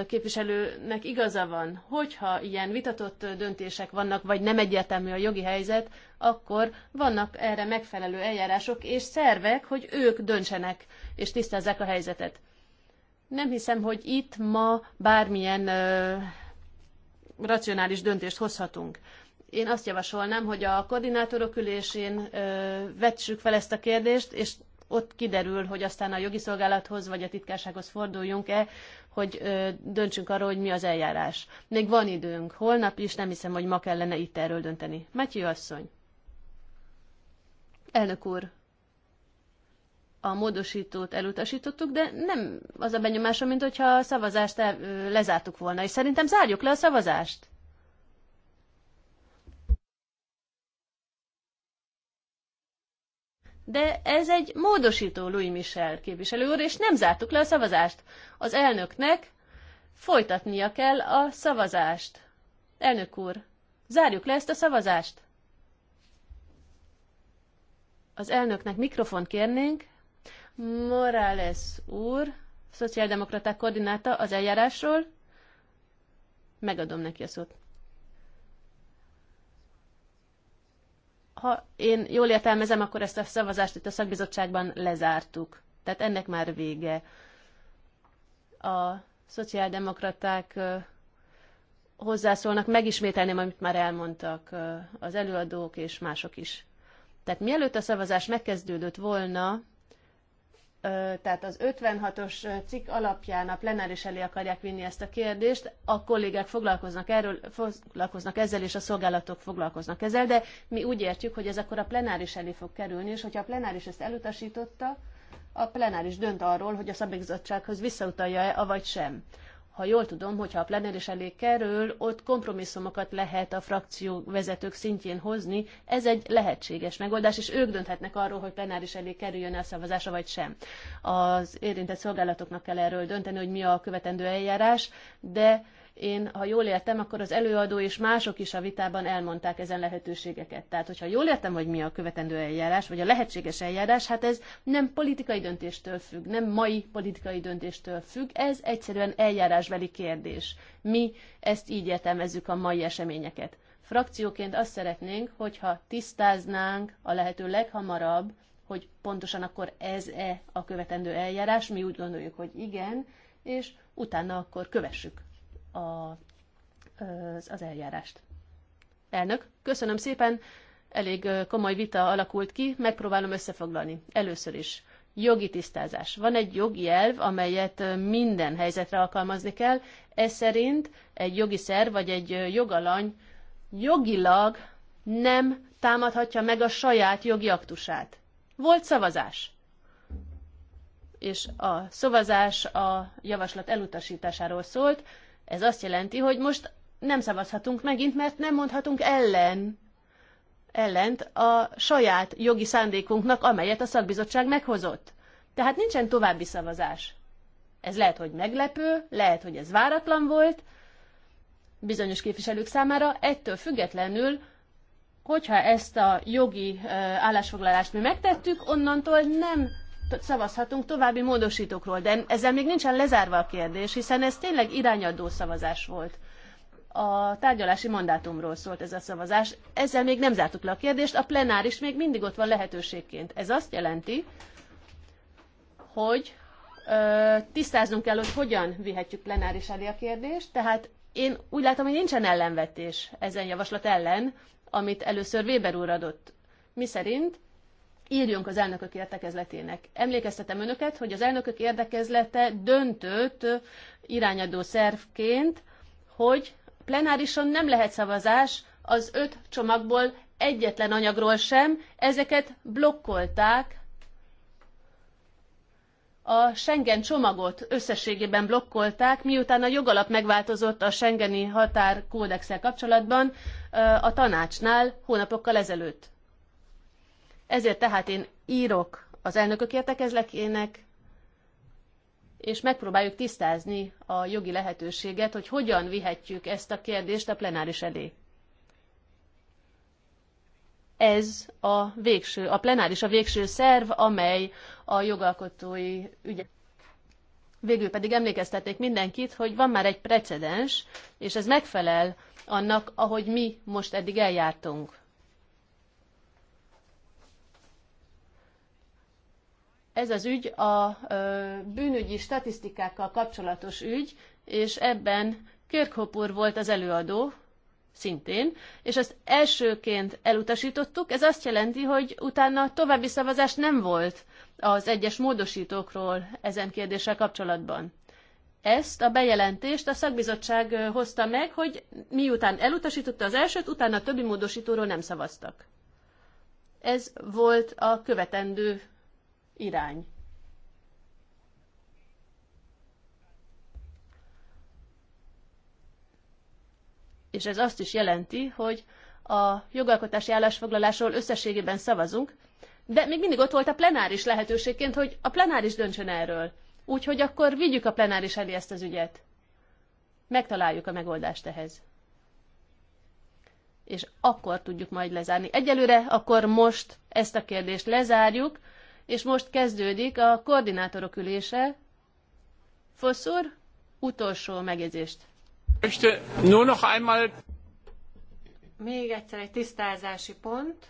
képviselőnek igaza van, hogyha ilyen vitatott döntések vannak, vagy nem egyértelmű a jogi helyzet, akkor vannak erre megfelelő eljárások és szervek, hogy ők döntsenek és tisztázzák a helyzetet. Nem hiszem, hogy itt ma bármilyen ö, racionális döntést hozhatunk. Én azt javasolnám, hogy a koordinátorok ülésén ö, vetsük fel ezt a kérdést, és ott kiderül, hogy aztán a jogi szolgálathoz vagy a titkársághoz forduljunk-e, hogy ö, döntsünk arról, hogy mi az eljárás. Még van időnk. Holnap is nem hiszem, hogy ma kellene itt erről dönteni. Matyi asszony. Elnök úr, a módosítót elutasítottuk, de nem az a benyomásom, mint hogyha a szavazást lezártuk volna, és szerintem zárjuk le a szavazást. de ez egy módosító Louis Michel képviselő úr, és nem zártuk le a szavazást. Az elnöknek folytatnia kell a szavazást. Elnök úr, zárjuk le ezt a szavazást. Az elnöknek mikrofont kérnénk. Morales úr, szociáldemokraták koordináta az eljárásról. Megadom neki a szót. ha én jól értelmezem, akkor ezt a szavazást itt a szakbizottságban lezártuk. Tehát ennek már vége. A szociáldemokraták hozzászólnak, megismételném, amit már elmondtak az előadók és mások is. Tehát mielőtt a szavazás megkezdődött volna, tehát az 56-os cikk alapján a plenáris elé akarják vinni ezt a kérdést, a kollégák foglalkoznak erről, foglalkoznak ezzel, és a szolgálatok foglalkoznak ezzel, de mi úgy értjük, hogy ez akkor a plenáris elé fog kerülni, és hogyha a plenáris ezt elutasította, a plenáris dönt arról, hogy a szabizottsághoz visszautalja-e, avagy sem ha jól tudom, hogyha a plenáris elé kerül, ott kompromisszumokat lehet a frakció vezetők szintjén hozni. Ez egy lehetséges megoldás, és ők dönthetnek arról, hogy plenáris elé kerüljön el szavazása vagy sem. Az érintett szolgálatoknak kell erről dönteni, hogy mi a követendő eljárás, de én, ha jól értem, akkor az előadó és mások is a vitában elmondták ezen lehetőségeket. Tehát, hogyha jól értem, hogy mi a követendő eljárás, vagy a lehetséges eljárás, hát ez nem politikai döntéstől függ, nem mai politikai döntéstől függ, ez egyszerűen eljárásbeli kérdés. Mi ezt így értelmezzük a mai eseményeket. Frakcióként azt szeretnénk, hogyha tisztáznánk a lehető leghamarabb, hogy pontosan akkor ez-e a követendő eljárás, mi úgy gondoljuk, hogy igen, és utána akkor kövessük a, az, az eljárást. Elnök, köszönöm szépen, elég komoly vita alakult ki, megpróbálom összefoglalni. Először is jogi tisztázás. Van egy jogi elv, amelyet minden helyzetre alkalmazni kell. Ez szerint egy jogi szerv vagy egy jogalany jogilag nem támadhatja meg a saját jogi aktusát. Volt szavazás. És a szavazás a javaslat elutasításáról szólt. Ez azt jelenti, hogy most nem szavazhatunk megint, mert nem mondhatunk ellen ellent a saját jogi szándékunknak, amelyet a szakbizottság meghozott. Tehát nincsen további szavazás. Ez lehet, hogy meglepő, lehet, hogy ez váratlan volt bizonyos képviselők számára, ettől függetlenül, hogyha ezt a jogi állásfoglalást mi megtettük, onnantól nem szavazhatunk további módosítókról, de ezzel még nincsen lezárva a kérdés, hiszen ez tényleg irányadó szavazás volt. A tárgyalási mandátumról szólt ez a szavazás. Ezzel még nem zártuk le a kérdést, a plenáris még mindig ott van lehetőségként. Ez azt jelenti, hogy ö, tisztáznunk kell, hogy hogyan vihetjük plenáris elé a kérdést, tehát én úgy látom, hogy nincsen ellenvetés ezen javaslat ellen, amit először Weber úr adott. Mi szerint írjunk az elnökök értekezletének. Emlékeztetem önöket, hogy az elnökök érdekezlete döntött irányadó szervként, hogy plenárison nem lehet szavazás az öt csomagból egyetlen anyagról sem, ezeket blokkolták, a Schengen csomagot összességében blokkolták, miután a jogalap megváltozott a Schengeni határkódexsel kapcsolatban a tanácsnál hónapokkal ezelőtt. Ezért tehát én írok az elnökök értekezlekének, és megpróbáljuk tisztázni a jogi lehetőséget, hogy hogyan vihetjük ezt a kérdést a plenáris elé. Ez a végső, a plenáris a végső szerv, amely a jogalkotói ügyek. Végül pedig emlékeztették mindenkit, hogy van már egy precedens, és ez megfelel annak, ahogy mi most eddig eljártunk. Ez az ügy a bűnügyi statisztikákkal kapcsolatos ügy, és ebben Kirkhope úr volt az előadó, szintén, és ezt elsőként elutasítottuk. Ez azt jelenti, hogy utána további szavazás nem volt az egyes módosítókról ezen kérdéssel kapcsolatban. Ezt a bejelentést a szakbizottság hozta meg, hogy miután elutasította az elsőt, utána a többi módosítóról nem szavaztak. Ez volt a követendő irány. És ez azt is jelenti, hogy a jogalkotási állásfoglalásról összességében szavazunk, de még mindig ott volt a plenáris lehetőségként, hogy a plenáris döntsön erről. Úgyhogy akkor vigyük a plenáris elé ezt az ügyet. Megtaláljuk a megoldást ehhez. És akkor tudjuk majd lezárni. Egyelőre akkor most ezt a kérdést lezárjuk, és most kezdődik a koordinátorok ülése. Fosszúr, utolsó megjegyzést. nur noch einmal... Még egyszer egy tisztázási pont.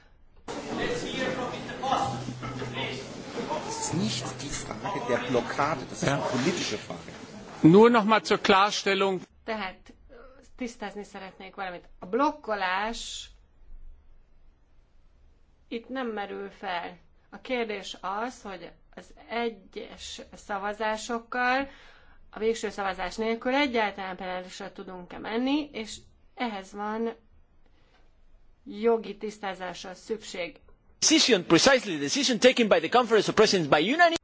Nur zur Klarstellung. Tehát tisztázni szeretnék valamit. A blokkolás itt nem merül fel. A kérdés az, hogy az egyes szavazásokkal, a végső szavazás nélkül egyáltalán penálisra tudunk-e menni, és ehhez van jogi tisztázásra szükség. Decision, precisely the decision taken by the Conference of Presidents by unanimity.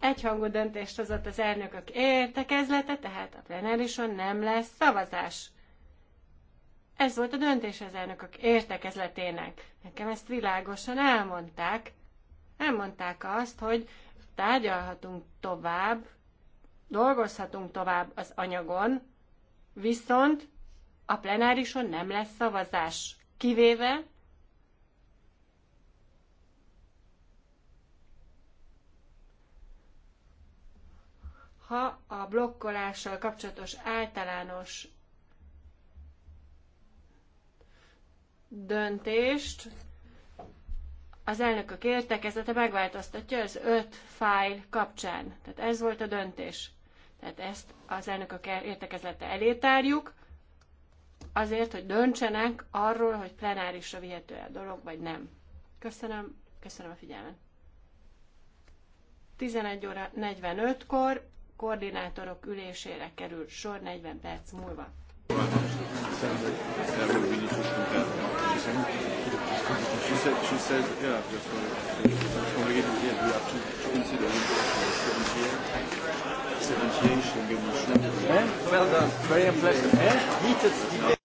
Egyhangú döntést hozott az elnökök értekezlete, tehát a plenárison nem lesz szavazás. Ez volt a döntés az elnökök értekezletének. Nekem ezt világosan elmondták. Elmondták azt, hogy tárgyalhatunk tovább, dolgozhatunk tovább az anyagon, viszont a plenárison nem lesz szavazás, kivéve ha a blokkolással kapcsolatos általános döntést az elnökök értekezete megváltoztatja az öt fájl kapcsán. Tehát ez volt a döntés. Tehát ezt az elnökök er- értekezete tárjuk, azért, hogy döntsenek arról, hogy plenárisra vihető a dolog, vagy nem. Köszönöm, köszönöm a figyelmet. 11 óra 45-kor koordinátorok ülésére kerül sor 40 perc múlva. She said, she said, yeah, that's what I want to give you here. You have to consider it for 70 years. 78, she'll give you a Well done. Very impressive. Eh? Heated.